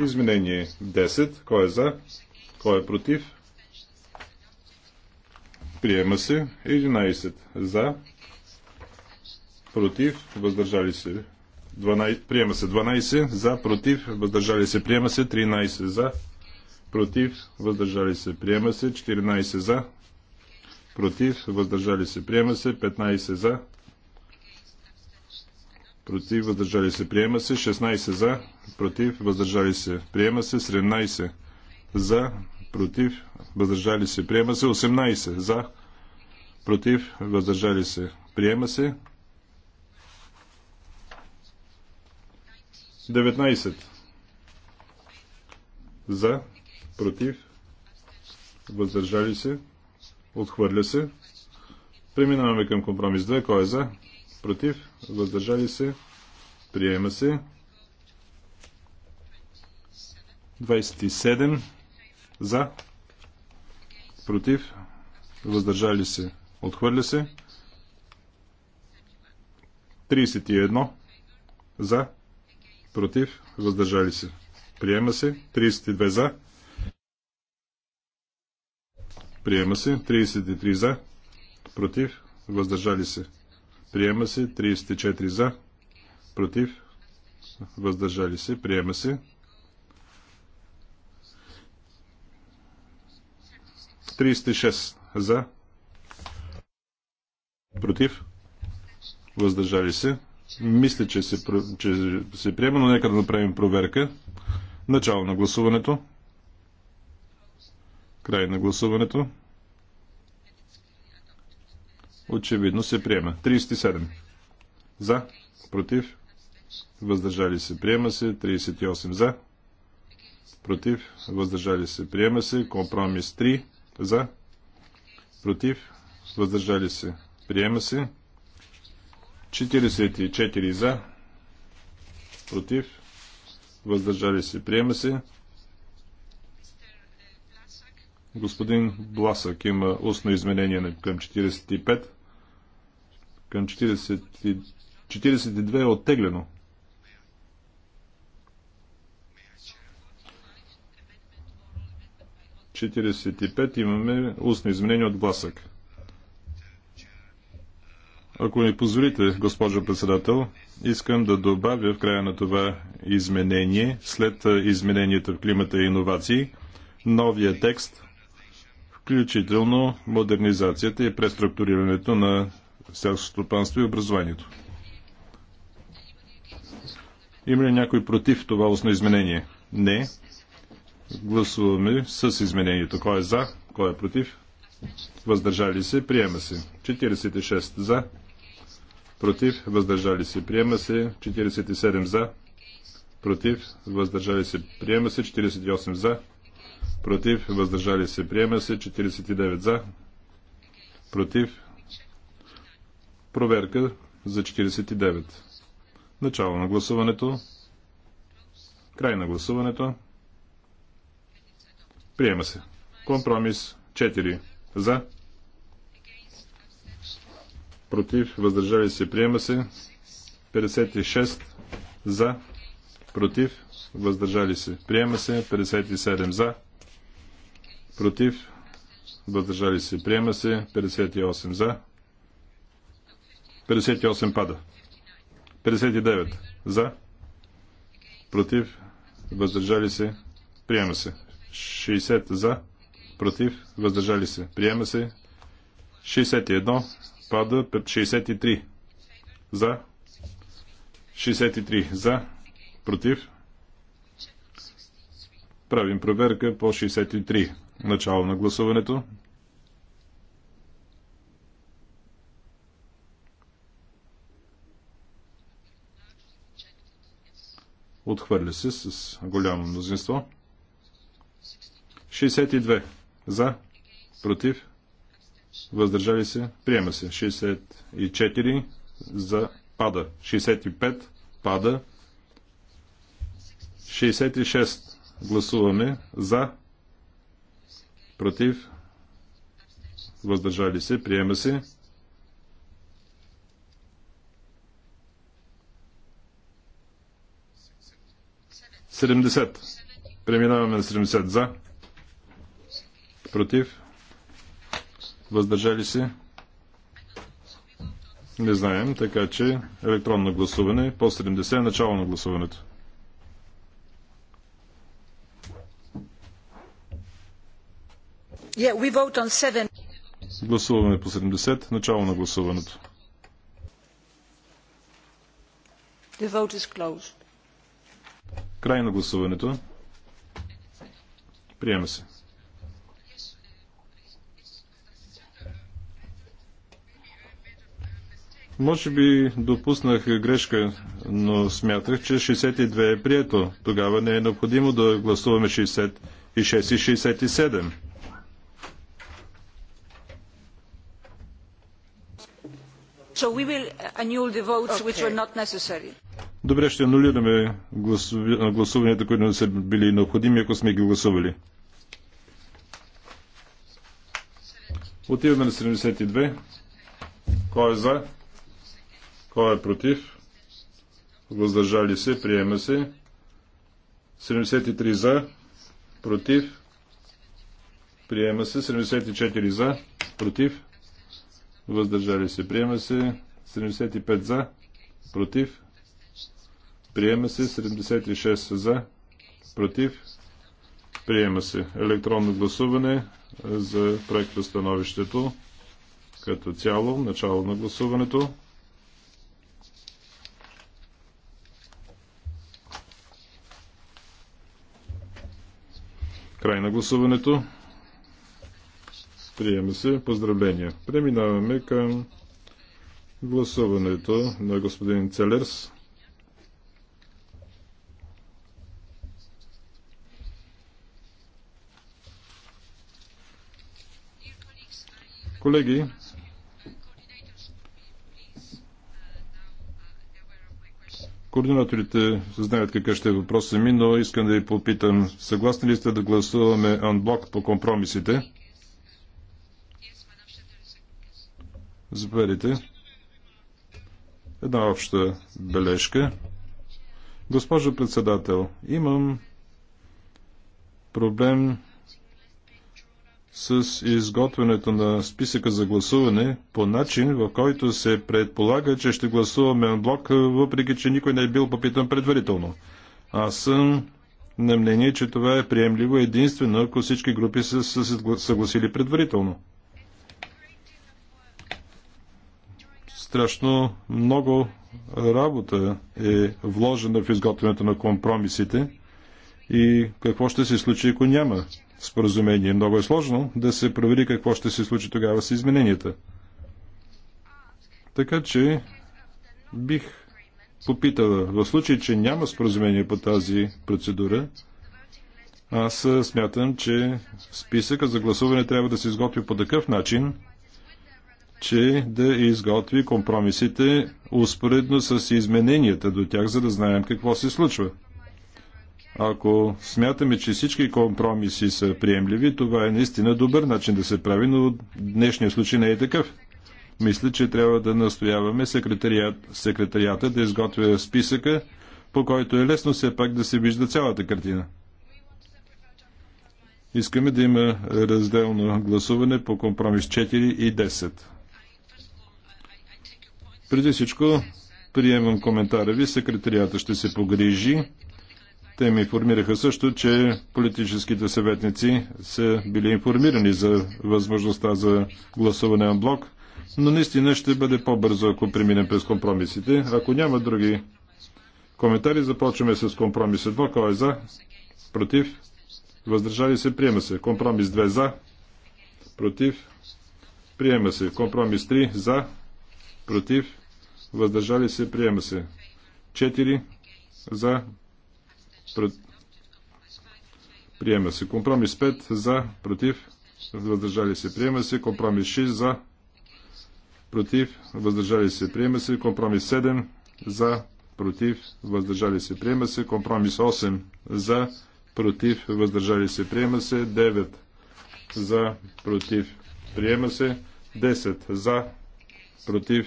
Изменение 10. Кой е за? Кой е против? Приема се. 11. За. Против. Въздържали се. 12, приема се 12. За. Против. Въздържали се. Приема се. 13. За. Против. Въздържали се. Приема се. 14. За против, въздържали се, приема се, 15 за, против, въздържали се, приема се, 16 за, против, въздържали се, приема се, 17 за, против, въздържали се, приема се, 18 за, против, въздържали се, приема се, 19 за, против, въздържали се, Отхвърля се. Преминаваме към компромис 2. Кой е за? Против? Въздържали се? Приема се. 27 за. Против? Въздържали се? Отхвърля се. 31 за. Против? Въздържали се? Приема се. 32 за Приема се. 33 за. Против. Въздържали се. Приема се. 34 за. Против. Въздържали се. Приема се. 36 за. Против. Въздържали се. Мисля, че се, че се приема, но нека да направим проверка. Начало на гласуването. Край на гласуването. Очевидно се приема. 37. За. Против. Въздържали се. Приема се. 38. За. Против. Въздържали се. Приема се. Компромис 3. За. Против. Въздържали се. Приема се. 44 за. Против. Въздържали се. Приема се. Господин Бласък има устно изменение към 45. Към 40... 42 е оттеглено. Четиридесет имаме устно изменение от Бласък. Ако ми позволите, госпожо председател, искам да добавя в края на това изменение, след изменението в климата и иновации, новия текст включително модернизацията и преструктурирането на селското стопанство и образованието. Има ли някой против това устно изменение? Не. Гласуваме с изменението. Кой е за? Кой е против? Въздържали се? Приема се. 46 за. Против? Въздържали се? Приема се. 47 за. Против? Въздържали се? Приема се. 48 за против, въздържали се, приема се, 49 за, против, проверка за 49. Начало на гласуването, край на гласуването, приема се. Компромис 4 за, против, въздържали се, приема се, 56 за, против, въздържали се, приема се, 57 за, против, въздържали се, приема се, 58 за, 58 пада, 59 за, против, въздържали се, приема се, 60 за, против, въздържали се, приема се, 61 пада, 63 за, 63 за, против, правим проверка по 63. Начало на гласуването. Отхвърля се с голямо мнозинство. 62. За. Против. Въздържали се. Приема се. 64. За. Пада. 65. Пада. 66. Гласуваме. За против, въздържали се, приема се. Седемдесет. Преминаваме на 70 за. Против. Въздържали се. Не знаем, така че електронно гласуване по 70 начало на гласуването. Yeah, Гласуваме по 70. Начало на гласуването. The vote is closed. Край на гласуването. Приема се. Може би допуснах грешка, но смятах, че 62 е прието. Тогава не е необходимо да гласуваме 66 и 67. So we will annul the votes okay. which were not necessary. Добре, ще анулираме гласуванията, които не са били необходими, ако сме ги гласували. Отиваме на 72. Кой е за? Кой е против? Въздържали се, приема се. 73 за, против, приема се. 74 за, против, въздържали се, приема се 75 за, против, приема се 76 за, против, приема се. Електронно гласуване за проекта становището като цяло, начало на гласуването. Край на гласуването. Приема се. Поздравления. Преминаваме към гласуването на господин Целерс. Колеги, Координаторите знаят какъв ще е въпросът ми, но искам да ви попитам. Съгласни ли сте да гласуваме анблок по компромисите? Заповядайте. Една обща бележка. Госпожо председател, имам проблем с изготвянето на списъка за гласуване по начин, в който се предполага, че ще гласуваме блок, въпреки че никой не е бил попитан предварително. Аз съм на мнение, че това е приемливо единствено, ако всички групи са се съгласили предварително. страшно много работа е вложена в изготвянето на компромисите и какво ще се случи, ако няма споразумение. Много е сложно да се провери какво ще се случи тогава с измененията. Така че бих попитала, в случай, че няма споразумение по тази процедура, аз смятам, че списъка за гласуване трябва да се изготви по такъв начин, че да изготви компромисите успоредно с измененията до тях, за да знаем какво се случва. Ако смятаме, че всички компромиси са приемливи, това е наистина добър начин да се прави, но днешния случай не е такъв. Мисля, че трябва да настояваме секретарият, секретарията да изготвя списъка, по който е лесно все пак да се вижда цялата картина. Искаме да има разделно гласуване по компромис 4 и 10. Преди всичко, приемам коментара ви. Секретарията ще се погрижи. Те ми информираха също, че политическите съветници са били информирани за възможността за гласуване на блок, но наистина ще бъде по-бързо, ако преминем през компромисите. Ако няма други коментари, започваме с компромис 1. Кой е за? Против? Въздържали се? Приема се. Компромис 2 за? Против? Приема се. Компромис 3 за? Против? въздържали се, приема се. 4 за, пред... приема се. Компромис 5 за, против, въздържали се, приема се. Компромис 6 за, против, въздържали се, приема се. Компромис 7 за, против, въздържали се, приема се. Компромис 8 за, против, въздържали се, приема се. 9 за, против, приема се. 10 за, против,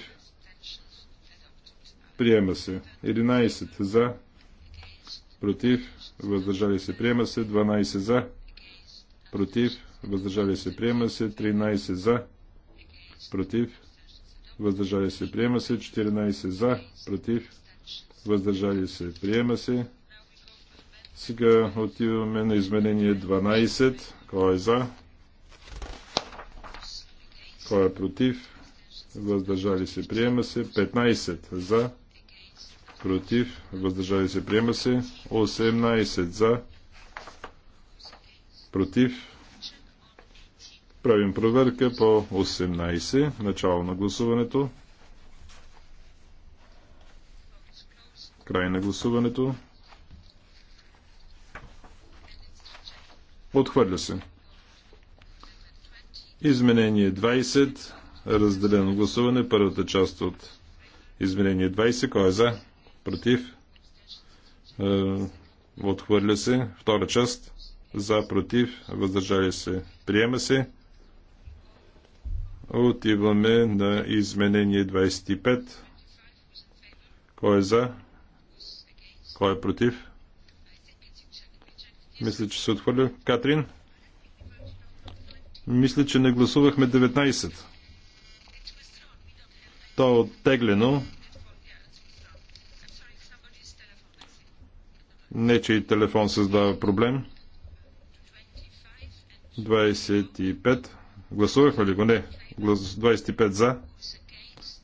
Приема се. 11 за. Против. Въздържали се. Приема се. 12 за. Против. Въздържали се. Приема се. 13 за. Против. Въздържали се. Приема се. 14 за. Против. Въздържали се. Приема се. Сега отиваме на изменение 12. Кой е за? Кой е против? Въздържали се. Приема се. 15 за против, въздържали се, приема се. 18 за, против. Правим проверка по 18, начало на гласуването. Край на гласуването. Отхвърля се. Изменение 20, разделено гласуване, първата част от изменение 20. Кой е за? против, е, отхвърля се. Втора част за, против, въздържали се, приема се. Отиваме на изменение 25. Кой е за? Кой е против? Мисля, че се отхвърля. Катрин? Мисля, че не гласувахме 19. То е оттеглено. не че и телефон създава проблем. 25. Гласувахме ли го? Не. 25 за.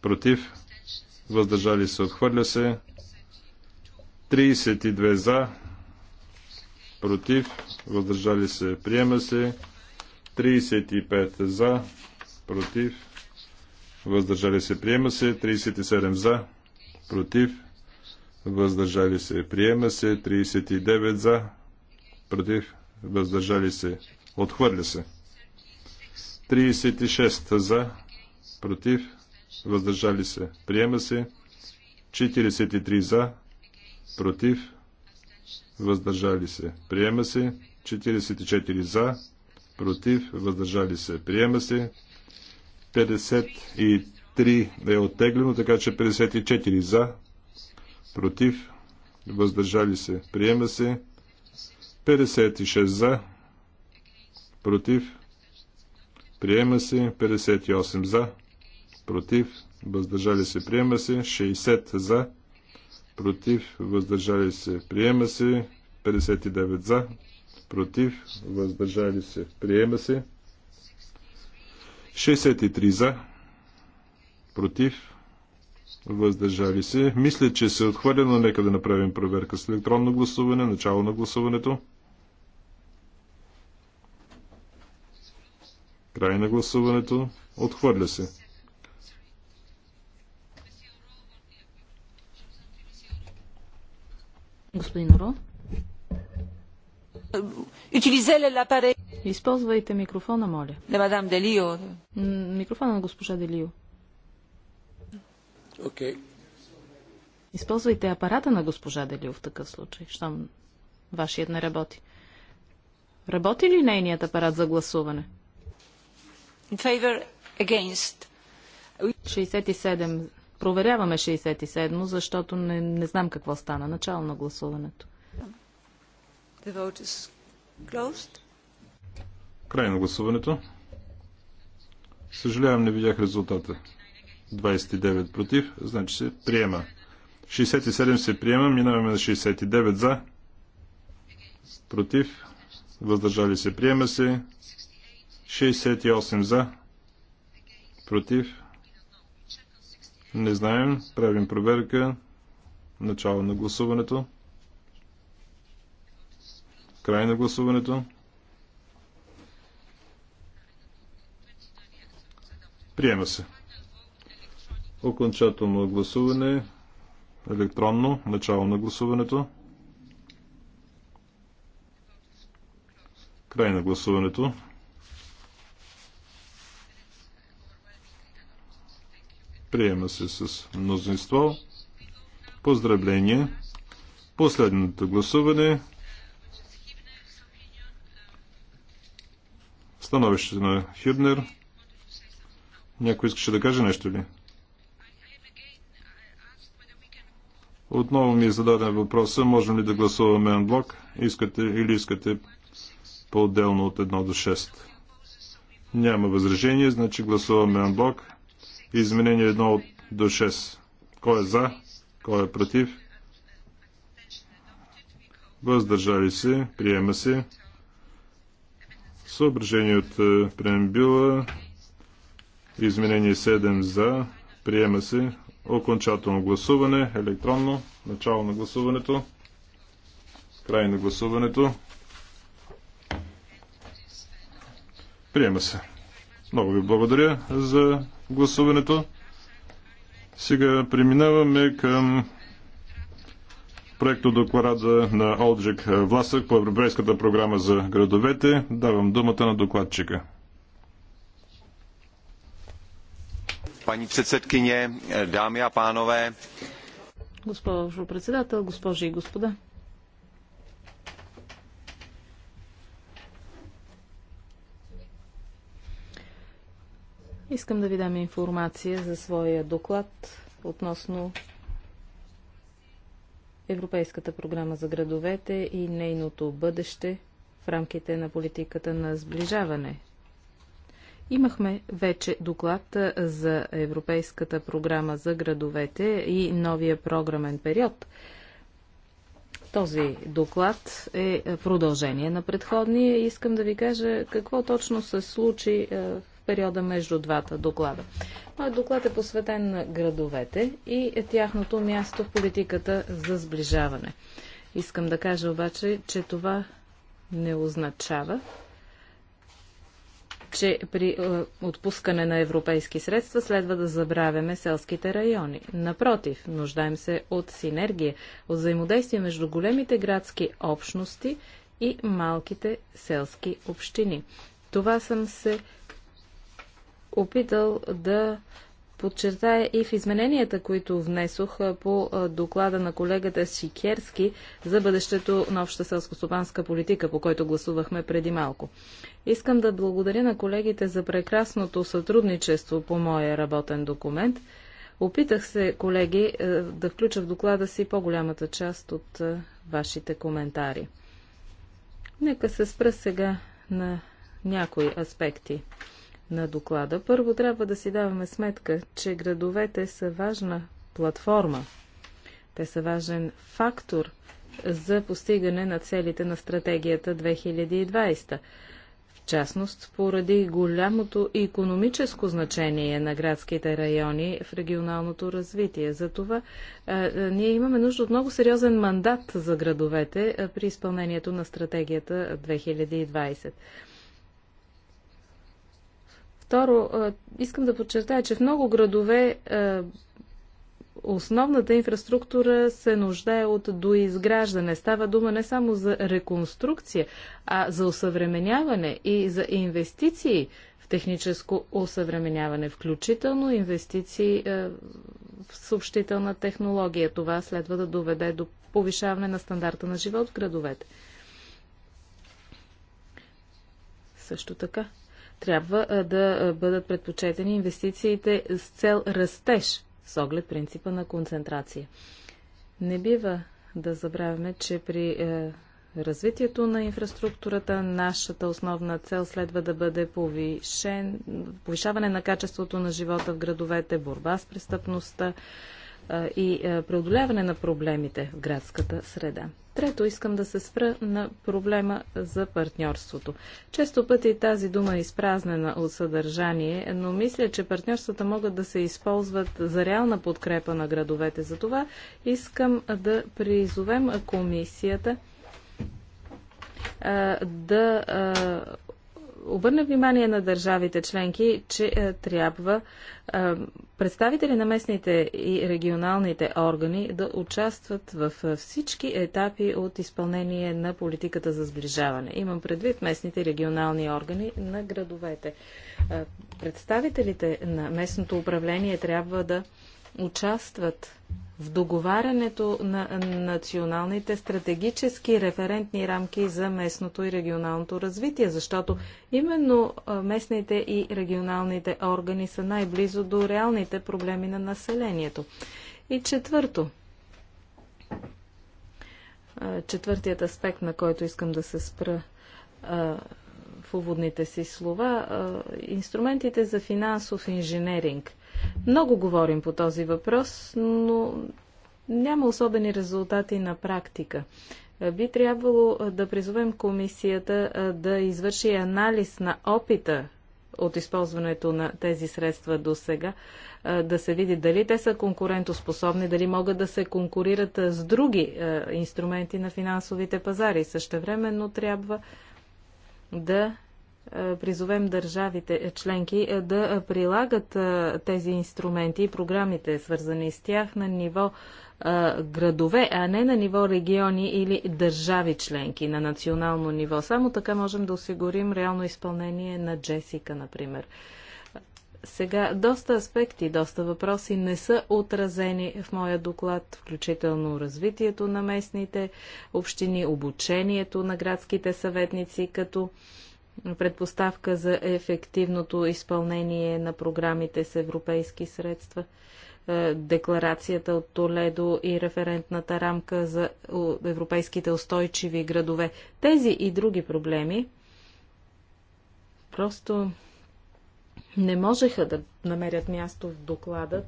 Против. Въздържали се. Отхвърля се. 32 за. Против. Въздържали се. Приема се. 35 за. Против. Въздържали се. Приема се. 37 за. Против въздържали се, приема се, 39 за, против, въздържали се, отхвърля се. 36 за, против, въздържали се, приема се, 43 за, против, въздържали се, приема се, 44 за, против, въздържали се, приема се, 53 е оттеглено, така че 54 за, против, въздържали се, приема се. 56 за, против, приема се. 58 за, против, въздържали се, приема се. 60 за, против, въздържали се, приема се. 59 за, против, въздържали се, приема се. 63 за, против, въздържали се. Мисля, че се отхвърля, но Нека да направим проверка с електронно гласуване, начало на гласуването. Край на гласуването. Отхвърля се. Господин Ро. Използвайте микрофона, моля. Микрофона на госпожа Делио. Okay. Използвайте апарата на госпожа Делио в такъв случай, щом вашият не работи. Работи ли нейният апарат за гласуване? 67. Проверяваме 67, защото не, не знам какво стана. Начало на гласуването. Край на гласуването. Съжалявам, не видях резултата. 29 против, значи се приема. 67 се приема, минаваме на 69 за, против, въздържали се, приема се. 68 за, против, не знаем, правим проверка, начало на гласуването, край на гласуването. Приема се. Окончателно гласуване. Електронно. Начало на гласуването. Край на гласуването. Приема се с мнозинство. Поздравление. Последното гласуване. Становище на Хюбнер. Някой искаше да каже нещо ли? Отново ми е зададен въпроса, можем ли да гласуваме анблок искате, или искате по-отделно от 1 до 6. Няма възражение, значи гласуваме анблок. Изменение 1 от до 6. Кой е за? Кой е против? Въздържали се, приема се. Съображение от е, преамбила. Изменение 7 за. Приема се. Окончателно гласуване, електронно, начало на гласуването, край на гласуването. Приема се. Много ви благодаря за гласуването. Сега преминаваме към проекто доклада на Олджик Власък по Европейската програма за градовете. Давам думата на докладчика. paní předsedkyně, dámy a pánové. Госпожо председател, госпожи и господа. Искам да ви дам информация за своя доклад относно Европейската програма за градовете и нейното бъдеще в рамките на политиката на сближаване Имахме вече доклад за Европейската програма за градовете и новия програмен период. Този доклад е, е продължение на предходния и искам да ви кажа какво точно се случи е, в периода между двата доклада. Моят доклад е посветен на градовете и е тяхното място в политиката за сближаване. Искам да кажа обаче, че това не означава, че при е, отпускане на европейски средства следва да забравяме селските райони. Напротив, нуждаем се от синергия, от взаимодействие между големите градски общности и малките селски общини. Това съм се опитал да подчертая и в измененията, които внесох по доклада на колегата Шикерски за бъдещето на обща селскостопанска политика, по който гласувахме преди малко. Искам да благодаря на колегите за прекрасното сътрудничество по моя работен документ. Опитах се, колеги, да включа в доклада си по-голямата част от вашите коментари. Нека се спра сега на някои аспекти на доклада. Първо трябва да си даваме сметка, че градовете са важна платформа. Те са важен фактор за постигане на целите на стратегията 2020. В частност, поради голямото економическо значение на градските райони в регионалното развитие. Затова ние имаме нужда от много сериозен мандат за градовете при изпълнението на стратегията 2020. Второ, искам да подчертая, че в много градове основната инфраструктура се нуждае от доизграждане. Става дума не само за реконструкция, а за осъвременяване и за инвестиции в техническо осъвременяване, включително инвестиции в съобщителна технология. Това следва да доведе до повишаване на стандарта на живот в градовете. Също така трябва да бъдат предпочетени инвестициите с цел растеж, с оглед принципа на концентрация. Не бива да забравяме, че при е, развитието на инфраструктурата нашата основна цел следва да бъде повишен, повишаване на качеството на живота в градовете, борба с престъпността, и преодоляване на проблемите в градската среда. Трето, искам да се спра на проблема за партньорството. Често пъти тази дума е изпразнена от съдържание, но мисля, че партньорствата могат да се използват за реална подкрепа на градовете. За това искам да призовем комисията да обърне внимание на държавите членки, че е, трябва е, представители на местните и регионалните органи да участват в е, всички етапи от изпълнение на политиката за сближаване. Имам предвид местните и регионални органи на градовете. Е, представителите на местното управление трябва да участват в договарянето на националните стратегически референтни рамки за местното и регионалното развитие, защото именно местните и регионалните органи са най-близо до реалните проблеми на населението. И четвърто, четвъртият аспект, на който искам да се спра в уводните си слова инструментите за финансов инженеринг. Много говорим по този въпрос, но няма особени резултати на практика. Би трябвало да призовем комисията да извърши анализ на опита от използването на тези средства до сега, да се види дали те са конкурентоспособни, дали могат да се конкурират с други инструменти на финансовите пазари. Същевременно трябва да е, призовем държавите е, членки е, да прилагат тези инструменти и програмите, свързани с тях, на ниво градове, а не на ниво региони или държави членки на национално ниво. Само така можем да осигурим реално изпълнение на Джесика, например. Сега доста аспекти, доста въпроси не са отразени в моя доклад, включително развитието на местните общини, обучението на градските съветници като предпоставка за ефективното изпълнение на програмите с европейски средства, е, декларацията от Толедо и референтната рамка за европейските устойчиви градове. Тези и други проблеми просто не можеха да намерят място в доклада,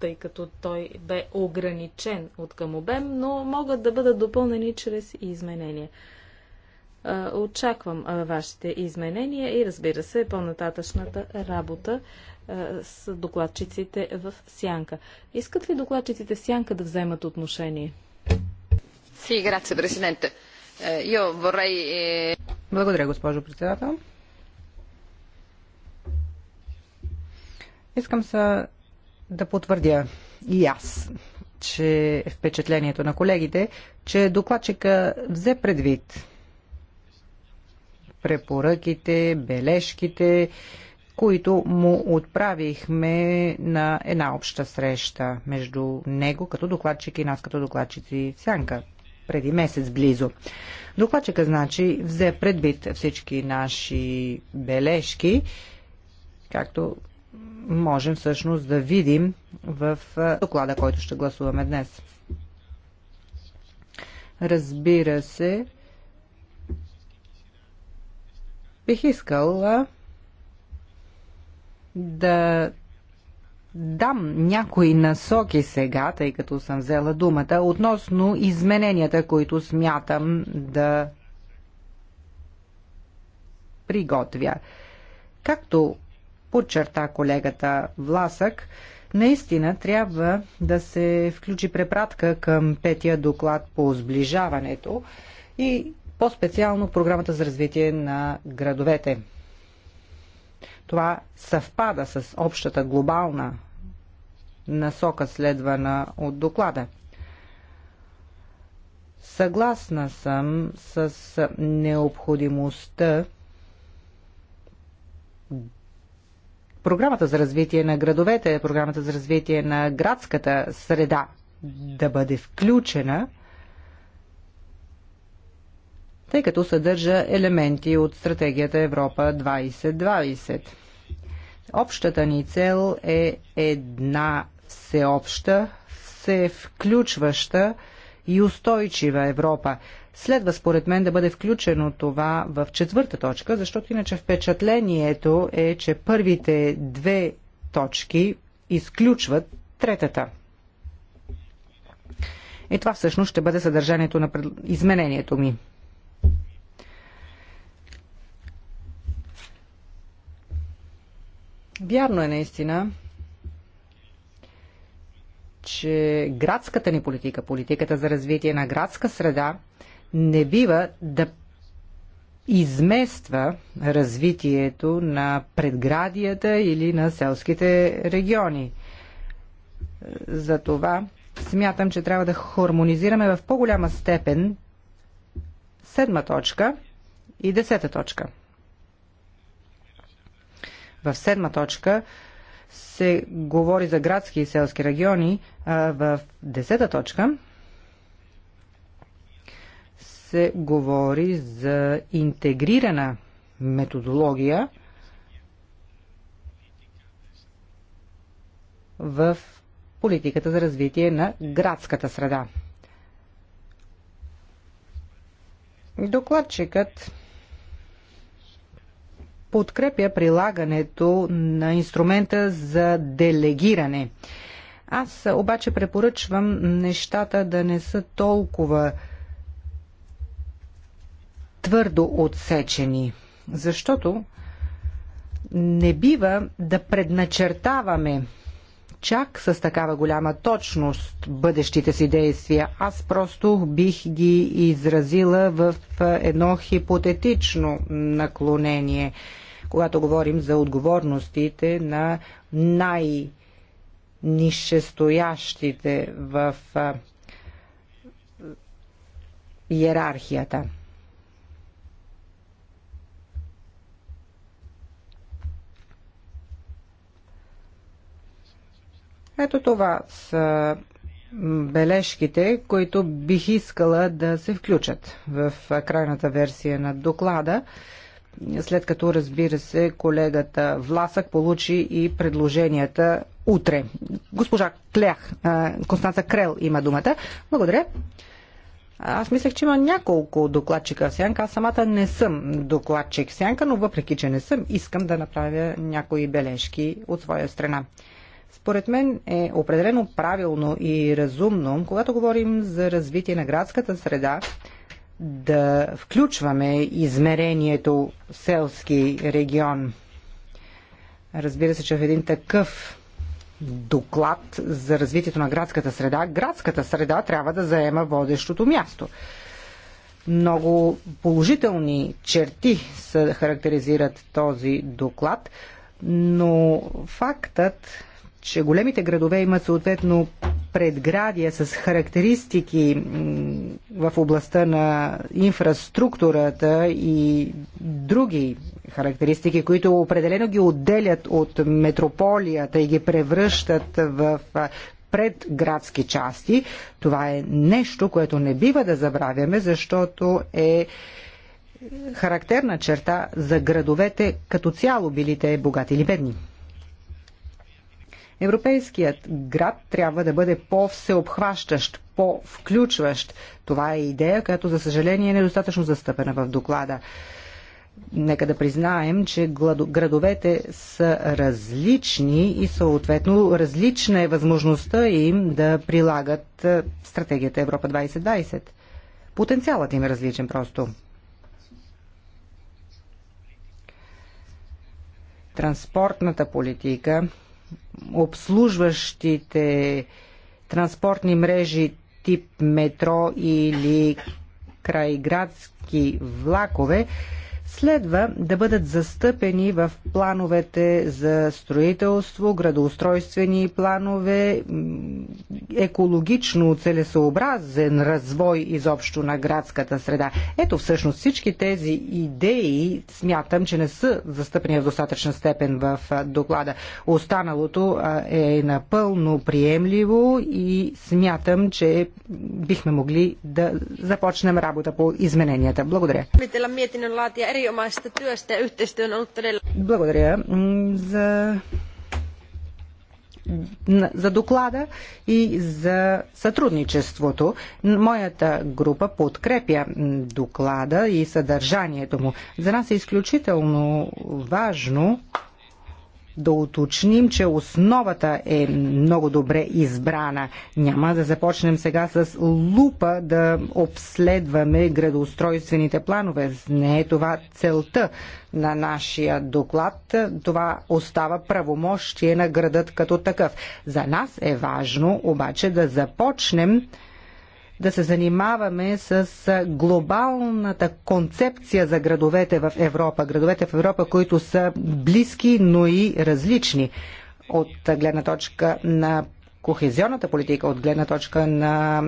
тъй като той бе ограничен от към обем, но могат да бъдат допълнени чрез изменения. Очаквам вашите изменения и разбира се по-нататъчната работа с докладчиците в Сянка. Искат ли докладчиците в Сянка да вземат отношение? Е, е- Благодаря, госпожо председател. Искам са да потвърдя и аз, че впечатлението на колегите, че докладчика взе предвид препоръките, бележките, които му отправихме на една обща среща между него като докладчик и нас като докладчици в Сянка преди месец близо. Докладчика, значи, взе предвид всички наши бележки, както можем всъщност да видим в доклада, който ще гласуваме днес. Разбира се, бих искала да дам някои насоки сега, тъй като съм взела думата, относно измененията, които смятам да приготвя. Както подчерта колегата Власък, наистина трябва да се включи препратка към петия доклад по сближаването и по-специално програмата за развитие на градовете. Това съвпада с общата глобална насока следвана от доклада. Съгласна съм с необходимостта програмата за развитие на градовете, е програмата за развитие на градската среда да бъде включена, тъй като съдържа елементи от стратегията Европа 2020. Общата ни цел е една всеобща, всевключваща и устойчива Европа. Следва според мен да бъде включено това в четвърта точка, защото иначе впечатлението е, че първите две точки изключват третата. И това всъщност ще бъде съдържанието на изменението ми. Вярно е наистина, че градската ни политика, политиката за развитие на градска среда, не бива да измества развитието на предградията или на селските региони. Затова смятам, че трябва да хармонизираме в по-голяма степен седма точка и десета точка. В седма точка се говори за градски и селски региони, а в десета точка – се говори за интегрирана методология в политиката за развитие на градската среда. Докладчикът подкрепя прилагането на инструмента за делегиране. Аз обаче препоръчвам нещата да не са толкова твърдо отсечени, защото не бива да предначертаваме чак с такава голяма точност бъдещите си действия. Аз просто бих ги изразила в едно хипотетично наклонение, когато говорим за отговорностите на най-нишестоящите в иерархията. Ето това са бележките, които бих искала да се включат в крайната версия на доклада, след като, разбира се, колегата Власък получи и предложенията утре. Госпожа Клях, Констанца Крел има думата. Благодаря. Аз мислех, че има няколко докладчика в сянка. Аз самата не съм докладчик в сянка, но въпреки, че не съм, искам да направя някои бележки от своя страна. Според мен е определено правилно и разумно, когато говорим за развитие на градската среда, да включваме измерението селски регион. Разбира се, че в един такъв доклад за развитието на градската среда, градската среда трябва да заема водещото място. Много положителни черти се характеризират този доклад, но фактът, че големите градове имат съответно предградия с характеристики в областта на инфраструктурата и други характеристики, които определено ги отделят от метрополията и ги превръщат в предградски части. Това е нещо, което не бива да забравяме, защото е характерна черта за градовете като цяло, били те богати или бедни. Европейският град трябва да бъде по-всеобхващащ, по-включващ. Това е идея, която за съжаление е недостатъчно застъпена в доклада. Нека да признаем, че градовете са различни и съответно различна е възможността им да прилагат е, стратегията Европа 2020. Потенциалът им е различен просто. Транспортната политика обслужващите транспортни мрежи тип метро или крайградски влакове, следва да бъдат застъпени в плановете за строителство, градоустройствени планове, екологично целесообразен развой изобщо на градската среда. Ето всъщност всички тези идеи смятам, че не са застъпени в достатъчна степен в доклада. Останалото е напълно приемливо и смятам, че бихме могли да започнем работа по измененията. Благодаря erinomaisesta työstä. Yhteistyö on ollut todella... Благодаря за за доклада и за сътрудничеството. Моята група подкрепя доклада и съдържанието му. За нас е изключително важно да уточним, че основата е много добре избрана. Няма да започнем сега с лупа да обследваме градоустройствените планове. Не е това целта на нашия доклад. Това остава правомощие на градът като такъв. За нас е важно обаче да започнем да се занимаваме с глобалната концепция за градовете в Европа. Градовете в Европа, които са близки, но и различни от гледна точка на кохезионната политика от гледна точка на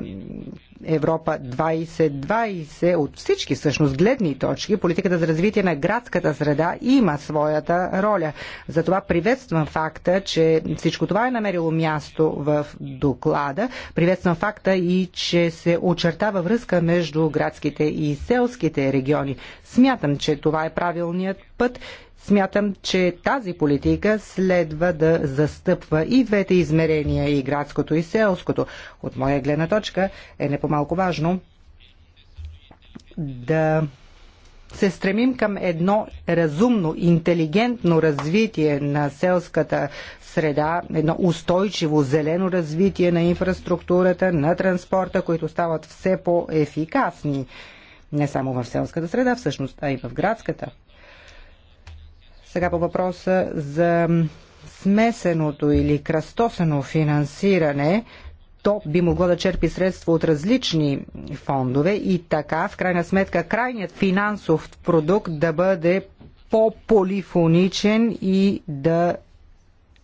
Европа 2020 от всички всъщност гледни точки, политиката за развитие на градската среда има своята роля. Затова приветствам факта, че всичко това е намерило място в доклада. Приветствам факта и, че се очертава връзка между градските и селските региони. Смятам, че това е правилният път Смятам, че тази политика следва да застъпва и двете измерения, и градското, и селското. От моя гледна точка е не по-малко важно да се стремим към едно разумно, интелигентно развитие на селската среда, едно устойчиво зелено развитие на инфраструктурата, на транспорта, които стават все по-ефикасни. Не само в селската среда, всъщност, а и в градската. Сега по въпроса за смесеното или кръстосено финансиране, то би могло да черпи средства от различни фондове и така, в крайна сметка, крайният финансов продукт да бъде по-полифоничен и да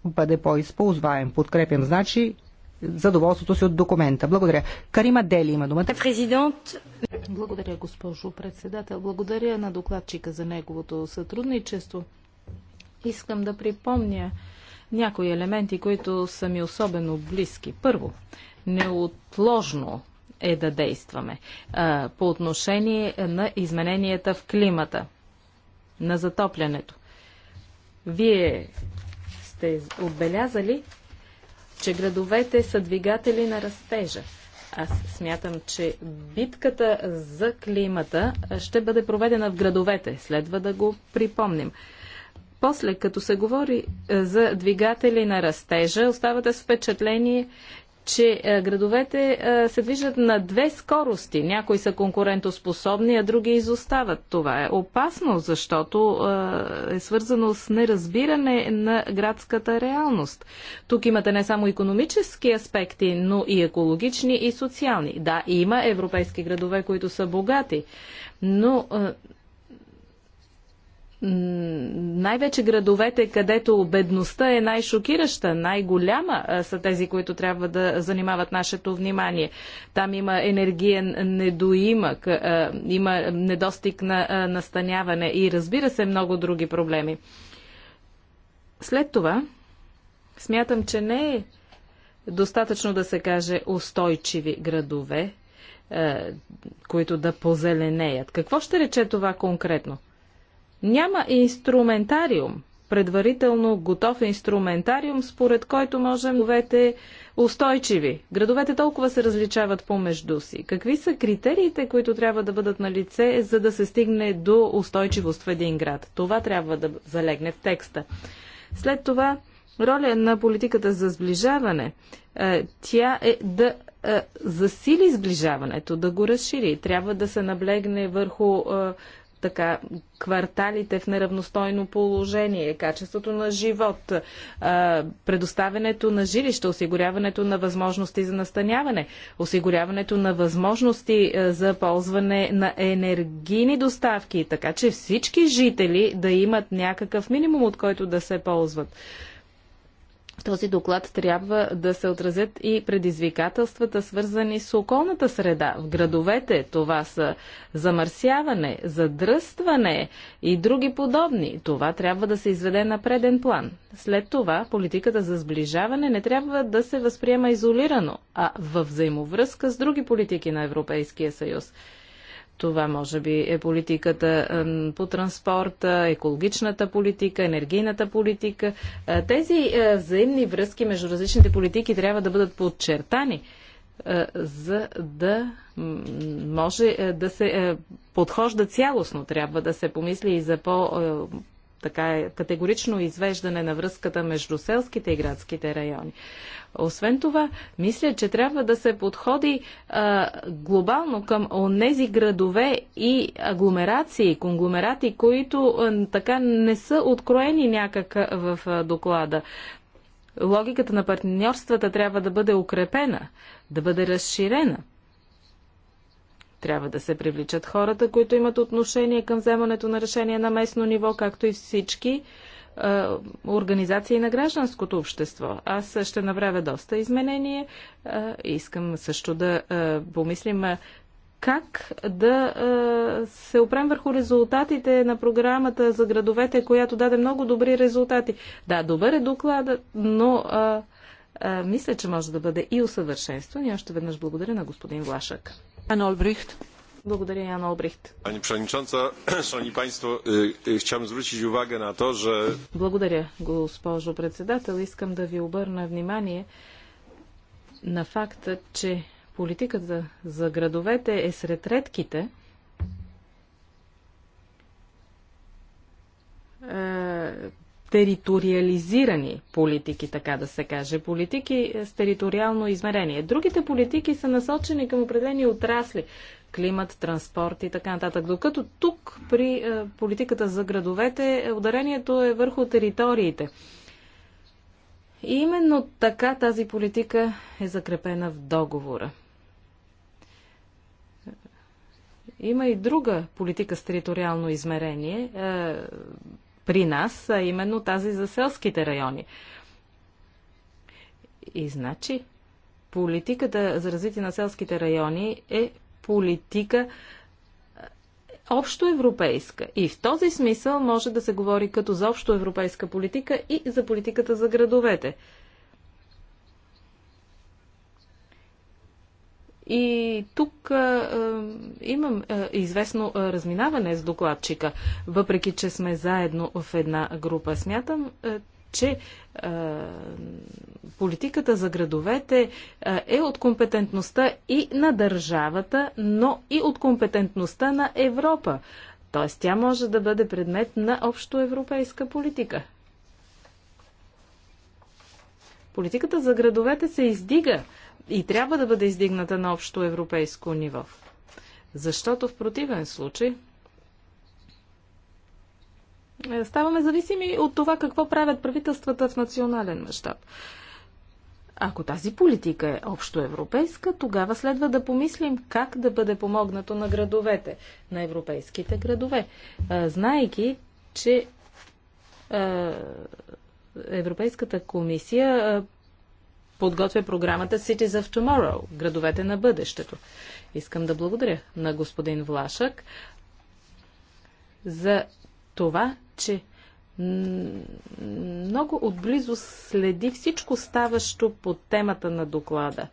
бъде по-използваем. Подкрепям, значи, задоволството си от документа. Благодаря. Карима Дели има думата. Президент. Благодаря, госпожо председател. Благодаря на докладчика за неговото сътрудничество. Искам да припомня някои елементи, които са ми особено близки. Първо, неотложно е да действаме а, по отношение на измененията в климата, на затоплянето. Вие сте отбелязали, че градовете са двигатели на растежа. Аз смятам, че битката за климата ще бъде проведена в градовете. Следва да го припомним. После, като се говори е, за двигатели на растежа, оставате с впечатление, че е, градовете е, се движат на две скорости. Някои са конкурентоспособни, а други изостават. Това е опасно, защото е свързано с неразбиране на градската реалност. Тук имате не само економически аспекти, но и екологични и социални. Да, има европейски градове, които са богати, но най-вече градовете, където бедността е най-шокираща, най-голяма са тези, които трябва да занимават нашето внимание. Там има енергиен недоимък, има недостиг на настаняване и разбира се много други проблеми. След това, смятам, че не е достатъчно да се каже устойчиви градове, които да позеленеят. Какво ще рече това конкретно? Няма инструментариум, предварително готов инструментариум, според който можем новете устойчиви. Градовете толкова се различават помежду си. Какви са критериите, които трябва да бъдат на лице, за да се стигне до устойчивост в един град? Това трябва да залегне в текста. След това роля на политиката за сближаване. Е, тя е да е, засили сближаването, да го разшири. Трябва да се наблегне върху е, така кварталите в неравностойно положение, качеството на живот, предоставянето на жилища, осигуряването на възможности за настаняване, осигуряването на възможности за ползване на енергийни доставки, така че всички жители да имат някакъв минимум, от който да се ползват. В този доклад трябва да се отразят и предизвикателствата, свързани с околната среда. В градовете това са замърсяване, задръстване и други подобни. Това трябва да се изведе на преден план. След това политиката за сближаване не трябва да се възприема изолирано, а във взаимовръзка с други политики на Европейския съюз. Това може би е политиката по транспорта, екологичната политика, енергийната политика. Тези взаимни връзки между различните политики трябва да бъдат подчертани, за да може да се подхожда цялостно. Трябва да се помисли и за по така категорично извеждане на връзката между селските и градските райони. Освен това, мисля, че трябва да се подходи а, глобално към онези градове и агломерации, конгломерати, които а, така не са откроени някак в а, доклада. Логиката на партньорствата трябва да бъде укрепена, да бъде разширена. Трябва да се привличат хората, които имат отношение към вземането на решение на местно ниво, както и всички, организации на гражданското общество. Аз ще направя доста изменения. Искам също да помислим как да се опрем върху резултатите на програмата за градовете, която даде много добри резултати. Да, добър е докладът, но а, а, мисля, че може да бъде и усъвършенстван. И още веднъж благодаря на господин Влашък. Анолбрихт. Благодаря, Ян Обрихт. Пани Пшеничанца, шани панство, хчам звучи увага на то, че... Благодаря, госпожо председател. Искам да ви обърна внимание на факта, че политиката за градовете е сред редките, е, териториализирани политики, така да се каже, политики с териториално измерение. Другите политики са насочени към определени отрасли климат, транспорт и така нататък. Докато тук при е, политиката за градовете е, ударението е върху териториите. И именно така тази политика е закрепена в договора. Има и друга политика с териториално измерение. Е, при нас, а именно тази за селските райони. И значи, политиката за развитие на селските райони е политика общо европейска. И в този смисъл може да се говори като за общо европейска политика и за политиката за градовете. И тук а, имам а, известно а, разминаване с докладчика, въпреки че сме заедно в една група. Смятам, а, че а, политиката за градовете а, е от компетентността и на държавата, но и от компетентността на Европа. Тоест тя може да бъде предмет на общоевропейска политика. Политиката за градовете се издига и трябва да бъде издигната на общо европейско ниво. Защото в противен случай е, ставаме зависими от това какво правят правителствата в национален мащаб. Ако тази политика е общоевропейска, тогава следва да помислим как да бъде помогнато на градовете, на европейските градове, знайки, че Европейската комисия подготвя програмата Cities of Tomorrow – градовете на бъдещето. Искам да благодаря на господин Влашък за това, че много отблизо следи всичко ставащо по темата на доклада.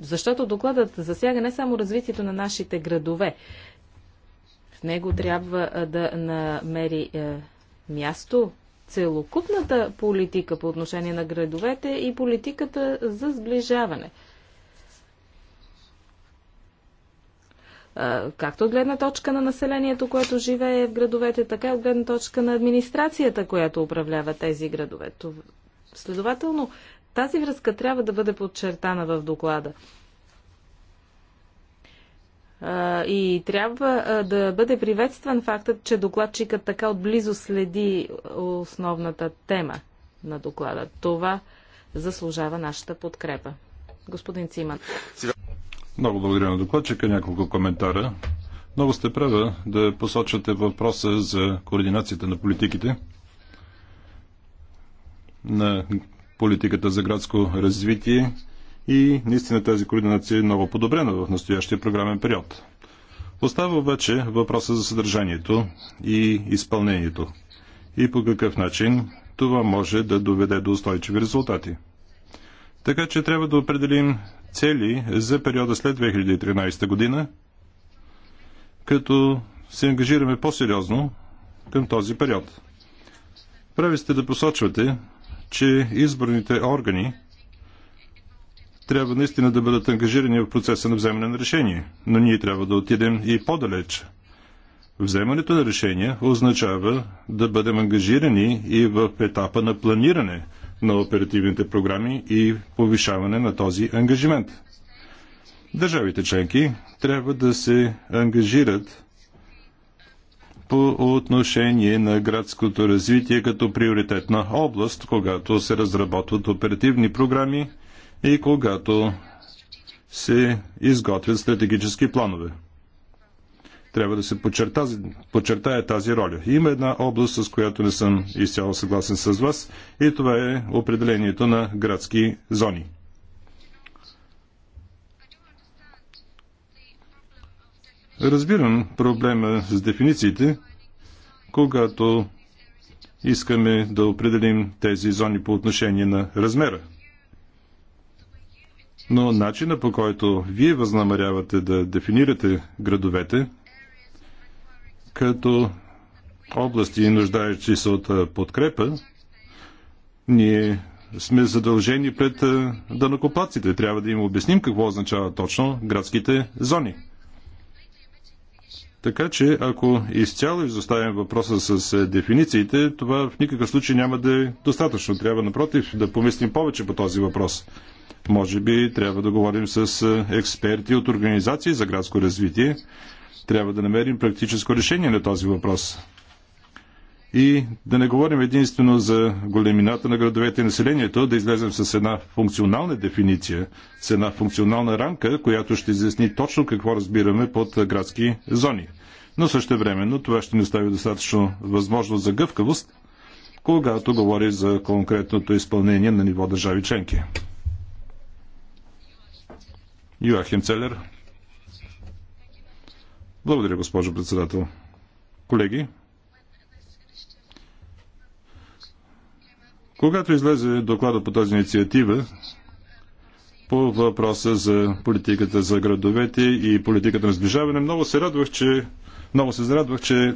Защото докладът засяга не само развитието на нашите градове. В него трябва да намери е, място целокупната политика по отношение на градовете и политиката за сближаване. Както от гледна точка на населението, което живее в градовете, така и от гледна точка на администрацията, която управлява тези градове. Следователно, тази връзка трябва да бъде подчертана в доклада. И трябва да бъде приветстван фактът, че докладчикът така отблизо следи основната тема на доклада. Това заслужава нашата подкрепа. Господин Циман. Много благодаря на докладчика. Няколко коментара. Много сте права да посочвате въпроса за координацията на политиките, на политиката за градско развитие и наистина тази координация е много подобрена в настоящия програмен период. Остава обаче въпроса за съдържанието и изпълнението и по какъв начин това може да доведе до устойчиви резултати. Така че трябва да определим цели за периода след 2013 година, като се ангажираме по-сериозно към този период. Прави сте да посочвате, че изборните органи трябва наистина да бъдат ангажирани в процеса на вземане на решение. Но ние трябва да отидем и по-далеч. Вземането на решения означава да бъдем ангажирани и в етапа на планиране на оперативните програми и повишаване на този ангажимент. Държавите членки трябва да се ангажират по отношение на градското развитие като приоритетна област, когато се разработват оперативни програми – и когато се изготвят стратегически планове. Трябва да се подчерта, подчертая тази роля. Има една област, с която не съм изцяло съгласен с вас и това е определението на градски зони. Разбирам проблема с дефинициите, когато искаме да определим тези зони по отношение на размера – но начина по който вие възнамерявате да дефинирате градовете като области, нуждаещи се от подкрепа, ние сме задължени пред дънокопаците. Трябва да им обясним какво означава точно градските зони. Така че, ако изцяло изоставим въпроса с дефинициите, това в никакъв случай няма да е достатъчно. Трябва, напротив, да помислим повече по този въпрос. Може би трябва да говорим с е, експерти от организации за градско развитие. Трябва да намерим практическо решение на този въпрос. И да не говорим единствено за големината на градовете и населението, да излезем с една функционална дефиниция, с една функционална рамка, която ще изясни точно какво разбираме под градски зони. Но също времено това ще ни остави достатъчно възможност за гъвкавост, когато говори за конкретното изпълнение на ниво държави членки. Йоахим Целер. Благодаря, госпожо председател. Колеги, когато излезе доклада по тази инициатива, по въпроса за политиката за градовете и политиката на сближаване, много се радвах, че много се зарадвах, че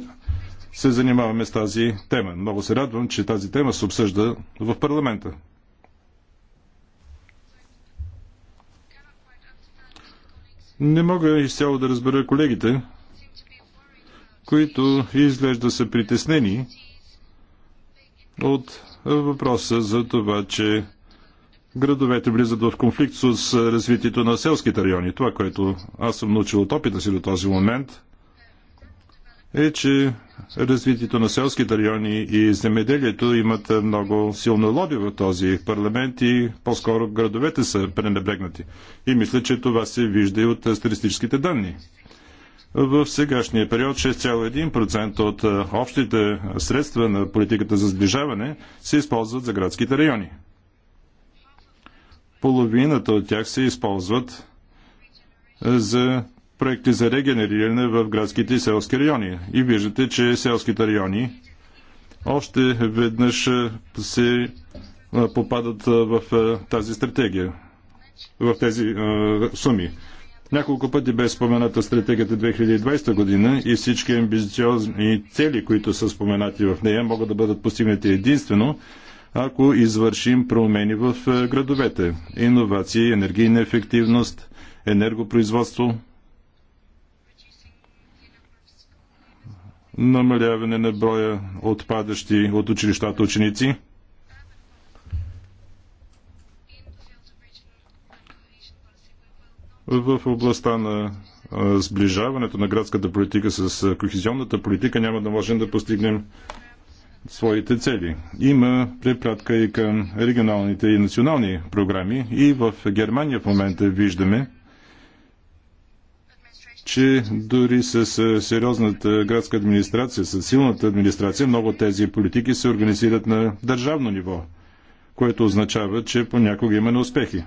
се занимаваме с тази тема. Много се радвам, че тази тема се обсъжда в парламента. Не мога изцяло да разбера колегите, които изглежда са притеснени от въпроса за това, че градовете влизат в конфликт с развитието на селските райони. Това, което аз съм научил от опита си до този момент, е, че развитието на селските райони и земеделието имат много силно лоби в този парламент и по-скоро градовете са пренебрегнати. И мисля, че това се вижда и от статистическите данни. В сегашния период 6,1% от общите средства на политиката за сближаване се използват за градските райони. Половината от тях се използват за проекти за регенериране в градските и селски райони. И виждате, че селските райони още веднъж се попадат в тази стратегия, в тези суми. Няколко пъти бе спомената стратегията 2020 година и всички амбициозни цели, които са споменати в нея, могат да бъдат постигнати единствено, ако извършим промени в градовете. Иновации, енергийна ефективност, енергопроизводство – намаляване на броя отпадащи от училищата ученици, в областта на сближаването на градската политика с кохезионната политика няма да можем да постигнем своите цели. Има препратка и към регионалните и национални програми и в Германия в момента виждаме, че дори с е, сериозната градска администрация, с силната администрация, много тези политики се организират на държавно ниво, което означава, че понякога има неуспехи.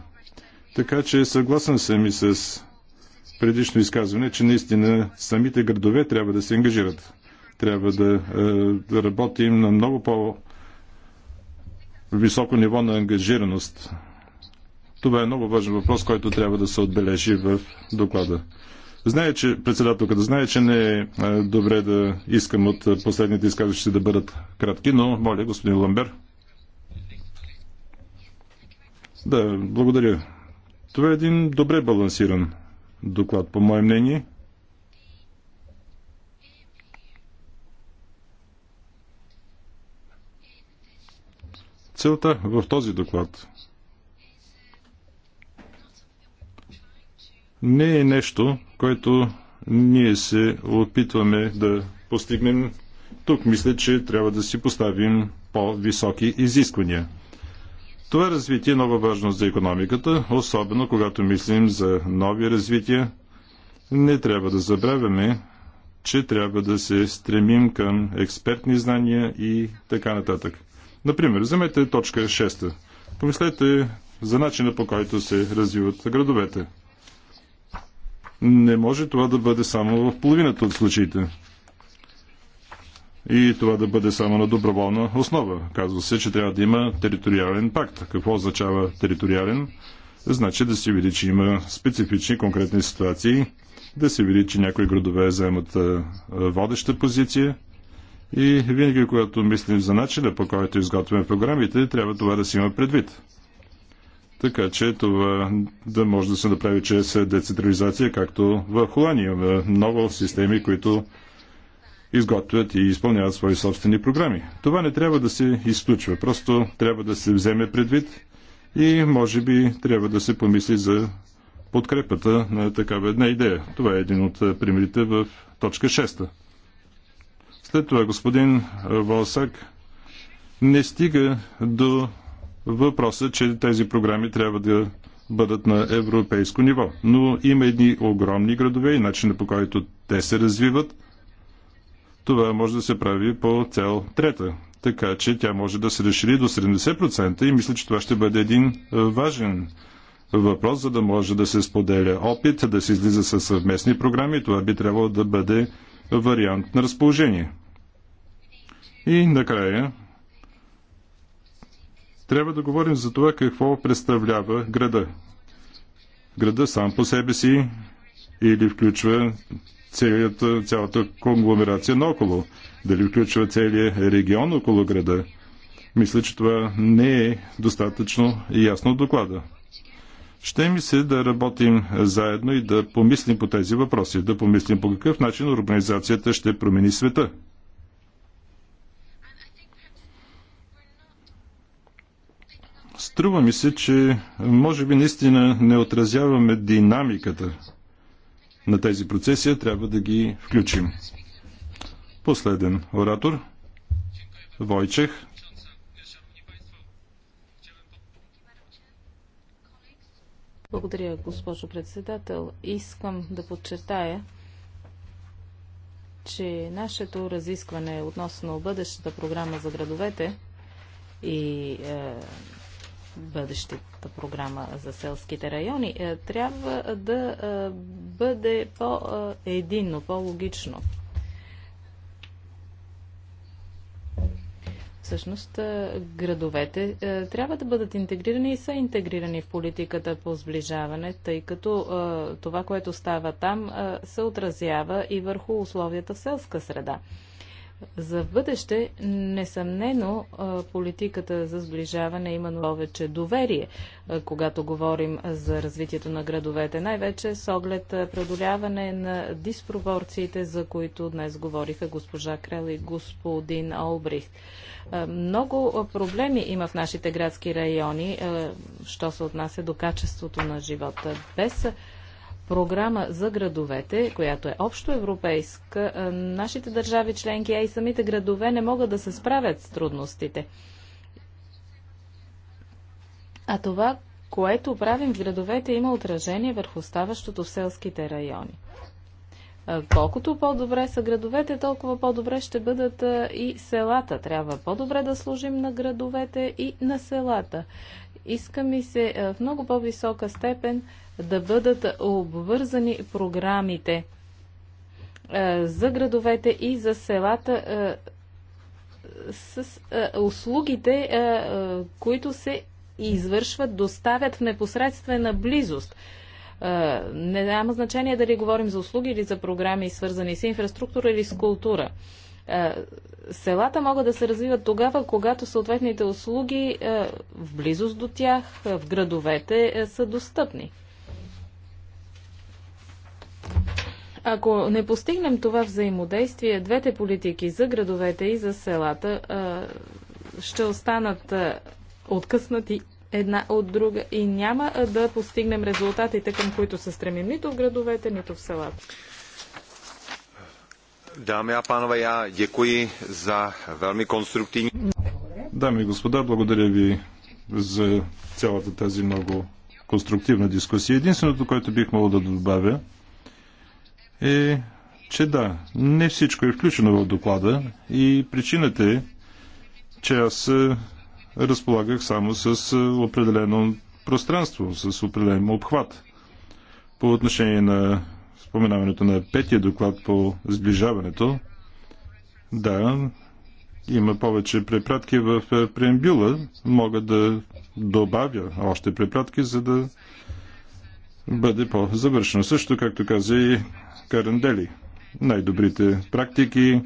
Така че съгласен съм и с предишно изказване, че наистина самите градове трябва да се ангажират. Трябва да, е, да работим на много по-високо ниво на ангажираност. Това е много важен въпрос, който трябва да се отбележи в доклада. Знае, че председателката да знае, че не е, е добре да искам от е, последните изказващи да бъдат кратки, но моля, господин Ламбер. Да, благодаря. Това е един добре балансиран доклад, по мое мнение. Целта в този доклад не е нещо, което ние се опитваме да постигнем тук. Мисля, че трябва да си поставим по-високи изисквания. Това развитие е нова важност за економиката, особено когато мислим за нови развития. Не трябва да забравяме, че трябва да се стремим към експертни знания и така нататък. Например, вземете точка 6. Помислете за начина по който се развиват градовете. Не може това да бъде само в половината от случаите. И това да бъде само на доброволна основа. Казва се, че трябва да има териториален пакт. Какво означава териториален? Значи да се види, че има специфични конкретни ситуации, да се види, че някои градове заемат водеща позиция, и винаги, когато мислим за начина, по който изготвяме програмите, трябва това да си има предвид така че това да може да се направи чрез децентрализация, както в Холандия. Имаме много системи, които изготвят и изпълняват свои собствени програми. Това не трябва да се изключва, просто трябва да се вземе предвид и може би трябва да се помисли за подкрепата на такава една идея. Това е един от примерите в точка 6. След това господин Волсак не стига до Въпросът че тези програми трябва да бъдат на европейско ниво. Но има едни огромни градове и начина по който те се развиват. Това може да се прави по цел трета. Така че тя може да се разшири до 70% и мисля, че това ще бъде един е, важен въпрос, за да може да се споделя опит, да се излиза със съвместни програми. Това би трябвало да бъде вариант на разположение. И накрая трябва да говорим за това какво представлява града. Града сам по себе си или включва цялата, цялата конгломерация наоколо, дали включва целият регион около града. Мисля, че това не е достатъчно ясно от доклада. Ще ми се да работим заедно и да помислим по тези въпроси, да помислим по какъв начин организацията ще промени света. Струва ми се, че може би наистина не отразяваме динамиката на тези процеси, а трябва да ги включим. Последен оратор Войчех. Благодаря, госпожо председател. Искам да подчертая, че нашето разискване относно бъдещата програма за градовете и е, бъдещата програма за селските райони, е, трябва да е, бъде по-единно, по-логично. Всъщност, е, градовете трябва да бъдат интегрирани и са интегрирани в политиката по сближаване, тъй като това, което става там, се отразява и върху условията в селска среда. За в бъдеще, несъмнено, политиката за сближаване има повече доверие, когато говорим за развитието на градовете, най-вече с оглед преодоляване на диспропорциите, за които днес говориха госпожа Крел и господин Олбрихт. Много проблеми има в нашите градски райони, що се отнася до качеството на живота. Без програма за градовете, която е общо европейска, нашите държави членки, а и самите градове не могат да се справят с трудностите. А това, което правим в градовете, има отражение върху ставащото в селските райони. Колкото по-добре са градовете, толкова по-добре ще бъдат и селата. Трябва по-добре да служим на градовете и на селата. Иска ми се е, в много по-висока степен да бъдат обвързани програмите е, за градовете и за селата е, с услугите, които се извършват, доставят в непосредствена близост. Не няма значение дали говорим за услуги или за програми, свързани с инфраструктура или с култура. Е, селата могат да се развиват тогава, когато съответните услуги е, в близост до тях, е, в градовете са достъпни. Ако не постигнем това взаимодействие, двете политики за градовете и за селата ще останат откъснати една от друга и няма да постигнем резултатите, към които се стремим нито в градовете, нито в селата. Дами и панове, за велми конструктивни... Дами и господа, благодаря ви за цялата тази много конструктивна дискусия. Единственото, което бих могъл да добавя е, че да, не всичко е включено в доклада и причината е, че аз е, разполагах само с е, определено пространство, с определен обхват. По отношение на споменаването на петия доклад по сближаването, да, има повече препратки в е, преембюла. Мога да добавя още препратки, за да бъде по-завършено. Също, както каза и Карандели, най-добрите практики,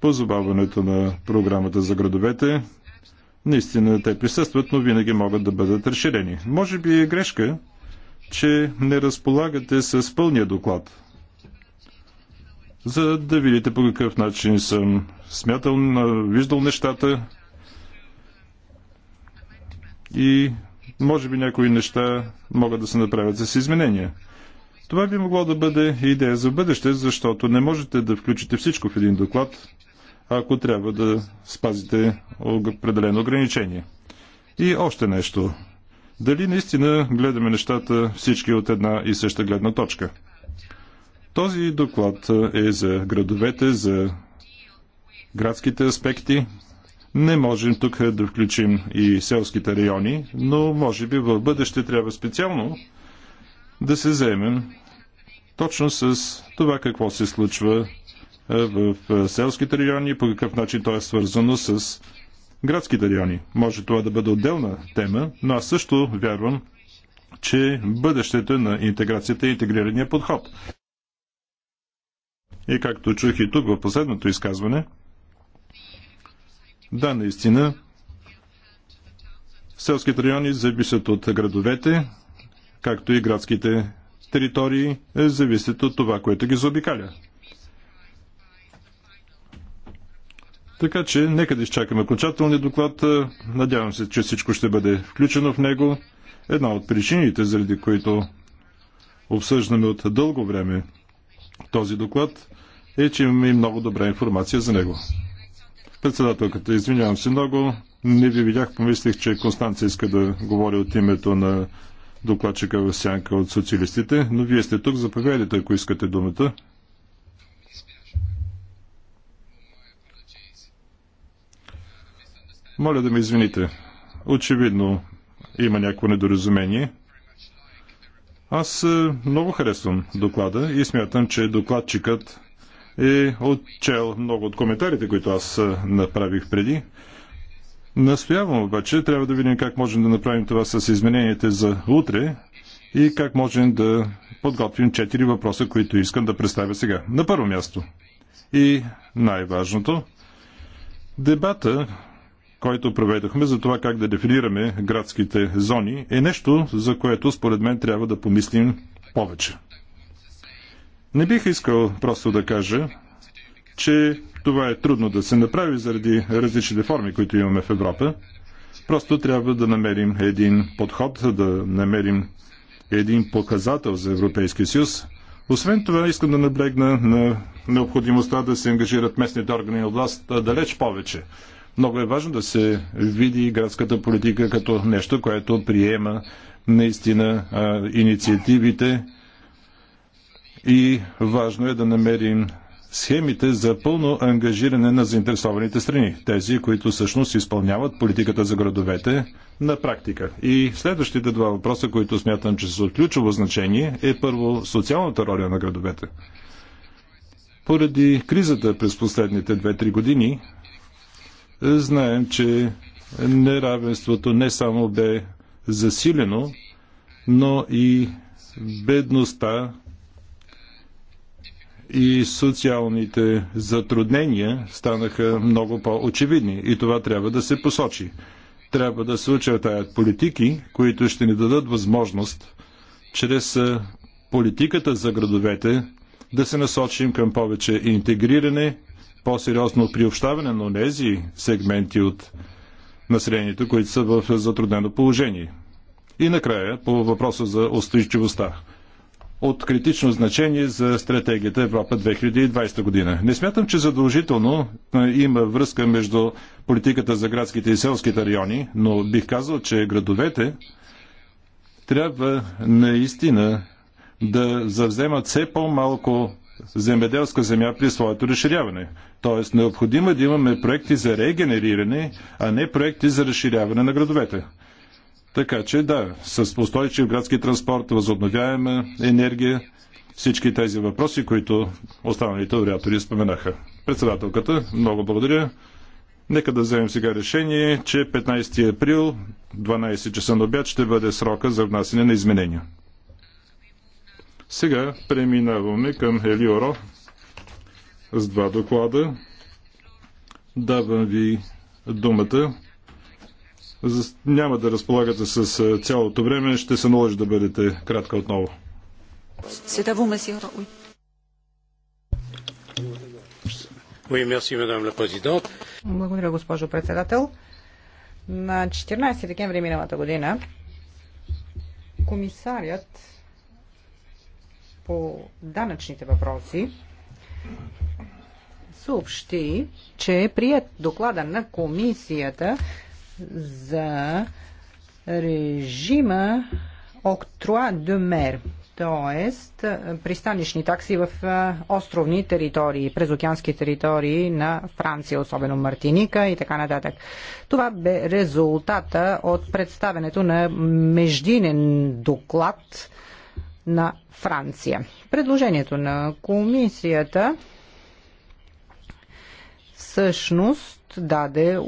позабаването на програмата за градовете, наистина те присъстват, но винаги могат да бъдат разширени. Може би е грешка, че не разполагате с пълния доклад, за да видите по какъв начин съм смятал, виждал нещата и може би някои неща могат да се направят с изменения. Това би могло да бъде идея за бъдеще, защото не можете да включите всичко в един доклад, ако трябва да спазите определено ограничение. И още нещо дали наистина гледаме нещата всички от една и съща гледна точка. Този доклад е за градовете, за градските аспекти. Не можем тук да включим и селските райони, но може би в бъдеще трябва специално да се заемем точно с това какво се случва в селските райони и по какъв начин то е свързано с градските райони. Може това да бъде отделна тема, но аз също вярвам, че бъдещето на интеграцията е интегрирания подход. И както чух и тук в последното изказване, да, наистина, селските райони зависят от градовете, както и градските територии зависят от това, което ги заобикаля. Така че нека да изчакаме окончателния доклад. Е, надявам се, че всичко ще бъде включено в него. Една от причините, заради които обсъждаме от дълго време този доклад, е, че имаме и много добра информация за него. Председателката, извинявам се много, не ви видях, помислих, че Констанция иска да говори от името на докладчика в сянка от социалистите, но вие сте тук, заповядайте, ако искате думата. Моля да ме извините. Очевидно има някакво недоразумение. Аз е, много харесвам доклада и смятам, че докладчикът е отчел много от коментарите, които аз е, направих преди. Настоявам обаче, трябва да видим как можем да направим това с измененията за утре и как можем да подготвим четири въпроса, които искам да представя сега. На първо място и най-важното, дебата който проведохме за това как да дефинираме градските зони, е нещо, за което според мен трябва да помислим повече. Не бих искал просто да кажа, че това е трудно да се направи заради различните форми, които имаме в Европа. Просто трябва да намерим един подход, да намерим един показател за Европейския съюз. Освен това, искам да наблегна на необходимостта да се ангажират местните органи на власт далеч повече. Много е важно да се види градската политика като нещо, което приема наистина а, инициативите и важно е да намерим схемите за пълно ангажиране на заинтересованите страни, тези, които всъщност изпълняват политиката за градовете на практика. И следващите два въпроса, които смятам, че са от ключово значение, е първо социалната роля на градовете. Поради кризата през последните 2-3 години, Знаем, че неравенството не само бе засилено, но и бедността и социалните затруднения станаха много по-очевидни и това трябва да се посочи. Трябва да се очертаят политики, които ще ни дадат възможност чрез политиката за градовете да се насочим към повече интегриране по-сериозно приобщаване на тези сегменти от населението, които са в затруднено положение. И накрая, по въпроса за устойчивостта. От критично значение за стратегията Европа 2020 година. Не смятам, че задължително има връзка между политиката за градските и селските райони, но бих казал, че градовете трябва наистина да завземат все по-малко земеделска земя при своето разширяване. Тоест, необходимо е да имаме проекти за регенериране, а не проекти за разширяване на градовете. Така че да, с устойчив градски транспорт, възобновяема енергия, всички тези въпроси, които останалите ориатори споменаха. Председателката, много благодаря. Нека да вземем сега решение, че 15 април, 12 часа на обяд, ще бъде срока за внасяне на изменения. Сега преминаваме към Елиоро с два доклада. Давам ви думата. Няма да разполагате с цялото време, ще се наложи да бъдете кратка отново. Благодаря, госпожо председател. На 14 декември миналата година комисарят по данъчните въпроси съобщи, че е прият доклада на комисията за режима Октруа де мер т.е. пристанищни такси в е, островни територии, през океански територии на Франция, особено Мартиника и така нататък. Това бе резултата от представенето на междинен доклад на Франция. Предложението на комисията всъщност даде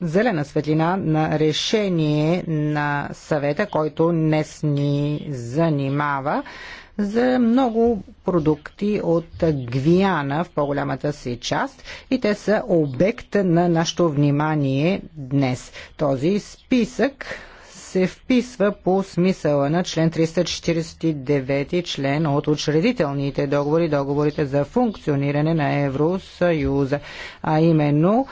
зелена светлина на решение на съвета, който днес ни занимава за много продукти от Гвиана в по-голямата си част и те са обект на нашето внимание днес. Този списък се вписва по смисъла на член 349 член от учредителните договори, договорите за функциониране на Евросъюза, а именно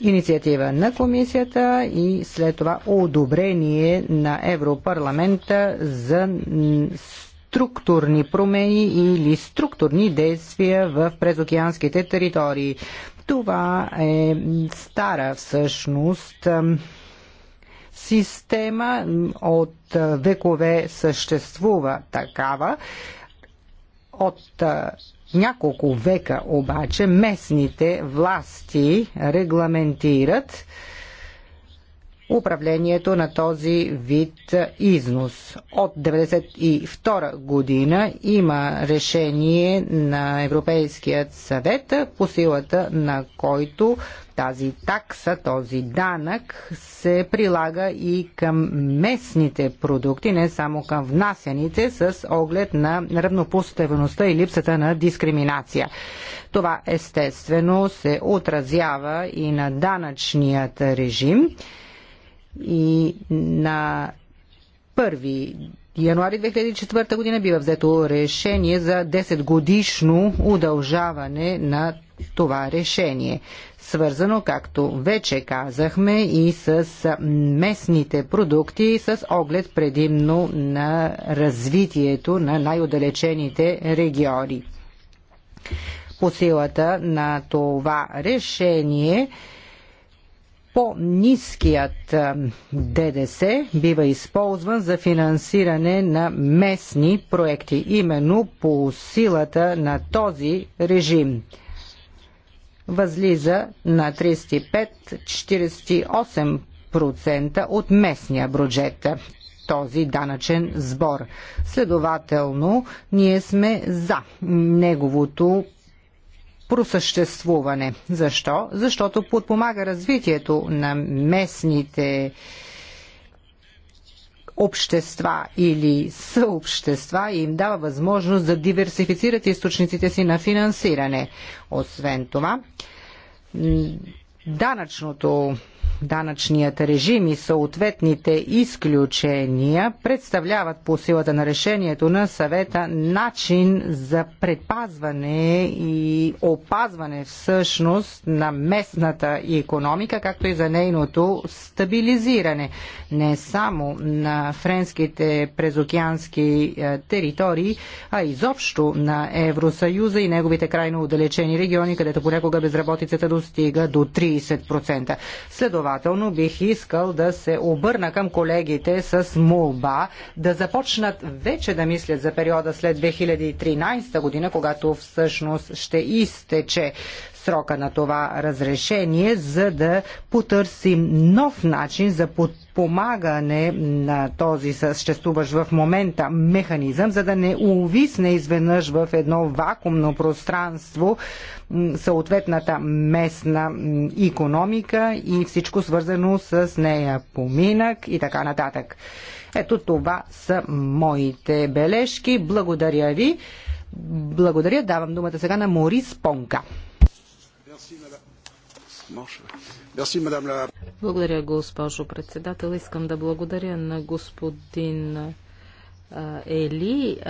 инициатива на комисията и след това одобрение на Европарламента за структурни промени или структурни действия в презокеанските територии. Това е стара всъщност система от векове съществува такава. От няколко века обаче местните власти регламентират управлението на този вид износ. От 1992 година има решение на Европейският съвет, по силата на който тази такса, този данък се прилага и към местните продукти, не само към внасяните, с оглед на равнопоставеността и липсата на дискриминация. Това естествено се отразява и на данъчният режим и на 1 януари 2004 година бива взето решение за 10 годишно удължаване на това решение, свързано, както вече казахме, и с местните продукти, с оглед предимно на развитието на най-отдалечените региони. По силата на това решение, по-низкият ДДС бива използван за финансиране на местни проекти, именно по силата на този режим. Възлиза на 35-48% от местния бюджет този данъчен сбор. Следователно, ние сме за неговото просъществуване. Защо? Защото подпомага развитието на местните общества или съобщества и им дава възможност да диверсифицират източниците си на финансиране. Освен това, данъчното данъчният режим и съответните изключения представляват по силата на решението на съвета начин за предпазване и опазване всъщност на местната економика, както и за нейното стабилизиране не само на френските презокеански е, територии, а изобщо на Евросъюза и неговите крайно отдалечени региони, където понякога безработицата достига до 30%. Следова Следователно бих искал да се обърна към колегите с молба да започнат вече да мислят за периода след 2013 година, когато всъщност ще изтече срока на това разрешение, за да потърсим нов начин за подпомагане на този съществуващ в момента механизъм, за да не увисне изведнъж в едно вакуумно пространство съответната местна економика и всичко свързано с нея поминък и така нататък. Ето това са моите бележки. Благодаря ви. Благодаря. Давам думата сега на Морис Понка. Благодаря, госпожо председател. Искам да благодаря на господин Ели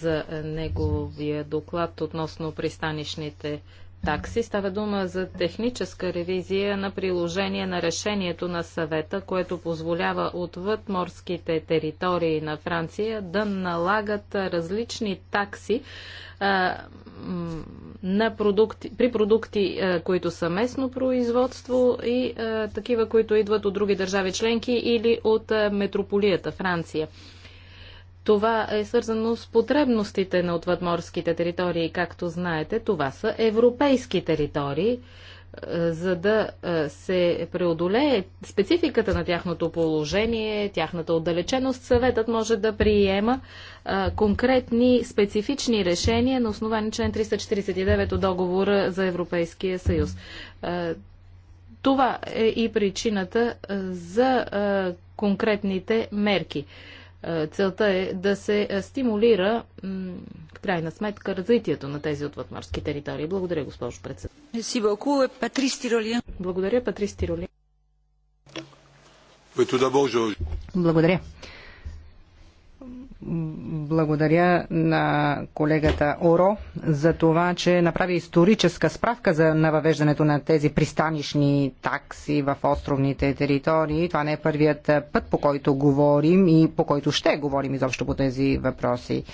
за неговия доклад относно пристанищните такси. Става дума за техническа ревизия на приложение на решението на съвета, което позволява отвъд морските територии на Франция да налагат различни такси а, на продукти, при продукти, а, които са местно производство и а, такива, които идват от други държави членки или от метрополията Франция. Това е свързано с потребностите на отвъдморските територии. Както знаете, това са европейски територии е, за да е, се преодолее спецификата на тяхното положение, тяхната отдалеченост, съветът може да приема е, конкретни специфични решения на основание член 349 от договора за Европейския съюз. това е и причината за конкретните мерки. Е, целта е да се е, стимулира в крайна сметка развитието на тези отвъдморски територии. Благодаря, госпожо председател. Е, Благодаря, Патрис Тиролин. Благодаря. Благодаря на колегата Оро за това, че направи историческа справка за навъвеждането на тези пристанищни такси в островните територии. Това не е първият път, по който говорим и по който ще говорим изобщо по тези въпроси.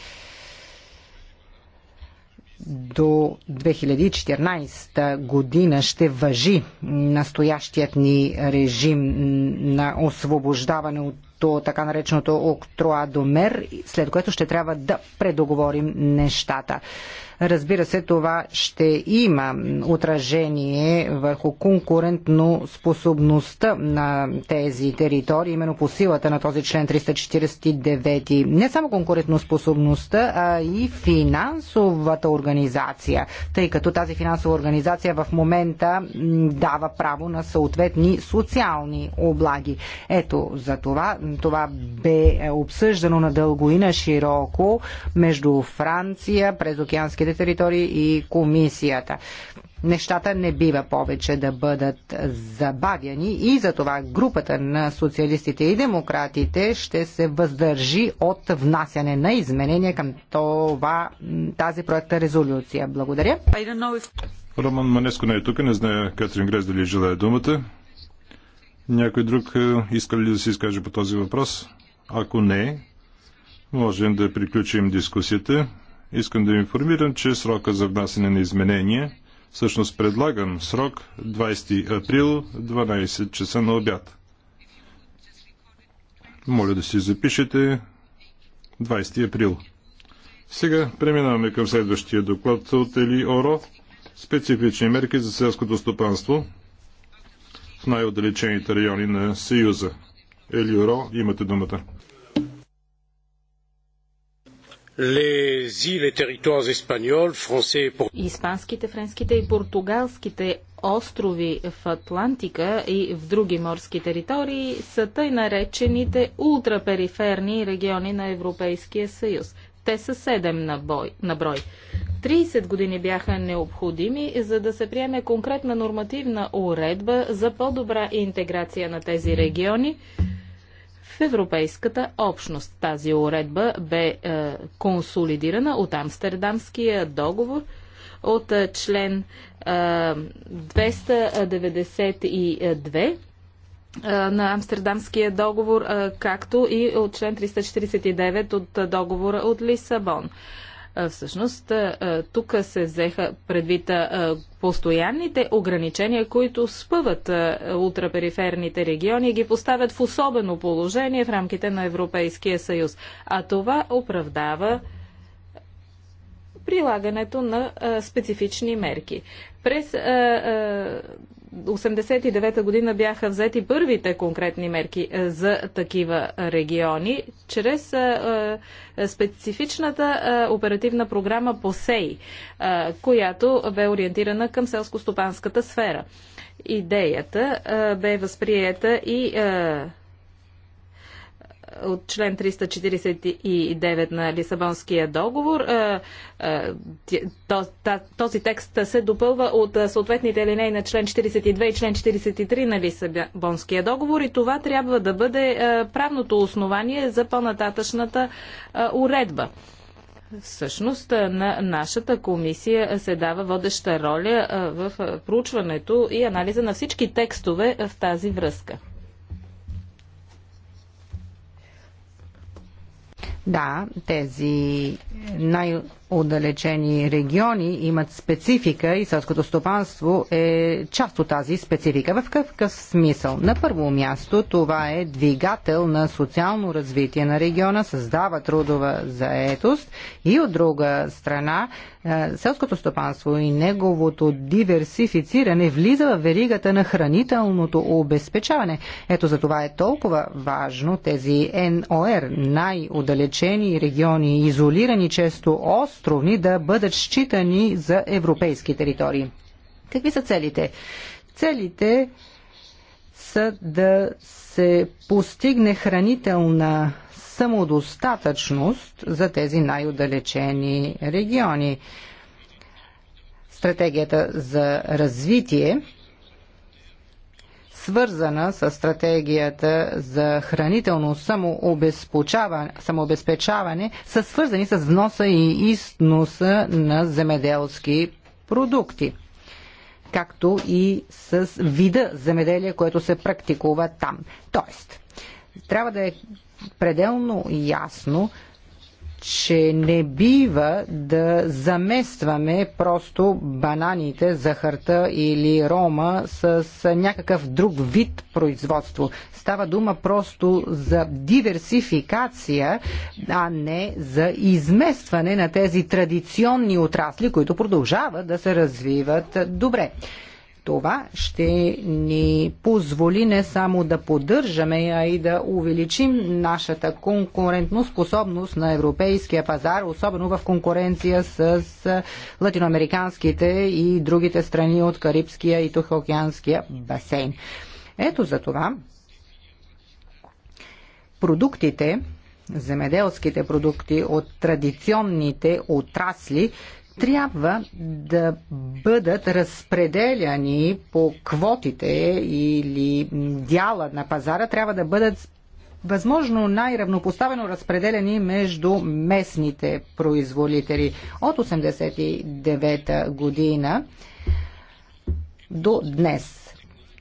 До 2014 година ще въжи настоящият ни режим на освобождаване от като така нареченото октроадомер, след което ще трябва да предоговорим нещата. Разбира се, това ще има отражение върху конкурентно способността на тези територии, именно по силата на този член 349. Не само конкурентно способността, а и финансовата организация, тъй като тази финансова организация в момента дава право на съответни социални облаги. Ето за това това бе обсъждано надълго и на широко между Франция, през океанските територии и комисията. Нещата не бива повече да бъдат забавяни и за това групата на социалистите и демократите ще се въздържи от внасяне на изменения към това, тази проекта резолюция. Благодаря. Роман Манеско не е тук, не знае Катрин Грез дали желая думата. Някой друг е, иска ли да се изкаже по този въпрос? Ако не, можем да приключим дискусията. Искам да ви информирам, че срока за внасяне на изменения, всъщност предлагам срок 20 април 12 часа на обяд. Моля да си запишете 20 април. Сега преминаваме към следващия доклад от Ели Оро. Специфични мерки за селското стопанство най-отдалечените райони на Съюза. Елиоро, имате думата. Испанските, френските и португалските острови в Атлантика и в други морски територии са тъй наречените ултрапериферни региони на Европейския съюз. Те са 7 на, бой, на брой. 30 години бяха необходими, за да се приеме конкретна нормативна уредба за по-добра интеграция на тези региони в Европейската общност. Тази уредба бе е, консолидирана от Амстердамския договор от е, член е, 292 на Амстердамския договор, както и от член 349 от договора от Лисабон. Всъщност, тук се взеха предвид постоянните ограничения, които спъват ултрапериферните региони и ги поставят в особено положение в рамките на Европейския съюз. А това оправдава прилагането на специфични мерки. През 1989 година бяха взети първите конкретни мерки е, за такива региони чрез е, е, специфичната оперативна програма ПОСЕЙ, която бе ориентирана към селско-стопанската сфера. Идеята бе възприета и от член 349 на Лисабонския договор. Този текст се допълва от съответните линии на член 42 и член 43 на Лисабонския договор и това трябва да бъде правното основание за по-нататъчната уредба. Всъщност на нашата комисия се дава водеща роля в проучването и анализа на всички текстове в тази връзка. Да, тези най- отдалечени региони имат специфика и селското стопанство е част от тази специфика. В какъв смисъл? На първо място това е двигател на социално развитие на региона, създава трудова заетост и от друга страна е, селското стопанство и неговото диверсифициране влиза в веригата на хранителното обезпечаване. Ето за това е толкова важно тези НОР, най-удалечени региони, изолирани често остро, островни да бъдат считани за европейски територии. Какви са целите? Целите са да се постигне хранителна самодостатъчност за тези най-отдалечени региони. Стратегията за развитие свързана с стратегията за хранително самообезпечаване, са свързани с вноса и износа на земеделски продукти както и с вида земеделие, което се практикува там. Тоест, трябва да е пределно ясно, че не бива да заместваме просто бананите, захарта или рома с някакъв друг вид производство. Става дума просто за диверсификация, а не за изместване на тези традиционни отрасли, които продължават да се развиват добре. Това ще ни позволи не само да поддържаме, а и да увеличим нашата конкурентно способност на европейския пазар, особено в конкуренция с латиноамериканските и другите страни от Карибския и Тухоокеанския басейн. Ето за това продуктите, земеделските продукти от традиционните отрасли трябва да бъдат разпределяни по квотите или дяла на пазара, трябва да бъдат възможно най-равнопоставено разпределени между местните производители. От 89 година до днес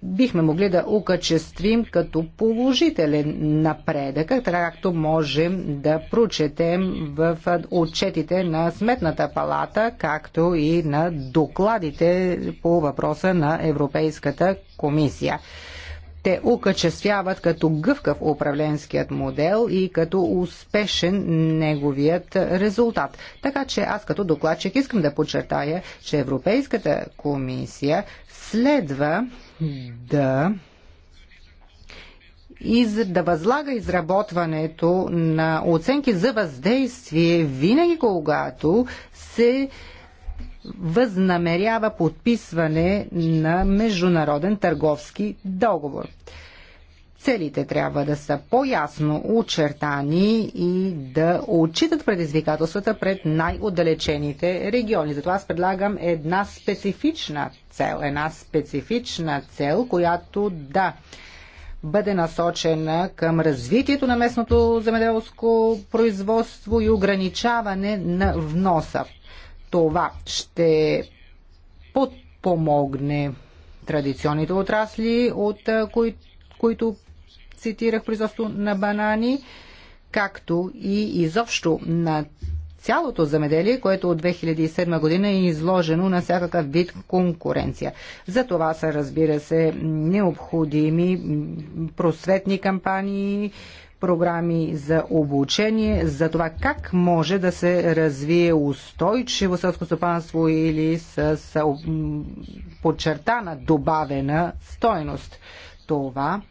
бихме могли да окачествим като положителен напредък, така както можем да прочетем в отчетите на Сметната палата, както и на докладите по въпроса на Европейската комисия те окачествяват като гъвкав управленският модел и като успешен неговият резултат. Така че аз като докладчик искам да подчертая, че Европейската комисия следва да да възлага изработването на оценки за въздействие винаги когато се възнамерява подписване на международен търговски договор. Целите трябва да са по-ясно очертани и да отчитат предизвикателствата пред най-отдалечените региони. Затова аз предлагам една специфична цел, една специфична цел, която да бъде насочена към развитието на местното земеделско производство и ограничаване на вноса. Това ще подпомогне традиционните отрасли, от които които цитирах производство на банани, както и изобщо на цялото замеделие, което от 2007 година е изложено на всякакъв вид конкуренция. За това са, разбира се, необходими просветни кампании, програми за обучение, за това как може да се развие устойчиво селско стопанство или с, с подчертана добавена стойност. Това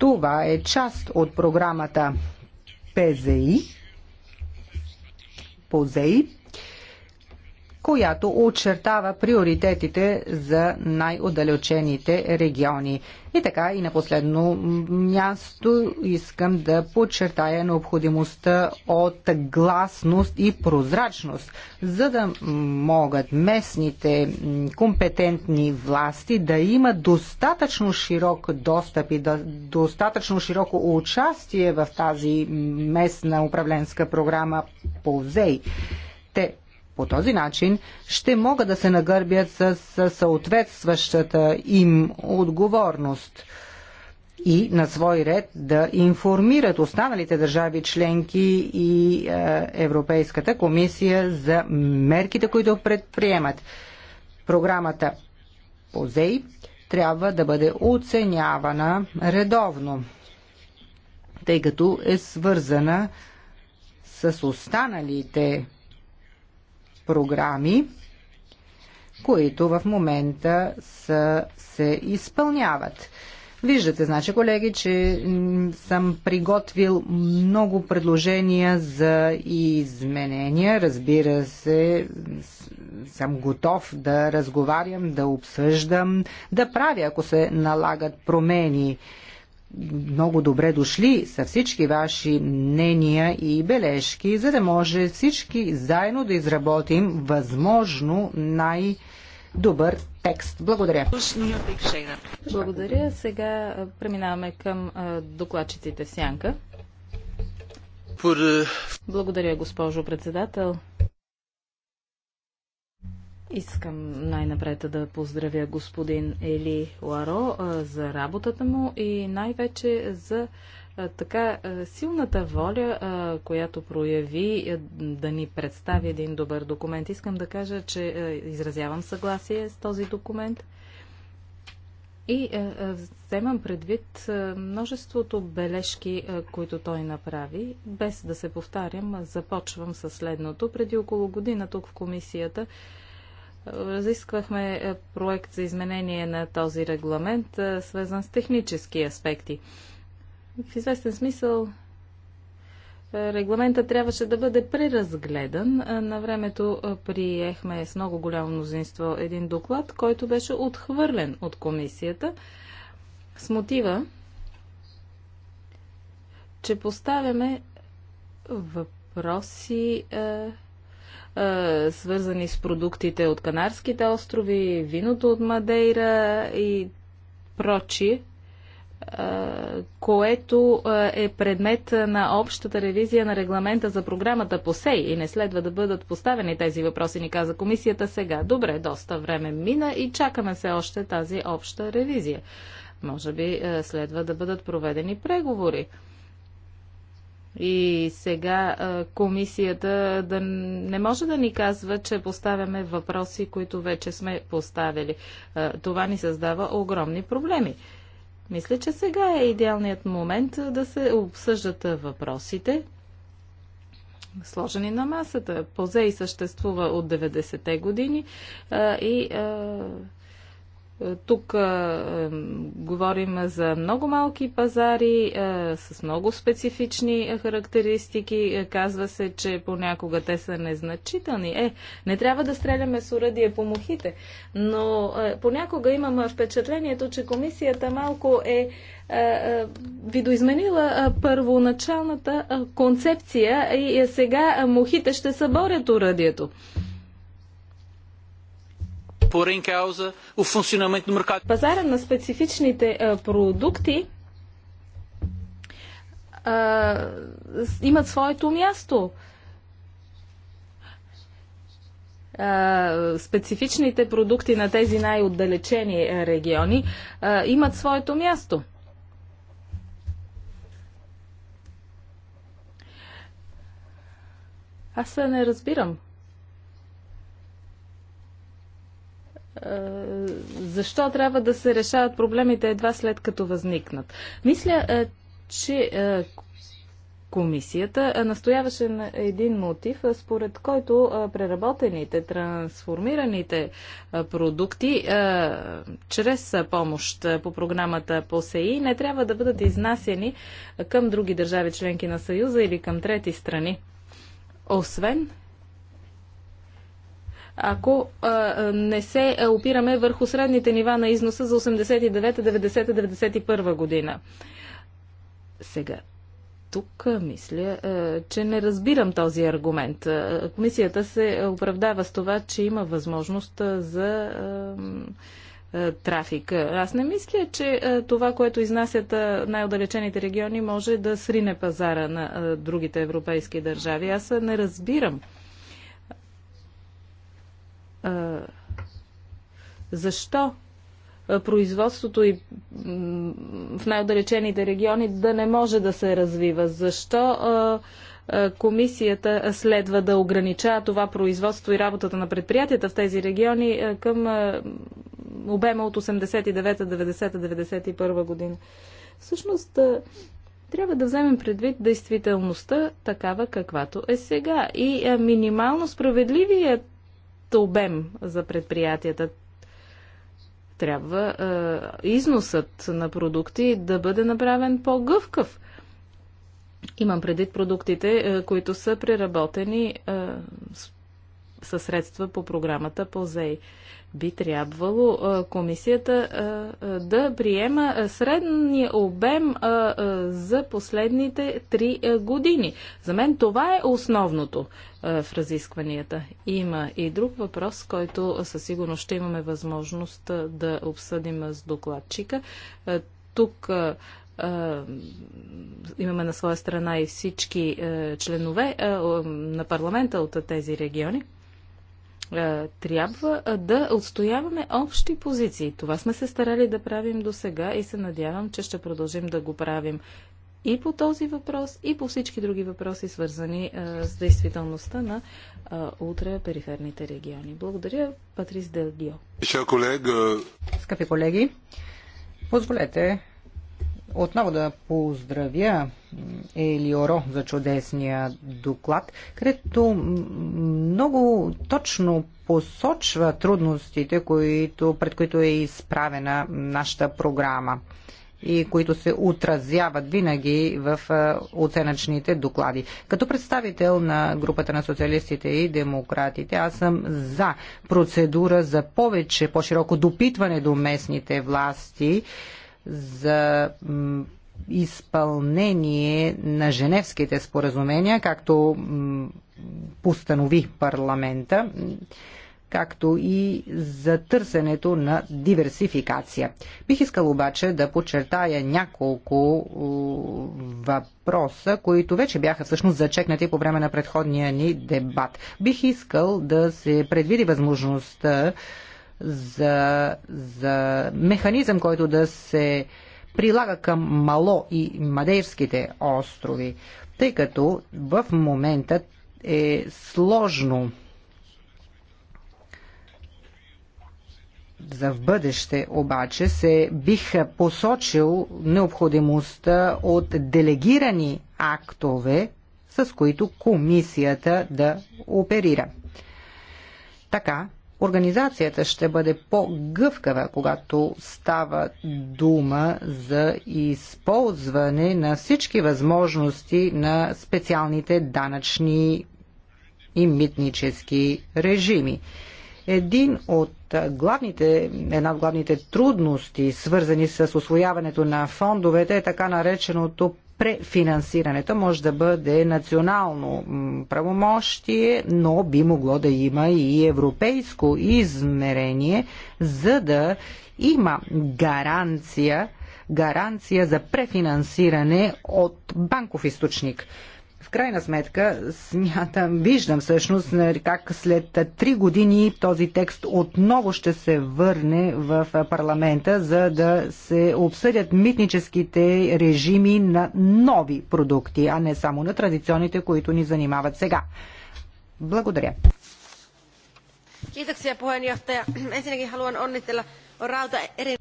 Това е част от програмата ПЗИ, ПОЗЕИ, която очертава приоритетите за най-отдалечените региони. И така и на последно място искам да подчертая необходимостта от гласност и прозрачност, за да могат местните компетентни власти да имат достатъчно широк достъп и да, достатъчно широко участие в тази местна управленска програма Ползей. Те по този начин ще могат да се нагърбят с съответстващата им отговорност и на свой ред да информират останалите държави членки и е, Европейската комисия за мерките, които предприемат. Програмата ПОЗЕЙ трябва да бъде оценявана редовно, тъй като е свързана с останалите програми, които в момента са, се изпълняват. Виждате, значи, колеги, че съм приготвил много предложения за изменения. Разбира се, съм готов да разговарям, да обсъждам, да правя, ако се налагат промени много добре дошли са всички ваши мнения и бележки, за да може всички заедно да изработим възможно най- добър текст. Благодаря. Благодаря. Сега преминаваме към докладчиците в сянка. Благодаря, госпожо председател. Искам най-напред да поздравя господин Ели Ларо за работата му и най-вече за така силната воля, която прояви да ни представи един добър документ. Искам да кажа, че изразявам съгласие с този документ. И вземам предвид множеството бележки, които той направи. Без да се повтарям, започвам със следното. Преди около година тук в комисията Разисквахме е, проект за изменение на този регламент, е, свързан с технически аспекти. В известен смисъл е, регламента трябваше да бъде преразгледан. На времето приехме с много голямо мнозинство един доклад, който беше отхвърлен от комисията с мотива, че поставяме въпроси е, е, свързани с продуктите от Канарските острови, виното от Мадейра и прочи, е, което е, е предмет на общата ревизия на регламента за програмата по СЕЙ и не следва да бъдат поставени тези въпроси, ни каза комисията сега. Добре, доста време мина и чакаме все още тази обща ревизия. Може би следва да бъдат проведени преговори. И сега комисията да не може да ни казва, че поставяме въпроси, които вече сме поставили. Това ни създава огромни проблеми. Мисля, че сега е идеалният момент да се обсъждат въпросите, сложени на масата. Позей съществува от 90-те години и тук а, е, говорим за много малки пазари а, е, с много специфични характеристики. Е, казва се, че понякога те са незначителни. Е, не трябва да стреляме с уръдие по мухите, но а, понякога имам впечатлението, че комисията малко е видоизменила първоначалната концепция и сега мухите ще съборят уръдието em causa o funcionamento do mercado. Пазара на специфичните е, продукти имат своето място. специфичните продукти на тези най-отдалечени е, региони имат своето място. Аз не разбирам Е, защо трябва да се решават проблемите едва след като възникнат. Мисля, е, че е, комисията настояваше на един мотив, според който преработените, трансформираните продукти чрез помощ по програмата по СЕИ не трябва да бъдат изнасени към други държави членки на Съюза или към трети страни. Освен ако а, не се опираме върху средните нива на износа за 89, 90, 91 година. Сега, тук мисля, че не разбирам този аргумент. Комисията се оправдава с това, че има възможност за трафик. Аз не мисля, че това, което изнасят най-отдалечените региони, може да срине пазара на другите европейски държави. Аз не разбирам защо производството и в най-отдалечените региони да не може да се развива? Защо комисията следва да ограничава това производство и работата на предприятията в тези региони към обема от 89, 90, 91 година? Всъщност, трябва да вземем предвид действителността такава каквато е сега. И минимално справедливият обем за предприятията. Трябва е, износът на продукти да бъде направен по-гъвкав. Имам предвид продуктите, е, които са преработени е, със средства по програмата по ЗЕИ. Би трябвало комисията да приема средния обем за последните три години. За мен това е основното в разискванията. Има и друг въпрос, който със сигурност ще имаме възможност да обсъдим с докладчика. Тук имаме на своя страна и всички членове на парламента от тези региони. Е, трябва да отстояваме общи позиции. Това сме се старали да правим до сега и се надявам, че ще продължим да го правим и по този въпрос, и по всички други въпроси, свързани е, с действителността на е, ултрапериферните региони. Благодаря, Патрис Делгио. Скъпи колеги, позволете отново да поздравя Елиоро за чудесния доклад, където много точно посочва трудностите, които, пред които е изправена нашата програма и които се отразяват винаги в оценъчните доклади. Като представител на групата на социалистите и демократите, аз съм за процедура за повече, по-широко допитване до местните власти за изпълнение на Женевските споразумения, както постанови парламента, както и за търсенето на диверсификация. Бих искал обаче да подчертая няколко въпроса, които вече бяха всъщност зачекнати по време на предходния ни дебат. Бих искал да се предвиди възможността за, за механизъм, който да се прилага към Мало и Мадейрските острови, тъй като в момента е сложно за в бъдеще обаче се бих посочил необходимостта от делегирани актове, с които комисията да оперира. Така, Организацията ще бъде по-гъвкава, когато става дума за използване на всички възможности на специалните данъчни и митнически режими. Един от главните, една от главните трудности, свързани с освояването на фондовете, е така нареченото префинансирането. Може да бъде национално правомощие, но би могло да има и европейско измерение, за да има гаранция гаранция за префинансиране от банков източник. В крайна сметка, смятам, виждам всъщност нали, как след три години този текст отново ще се върне в парламента, за да се обсъдят митническите режими на нови продукти, а не само на традиционните, които ни занимават сега. Благодаря.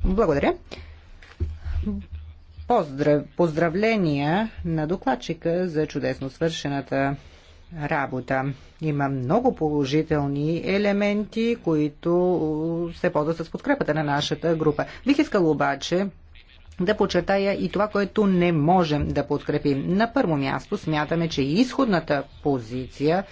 Благодаря. Поздрав... Поздравления на докладчика за чудесно свършената работа. Има много положителни елементи, които се ползват с подкрепата на нашата група. Бих искал обаче да подчертая и това, което не можем да подкрепим. На първо място смятаме, че изходната позиция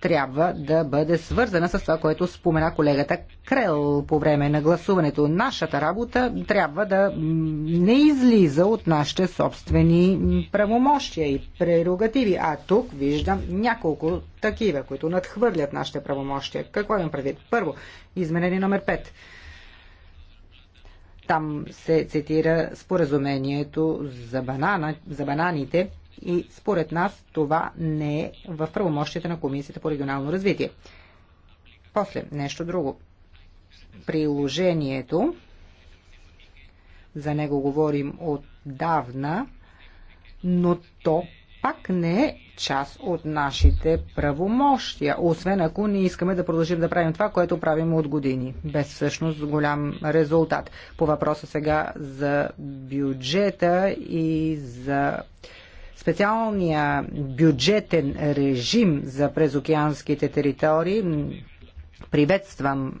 трябва да бъде свързана с това, което спомена колегата Крел по време на гласуването. Нашата работа трябва да не излиза от нашите собствени правомощия и прерогативи. А тук виждам няколко такива, които надхвърлят нашите правомощия. Какво имам предвид? Първо, изменение номер 5. Там се цитира споразумението за, банана, за бананите – и според нас това не е в правомощията на Комисията по регионално развитие. После, нещо друго. Приложението, за него говорим отдавна, но то пак не е част от нашите правомощия, освен ако не искаме да продължим да правим това, което правим от години, без всъщност голям резултат. По въпроса сега за бюджета и за специалния бюджетен режим за презокеанските територии приветствам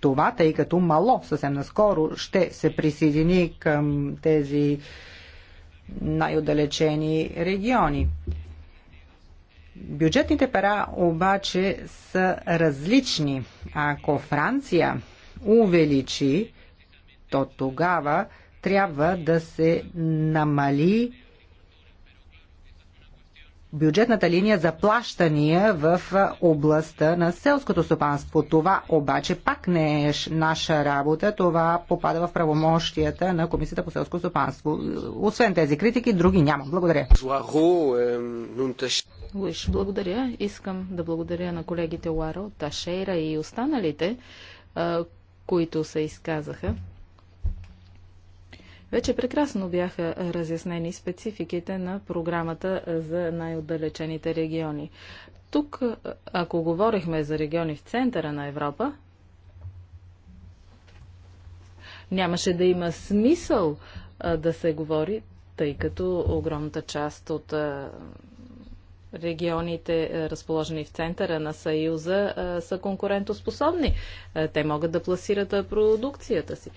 това, тъй като Мало съвсем наскоро ще се присъедини към тези най-отдалечени региони. Бюджетните пера обаче са различни. Ако Франция увеличи, то тогава трябва да се намали бюджетната линия за плащания в областта на селското стопанство. Това обаче пак не е наша работа. Това попада в правомощията на Комисията по селско стопанство. Освен тези критики, други няма. Благодаря. Луиш, благодаря. Искам да благодаря на колегите Ларо, Ташейра и останалите, които се изказаха. Вече прекрасно бяха разяснени спецификите на програмата за най-отдалечените региони. Тук, ако говорихме за региони в центъра на Европа, нямаше да има смисъл да се говори, тъй като огромната част от регионите, разположени в центъра на Съюза, са конкурентоспособни. те могат да пласират продукцията си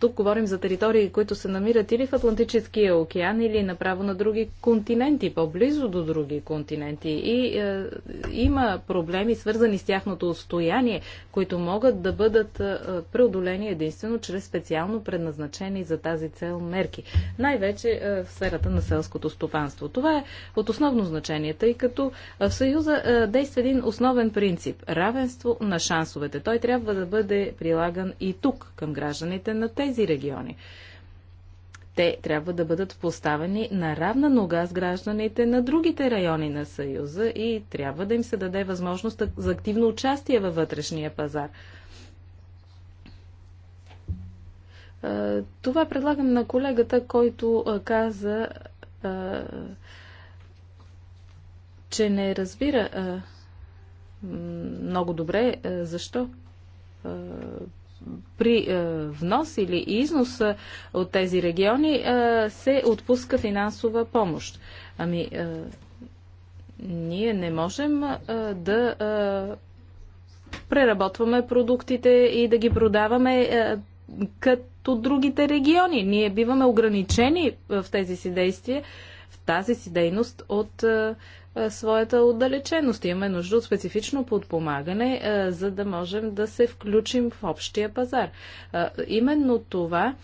тук говорим за територии, които се намират или в Атлантическия океан, или направо на други континенти, по-близо до други континенти. И е, има проблеми, свързани с тяхното отстояние, които могат да бъдат е, преодолени единствено чрез специално предназначени за тази цел мерки. Най-вече е, в сферата на селското стопанство. Това е от основно значение, тъй като е, в Съюза е, действа един основен принцип равенство на шансовете. Той трябва да бъде прилаган и тук към гражданите на тези тези региони. Те трябва да бъдат поставени на равна нога с гражданите на другите райони на Съюза и трябва да им се даде възможност за активно участие във вътрешния пазар. Това предлагам на колегата, който каза, че не разбира много добре защо при е, внос или износ е, от тези региони е, се отпуска финансова помощ. Ами, ние не можем да преработваме продуктите и да ги продаваме като другите региони. Ние биваме ограничени в тези си действия, в тази си дейност от е, своята отдалеченост. Имаме нужда от специфично подпомагане, е, за да можем да се включим в общия пазар. Е, именно това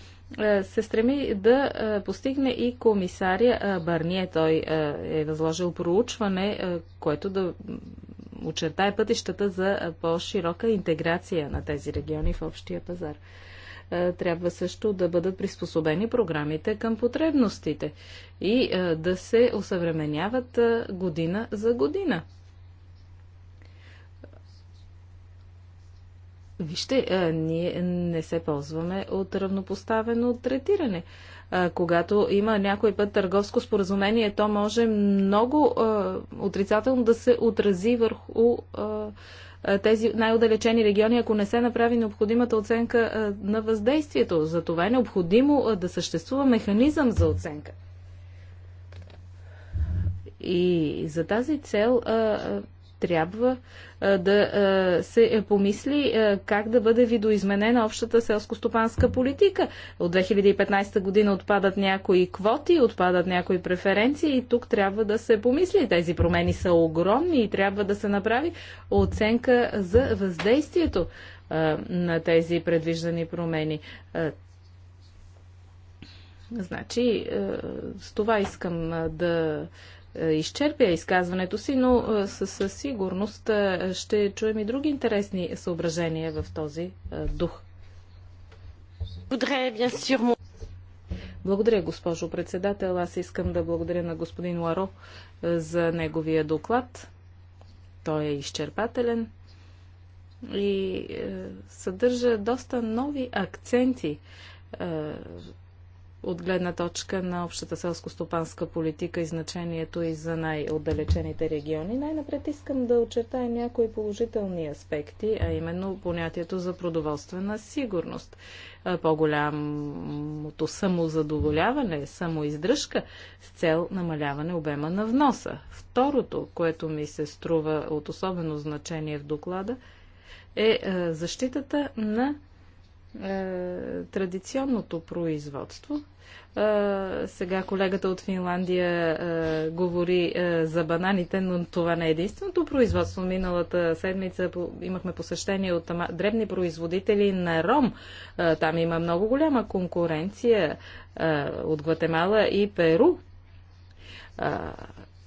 се стреми да постигне и комисаря Барние. Той е възложил проучване, което да очертае пътищата за по-широка интеграция на тези региони в общия пазар. Е, трябва също да бъдат приспособени програмите към потребностите и е, да се осъвременяват е, година за година. Вижте, ние не се ползваме от равнопоставено третиране. когато има някой път търговско споразумение, то може много отрицателно да се отрази върху тези най-удалечени региони, ако не се направи необходимата оценка на въздействието. За това е необходимо да съществува механизъм за оценка. И за тази цел трябва да се е, помисли как да бъде видоизменена общата селскостопанска политика. От 2015 година отпадат някои квоти, отпадат някои преференции и тук трябва да се помисли. Тези промени са огромни и трябва да се направи оценка за въздействието на тези предвиждани промени. Значи, с това искам да е, изчерпя изказването си, но е, със сигурност е, ще чуем и други интересни съображения в този дух. Благодаря, госпожо председател. Аз искам да благодаря на господин Ларо за неговия доклад. Той е изчерпателен и съдържа доста нови акценти от гледна точка на общата селско-стопанска политика и значението и за най-отдалечените региони. Най-напред искам да очертая някои положителни аспекти, а именно понятието за продоволствена сигурност. По-голямото самозадоволяване, самоиздръжка с цел намаляване обема на вноса. Второто, което ми се струва от особено значение в доклада, е защитата на е, традиционното производство. Е, сега колегата от Финландия е, говори за бананите, но това не е единственото производство. Миналата седмица имахме посещение от дребни производители на Ром. Там има много голяма конкуренция от Гватемала и Перу.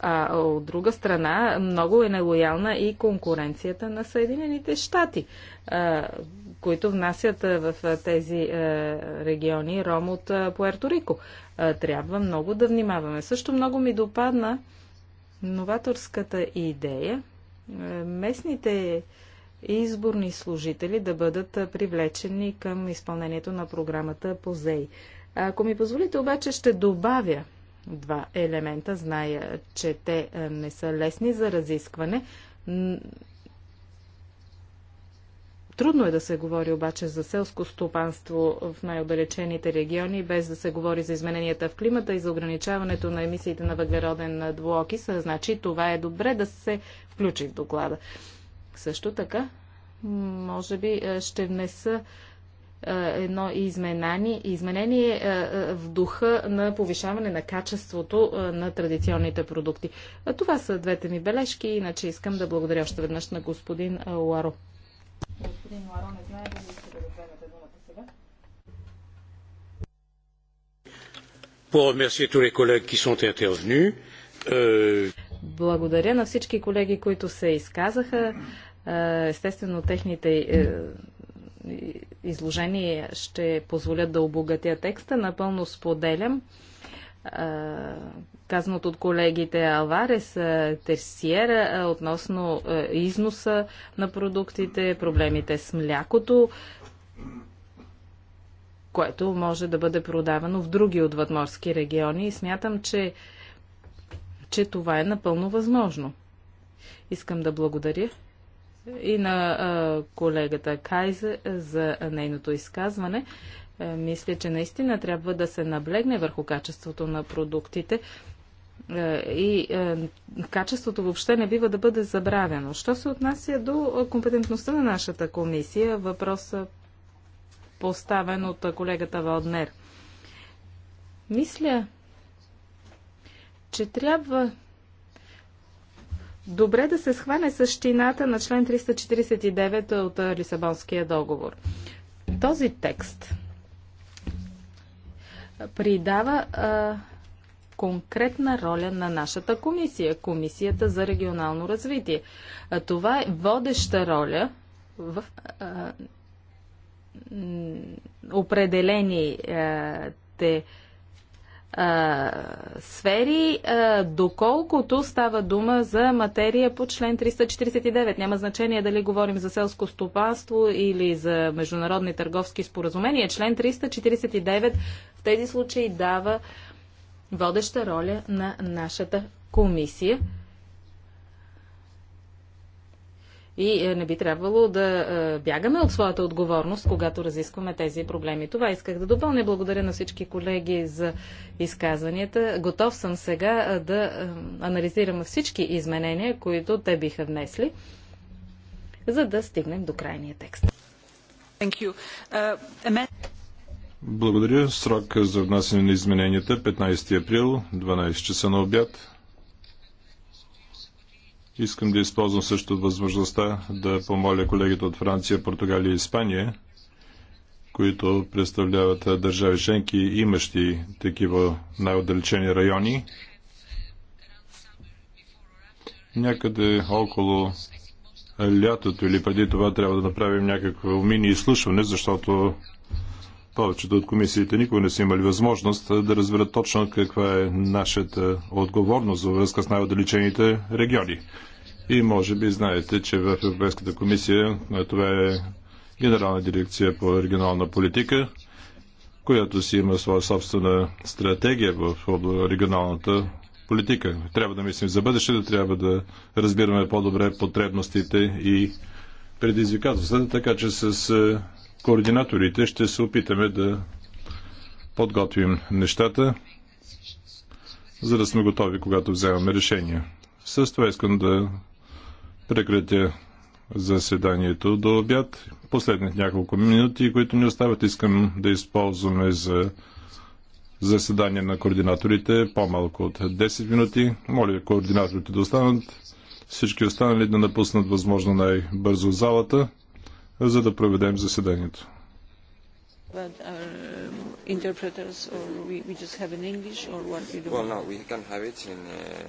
А от друга страна, много е нелоялна и конкуренцията на Съединените щати които внасят в тези региони ром от Пуерто Рико. Трябва много да внимаваме. Също много ми допадна новаторската идея местните изборни служители да бъдат привлечени към изпълнението на програмата по ЗЕЙ. Ако ми позволите, обаче ще добавя два елемента. Зная, че те не са лесни за разискване, Трудно е да се говори обаче за селско стопанство в най-отдалечените региони, без да се говори за измененията в климата и за ограничаването на емисиите на въглероден двуокис. Значи това е добре да се включи в доклада. Също така, може би е, ще внеса е, едно изменение, изменение е, в духа на повишаване на качеството на традиционните продукти. Това са двете ми бележки, иначе искам да благодаря още веднъж на господин Ларо. Господин Ларо, не знае дали искате да вземете думата сега. Euh, Благодаря на всички колеги, които се изказаха. Е, естествено, техните е, изложения ще позволят да обогатя текста. Напълно споделям казаното от колегите Алварес, Терсиера относно износа на продуктите, проблемите с млякото, което може да бъде продавано в други отвъдморски региони и смятам, че, че това е напълно възможно. Искам да благодаря и на колегата Кайзе за нейното изказване. Е, мисля, че наистина трябва да се наблегне върху качеството на продуктите е, и е, качеството въобще не бива да бъде забравено. Що се отнася до компетентността на нашата комисия, въпрос поставен от колегата Валднер. Мисля, че трябва добре да се схване същината на член 349 от Лисабонския договор. Този текст придава а, конкретна роля на нашата комисия, Комисията за регионално развитие. А, това е водеща роля в а, определени а, е, те а, сфери, а, доколкото става дума за материя по член 349. Няма значение дали говорим за селско стопанство или за международни търговски споразумения. Член 349 в тези случаи дава водеща роля на нашата комисия. И е, не би трябвало да е, бягаме от своята отговорност, когато разискваме тези проблеми. Това исках да допълня. Благодаря на всички колеги за изказванията. Готов съм сега е, да анализирам всички изменения, които те биха внесли, за да стигнем до крайния текст. Uh, Благодаря. Срок за внасяне на измененията 15 април, 12 часа на обяд. Искам да използвам също възможността да помоля колегите от Франция, Португалия и Испания, които представляват държави членки, имащи такива най-отдалечени райони. Някъде около лятото или преди това трябва да направим някакво мини изслушване, защото повечето от комисиите никога не са имали възможност да разберат точно каква е нашата отговорност във връзка с най-отдалечените региони. И може би знаете, че в Европейската комисия това е Генерална дирекция по регионална политика, която си има своя собствена стратегия в регионалната политика. Трябва да мислим за бъдещето, трябва да разбираме по-добре потребностите и предизвикателствата, така че с е, координаторите ще се опитаме да подготвим нещата, за да сме готови, когато вземаме решение. С това искам да прекратя заседанието до обяд. Последните няколко минути, които ни остават, искам да използваме за заседание на координаторите по-малко от 10 минути. Моля координаторите да останат, всички останали да напуснат възможно най-бързо залата за да проведем заседанието. But our interpreters, or we, we just have in English, or what we do? Well, no, we can have it in. Uh...